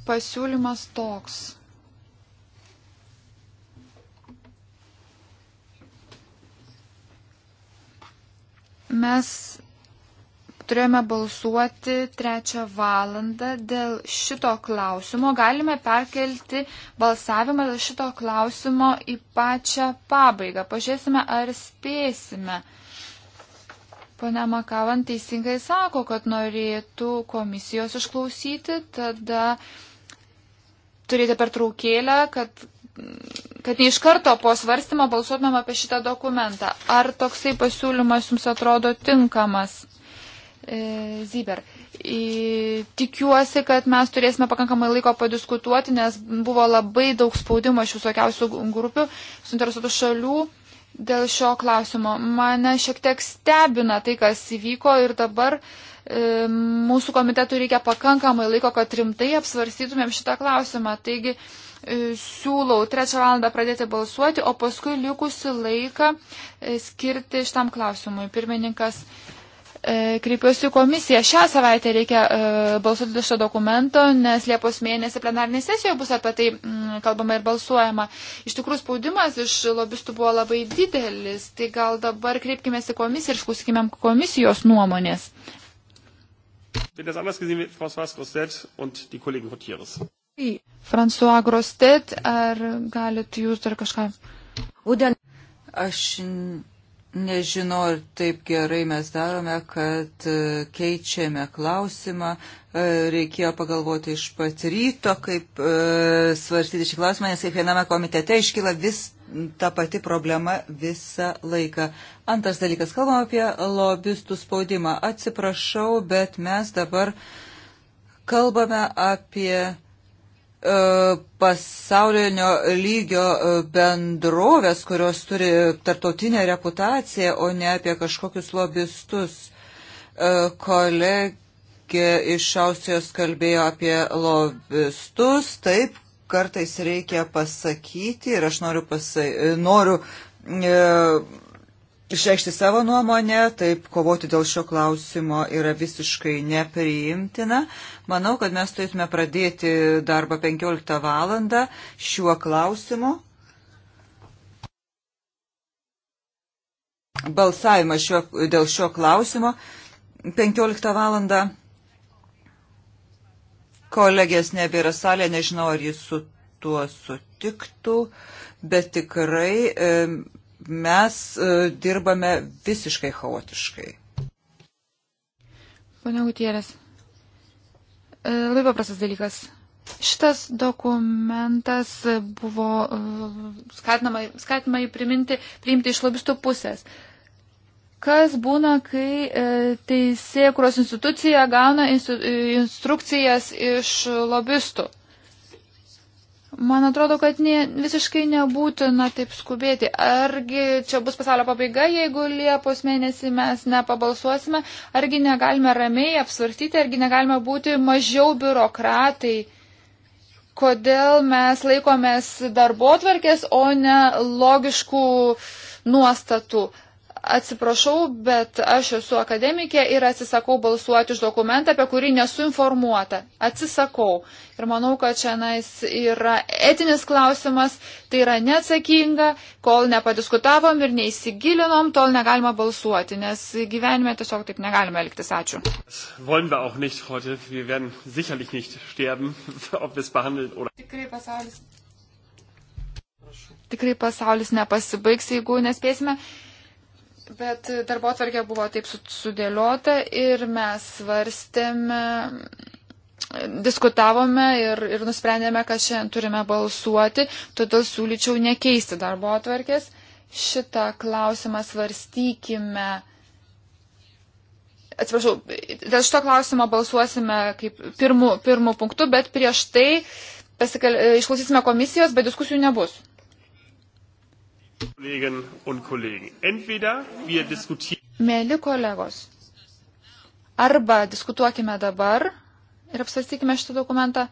Pasiūlymas toks. Mes turėjome balsuoti trečią valandą dėl šito klausimo. Galime perkelti balsavimą dėl šito klausimo į pačią pabaigą. Pažiūrėsime, ar spėsime. Pane Makavan teisingai sako, kad norėtų komisijos išklausyti, tada turėti pertraukėlę, kad, kad neiš karto po svarstymo balsuotumėm apie šitą dokumentą. Ar toksai pasiūlymas jums atrodo tinkamas? E, Zyber. Tikiuosi, kad mes turėsime pakankamai laiko padiskutuoti, nes buvo labai daug spaudimo iš visokiausių grupių, suinteresuotų šalių dėl šio klausimo. Mane šiek tiek stebina tai, kas įvyko ir dabar e, mūsų komitetui reikia pakankamai laiko, kad rimtai apsvarstytumėm šitą klausimą. Taigi e, siūlau trečią valandą pradėti balsuoti, o paskui likusi laiką e, skirti šitam klausimui. Pirmininkas E, kreipiuosi komisiją. Šią savaitę reikia e, balsuoti dėl šio dokumento, nes Liepos mėnesį plenarinė sesijoje bus apie tai mm, kalbama ir balsuojama. Iš tikrųjų spaudimas iš lobistų buvo labai didelis, tai gal dabar kreipkime į komisiją ir išklausykime komisijos nuomonės. François Grostet, ar galit jūs dar kažką? Aš Nežinau, ar taip gerai mes darome, kad e, keičiame klausimą. E, reikėjo pagalvoti iš pat ryto, kaip e, svarstyti šį klausimą, nes kiekviename komitete iškyla vis ta pati problema visą laiką. Antras dalykas, kalbam apie lobistų spaudimą. Atsiprašau, bet mes dabar kalbame apie E, pasaulinio lygio e, bendrovės, kurios turi tartautinę reputaciją, o ne apie kažkokius lobistus. E, kolegė iš Austrijos kalbėjo apie lobistus, taip kartais reikia pasakyti ir aš noriu, pasai, noriu e, išreikšti savo nuomonę, taip kovoti dėl šio klausimo yra visiškai nepriimtina. Manau, kad mes turėtume pradėti darbą 15 valandą šiuo klausimu. Balsavimą šio, dėl šio klausimo 15 valandą. Kolegės nebėra salė, nežinau, ar jis su tuo sutiktų, bet tikrai. E, mes e, dirbame visiškai chaotiškai. Pane Gutierės, e, labai paprastas dalykas. Šitas dokumentas buvo e, skatinama jį priminti, priimti iš lobistų pusės. Kas būna, kai teisė, kurios institucija gauna instrukcijas iš lobistų? Man atrodo, kad ne, visiškai nebūtina taip skubėti. Argi čia bus pasaulio pabaiga, jeigu Liepos mėnesį mes nepabalsuosime, argi negalime ramiai apsvarstyti, argi negalime būti mažiau biurokratai. Kodėl mes laikomės darbo tvarkės, o ne logiškų nuostatų. Atsiprašau, bet aš esu akademikė ir atsisakau balsuoti už dokumentą, apie kurį nesu informuota. Atsisakau. Ir manau, kad čia yra etinis klausimas, tai yra neatsakinga, kol nepadiskutavom ir neįsigilinom, tol negalima balsuoti, nes gyvenime tiesiog taip negalima elgtis. Ačiū. Tikrai pasaulis. Tikrai pasaulis nepasibaigs, jeigu nespėsime. Bet darbo atvarkė buvo taip sudėliota ir mes svarstėme, diskutavome ir, ir nusprendėme, kad šiandien turime balsuoti, todėl siūlyčiau nekeisti darbo atvarkės. Šitą klausimą svarstykime atsiprašau, dėl šito klausimo balsuosime kaip pirmų, pirmų punktų, bet prieš tai pasikal... išklausysime komisijos, bet diskusijų nebus. Mėly kolegos, arba diskutuokime dabar ir apsvarstykime šitą dokumentą.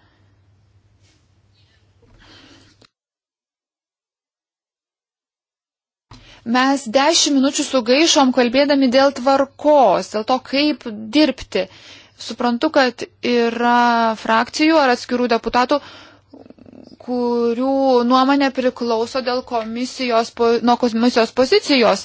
Mes dešimt minučių sugaišom kalbėdami dėl tvarkos, dėl to, kaip dirbti. Suprantu, kad yra frakcijų ar atskirų deputatų, kurių nuomonė priklauso dėl komisijos, nuo komisijos pozicijos.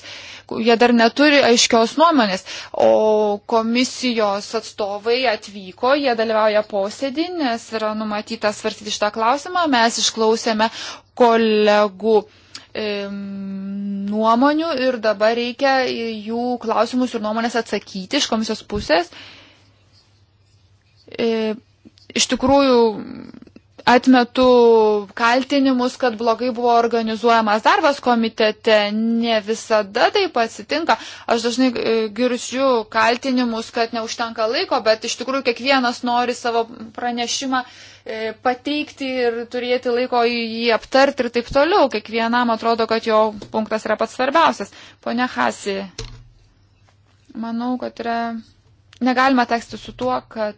Jie dar neturi aiškios nuomonės. O komisijos atstovai atvyko, jie dalyvauja posėdį, nes yra numatyta svarstyti šitą klausimą. Mes išklausėme kolegų nuomonių ir dabar reikia jų klausimus ir nuomonės atsakyti iš komisijos pusės. E, iš tikrųjų, atmetu kaltinimus, kad blogai buvo organizuojamas darbas komitete. Ne visada taip atsitinka. Aš dažnai e, girsiu kaltinimus, kad neužtenka laiko, bet iš tikrųjų kiekvienas nori savo pranešimą e, pateikti ir turėti laiko jį aptarti ir taip toliau. Kiekvienam atrodo, kad jo punktas yra pats svarbiausias. Pone Hasi, manau, kad yra. Negalima teksti su tuo, kad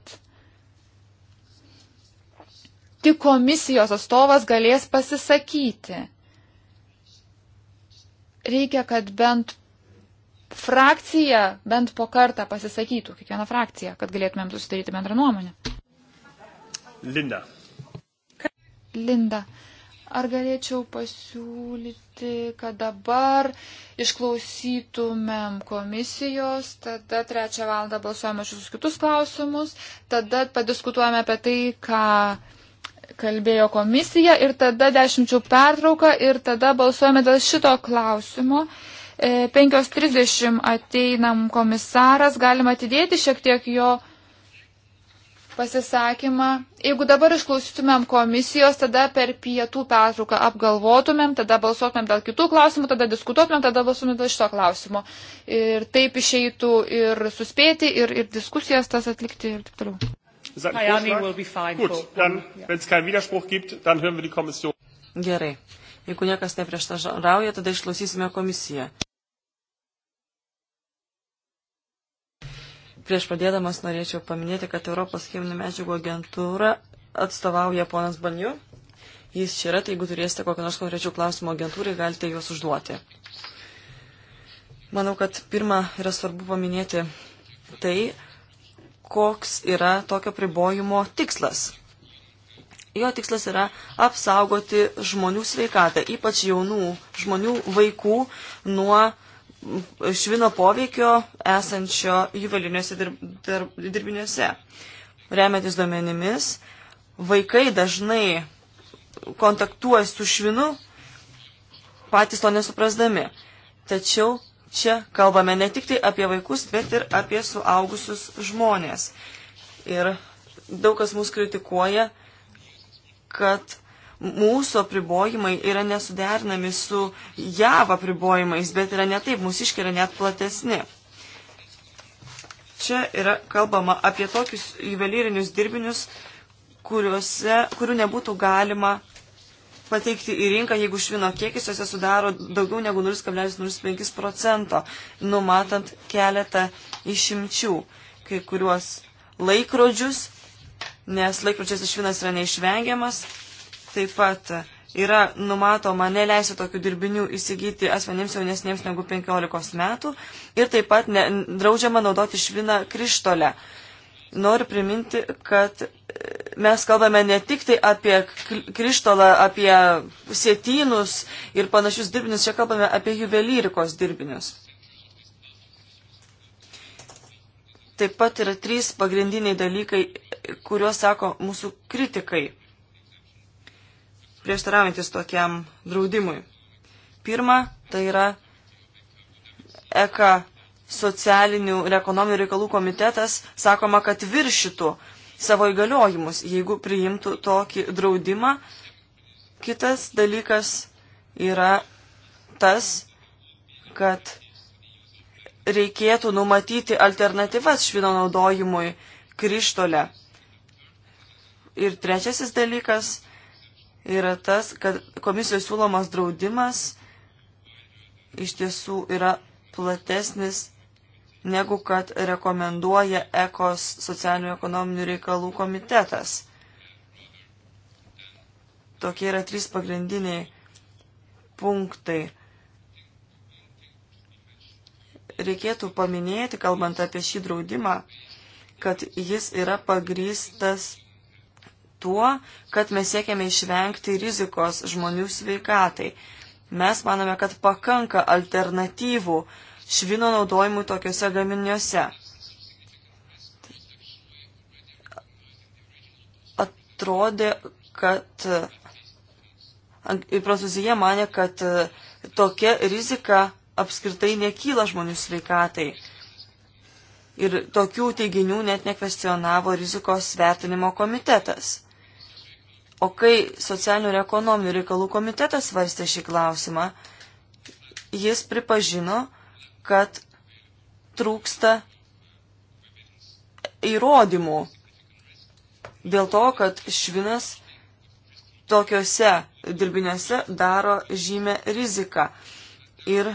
tik komisijos atstovas galės pasisakyti. Reikia, kad bent frakcija bent po kartą pasisakytų, kiekviena frakcija, kad galėtumėm susidaryti bendrą nuomonę. Linda. Linda. Ar galėčiau pasiūlyti, kad dabar išklausytumėm komisijos, tada trečią valandą balsuojame šius kitus klausimus, tada padiskutuojame apie tai, ką kalbėjo komisija ir tada dešimčių pertrauka ir tada balsuojame dėl šito klausimo. 5.30 e, ateinam komisaras, galima atidėti šiek tiek jo pasisakymą. Jeigu dabar išklausytumėm komisijos, tada per pietų pertrauką apgalvotumėm, tada balsuotumėm dėl kitų klausimų, tada diskutuotumėm, tada balsuotumėm dėl šito klausimo. Ir taip išeitų ir suspėti, ir, ir diskusijas tas atlikti ir taip toliau. Tajani will be fine. Gut, dann, wenn es keinen Widerspruch gibt, dann hören wir die Kommission. Gerai. Jeigu niekas neprieštarauja, tada išklausysime komisiją. Prieš pradėdamas norėčiau paminėti, kad Europos cheminių medžiagų agentūra atstovauja ponas Banju. Jis čia yra, tai jeigu turėsite kokią nors konkrečių klausimų agentūrai, galite juos užduoti. Manau, kad pirmą yra svarbu paminėti tai, koks yra tokio pribojimo tikslas. Jo tikslas yra apsaugoti žmonių sveikatą, ypač jaunų žmonių vaikų nuo švino poveikio esančio juveliniuose dirb, dirb, dirbiniuose. Remiantis duomenimis, vaikai dažnai kontaktuoja su švinu, patys to nesuprasdami. Tačiau čia kalbame ne tik tai apie vaikus, bet ir apie suaugusius žmonės. Ir daug kas mus kritikuoja, kad mūsų apribojimai yra nesuderinami su JAV apribojimais, bet yra ne taip, mūsų iškeria net platesni. Čia yra kalbama apie tokius juvelyrinius dirbinius, kuriuose, kurių nebūtų galima pateikti į rinką, jeigu švino kiekis jose sudaro daugiau negu 0,05 procento, numatant keletą išimčių, kai kuriuos laikrodžius, nes laikrodžiais švinas yra neišvengiamas, taip pat yra numatoma neleisti tokių dirbinių įsigyti asmenims jaunesniems negu 15 metų ir taip pat ne, draudžiama naudoti šviną krištolę. Uh, noriu priminti, kad e, mes kalbame ne tik tai apie krištolą, apie sėtynus ir panašius dirbinius, čia kalbame apie juvelyrikos dirbinius. Taip pat yra trys pagrindiniai dalykai, kuriuos sako mūsų kritikai, prieštaraujantis tokiam draudimui. Pirma, tai yra eka socialinių ir ekonominių reikalų komitetas sakoma, kad viršytų savo įgaliojimus, jeigu priimtų tokį draudimą. Kitas dalykas yra tas, kad reikėtų numatyti alternatyvas švino naudojimui krištolę. Ir trečiasis dalykas yra tas, kad komisijos siūlomas draudimas iš tiesų yra platesnis negu kad rekomenduoja ECOS socialinių ekonominių reikalų komitetas. Tokie yra trys pagrindiniai punktai. Reikėtų paminėti, kalbant apie šį draudimą, kad jis yra pagrystas tuo, kad mes siekiame išvengti rizikos žmonių sveikatai. Mes manome, kad pakanka alternatyvų uh, švino naudojimui tokiuose gaminiuose. Atrodė, kad Prancūzija mane, kad e, tokia rizika apskritai nekyla žmonių sveikatai. Ir tokių teiginių net nekvestionavo rizikos vertinimo komitetas. O kai socialinių ir ekonominių reikalų komitetas svarstė šį klausimą, jis pripažino, kad trūksta įrodymų dėl to, kad švinas tokiuose dirbiniuose daro žymę riziką. Ir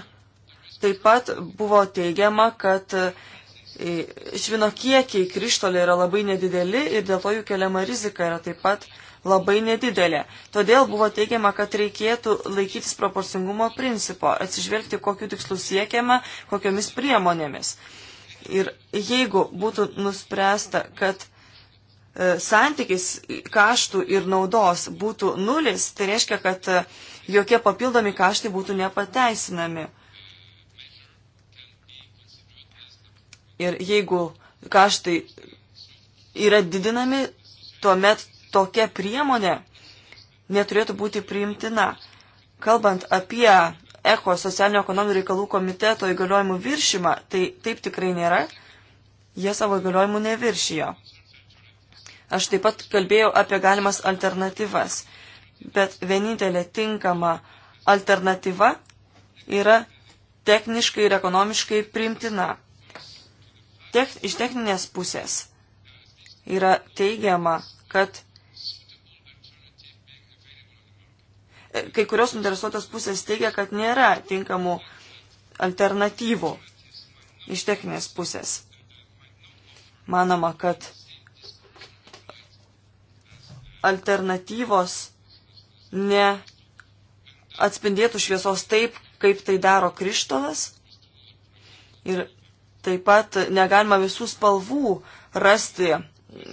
taip pat buvo teigiama, kad e, švino kiekiai krištolė yra labai nedideli ir dėl to jų keliama rizika yra taip pat labai nedidelė. Todėl buvo teigiama, kad reikėtų laikytis proporcingumo principo, atsižvelgti, kokiu tikslu siekiama, kokiomis priemonėmis. Ir jeigu būtų nuspręsta, kad e, santykis kaštų ir naudos būtų nulis, tai reiškia, kad e, jokie papildomi kaštai būtų nepateisinami. Ir jeigu kaštai yra didinami, tuomet tokia priemonė neturėtų būti priimtina. Kalbant apie ECHO socialinio ekonominių reikalų komiteto įgaliojimų viršimą, tai taip tikrai nėra. Jie savo įgaliojimų neviršijo. Aš taip pat kalbėjau apie galimas alternatyvas, bet vienintelė tinkama alternatyva yra techniškai ir ekonomiškai primtina. Tech, iš techninės pusės yra teigiama, kad Kai kurios interesuotos pusės teigia, kad nėra tinkamų alternatyvų iš techninės pusės. Manoma, kad alternatyvos ne atspindėtų šviesos taip, kaip tai daro krištolas. Ir taip pat negalima visų spalvų rasti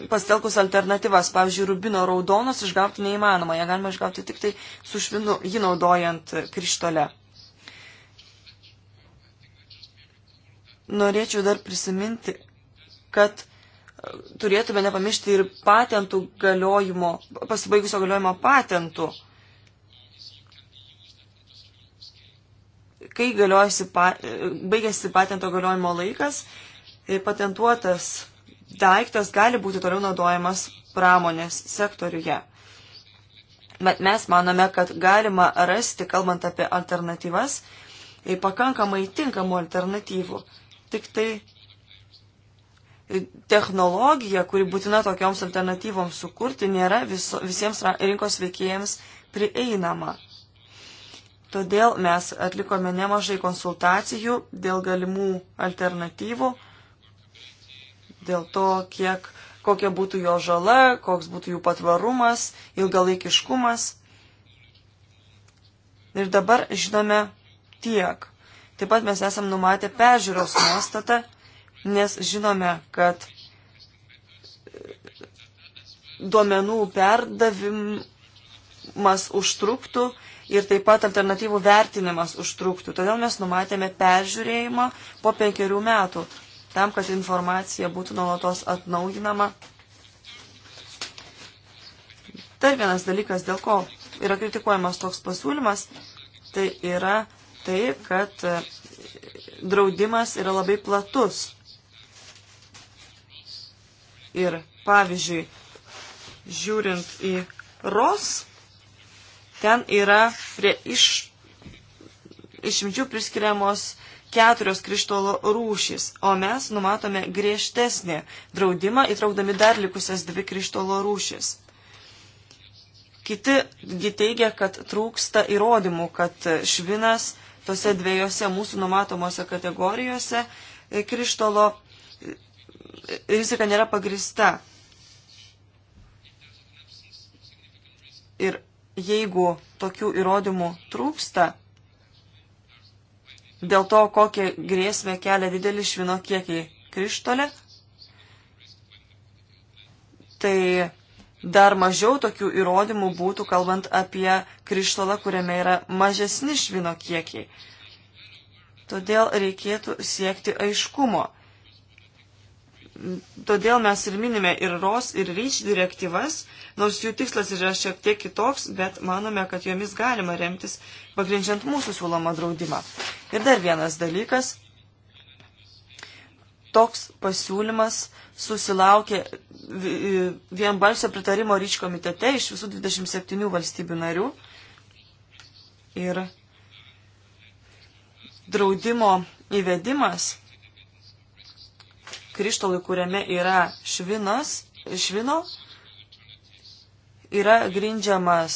pastelkus alternatyvas. Pavyzdžiui, rubino raudonos išgauti neįmanoma, ją galima išgauti tik tai su švinu, jį naudojant krištole. Norėčiau dar prisiminti, kad e, turėtume nepamiršti ir patentų galiojimo, pasibaigusio galiojimo patentų. Kai pa, e, baigėsi patento galiojimo laikas, e, patentuotas daiktas gali būti toliau naudojamas pramonės sektoriuje. Bet mes manome, kad galima rasti, kalbant apie alternatyvas, pakankamai tinkamų alternatyvų. Tik tai technologija, kuri būtina tokioms alternatyvoms sukurti, nėra viso, visiems rinkos veikėjams prieinama. Todėl mes atlikome nemažai konsultacijų dėl galimų alternatyvų dėl to, kiek, kokia būtų jo žala, koks būtų jų patvarumas, ilgalaikiškumas. Ir dabar žinome tiek. Taip pat mes esam numatę peržiūros nuostatą, nes žinome, kad duomenų perdavimas užtruktų ir taip pat alternatyvų vertinimas užtruktų. Todėl mes numatėme peržiūrėjimą po penkerių metų tam, kad informacija būtų nuolatos atnaujinama. Dar vienas dalykas, dėl ko yra kritikuojamas toks pasiūlymas, tai yra tai, kad e, draudimas yra labai platus. Ir pavyzdžiui, žiūrint į ROS, ten yra prie iš, išimčių priskiriamos keturios krištolo rūšys, o mes numatome griežtesnį draudimą, įtraukdami dar likusias dvi krištolo rūšis. Kiti teigia, kad trūksta įrodymų, kad švinas tose dviejose mūsų numatomose kategorijose e, krištolo e, rizika nėra pagrista. Ir jeigu tokių įrodymų trūksta, dėl to, kokią grėsmę kelia didelį švino kiekį krištolė, tai dar mažiau tokių įrodymų būtų, kalbant apie krištolą, kuriame yra mažesni švino kiekiai. Todėl reikėtų siekti aiškumo. Todėl mes ir minime ir ROS, ir REACH direktyvas, nors jų tikslas yra šiek tiek kitoks, bet manome, kad jomis galima remtis, pagrindžiant mūsų siūlomą draudimą. Ir dar vienas dalykas. Toks pasiūlymas susilaukė vienbalsio pritarimo ryč komitete iš visų 27 valstybių narių. Ir draudimo įvedimas krištolui, kuriame yra švinas, švino, yra grindžiamas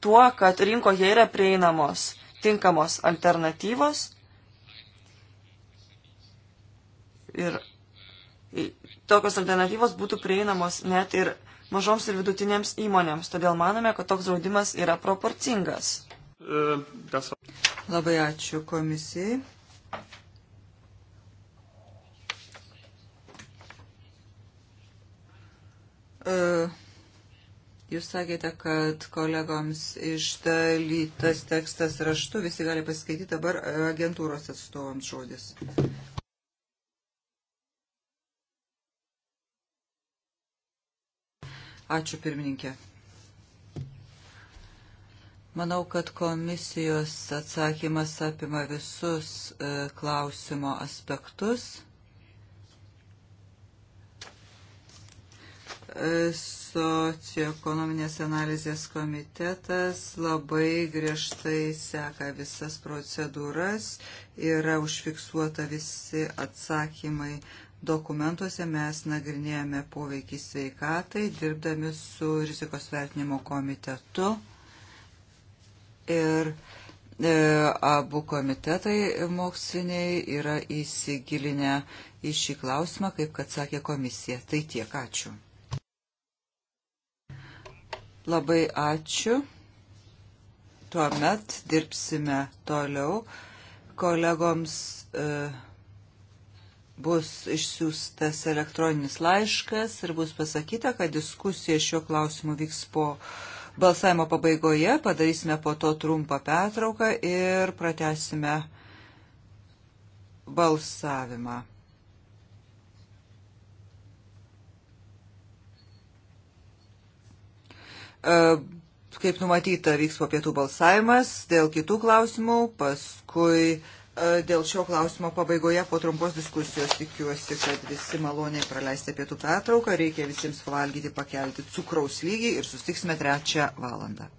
tuo, kad rinkoje yra prieinamos tinkamos alternatyvos ir tokios alternatyvos būtų prieinamos net ir mažoms ir vidutinėms įmonėms. Todėl manome, kad toks draudimas yra proporcingas. E, Labai ačiū komisijai. E, jūs sakėte, kad kolegoms išdalytas tekstas raštu, visi gali pasiskaityti dabar agentūros atstovams žodis. Ačiū pirmininkė. Manau, kad komisijos atsakymas apima visus e, klausimo aspektus. socioekonominės analizės komitetas labai griežtai seka visas procedūras, yra užfiksuota visi atsakymai dokumentuose, mes nagrinėjame poveikį sveikatai, dirbdami su rizikos vertinimo komitetu. Ir e, abu komitetai moksliniai yra įsigilinę į šį klausimą, kaip kad sakė komisija. Tai tiek, ačiū. Labai ačiū. Tuomet dirbsime toliau. Kolegoms e, bus išsiųstas elektroninis laiškas ir bus pasakyta, kad diskusija šiuo klausimu vyks po balsavimo pabaigoje. Padarysime po to trumpą pertrauką ir pratesime balsavimą. E, kaip numatyta, vyks po pietų balsavimas dėl kitų klausimų, paskui e, dėl šio klausimo pabaigoje po trumpos diskusijos tikiuosi, kad visi maloniai praleisite pietų pertrauką, reikia visiems valgyti pakelti cukraus lygį ir sustiksime trečią valandą.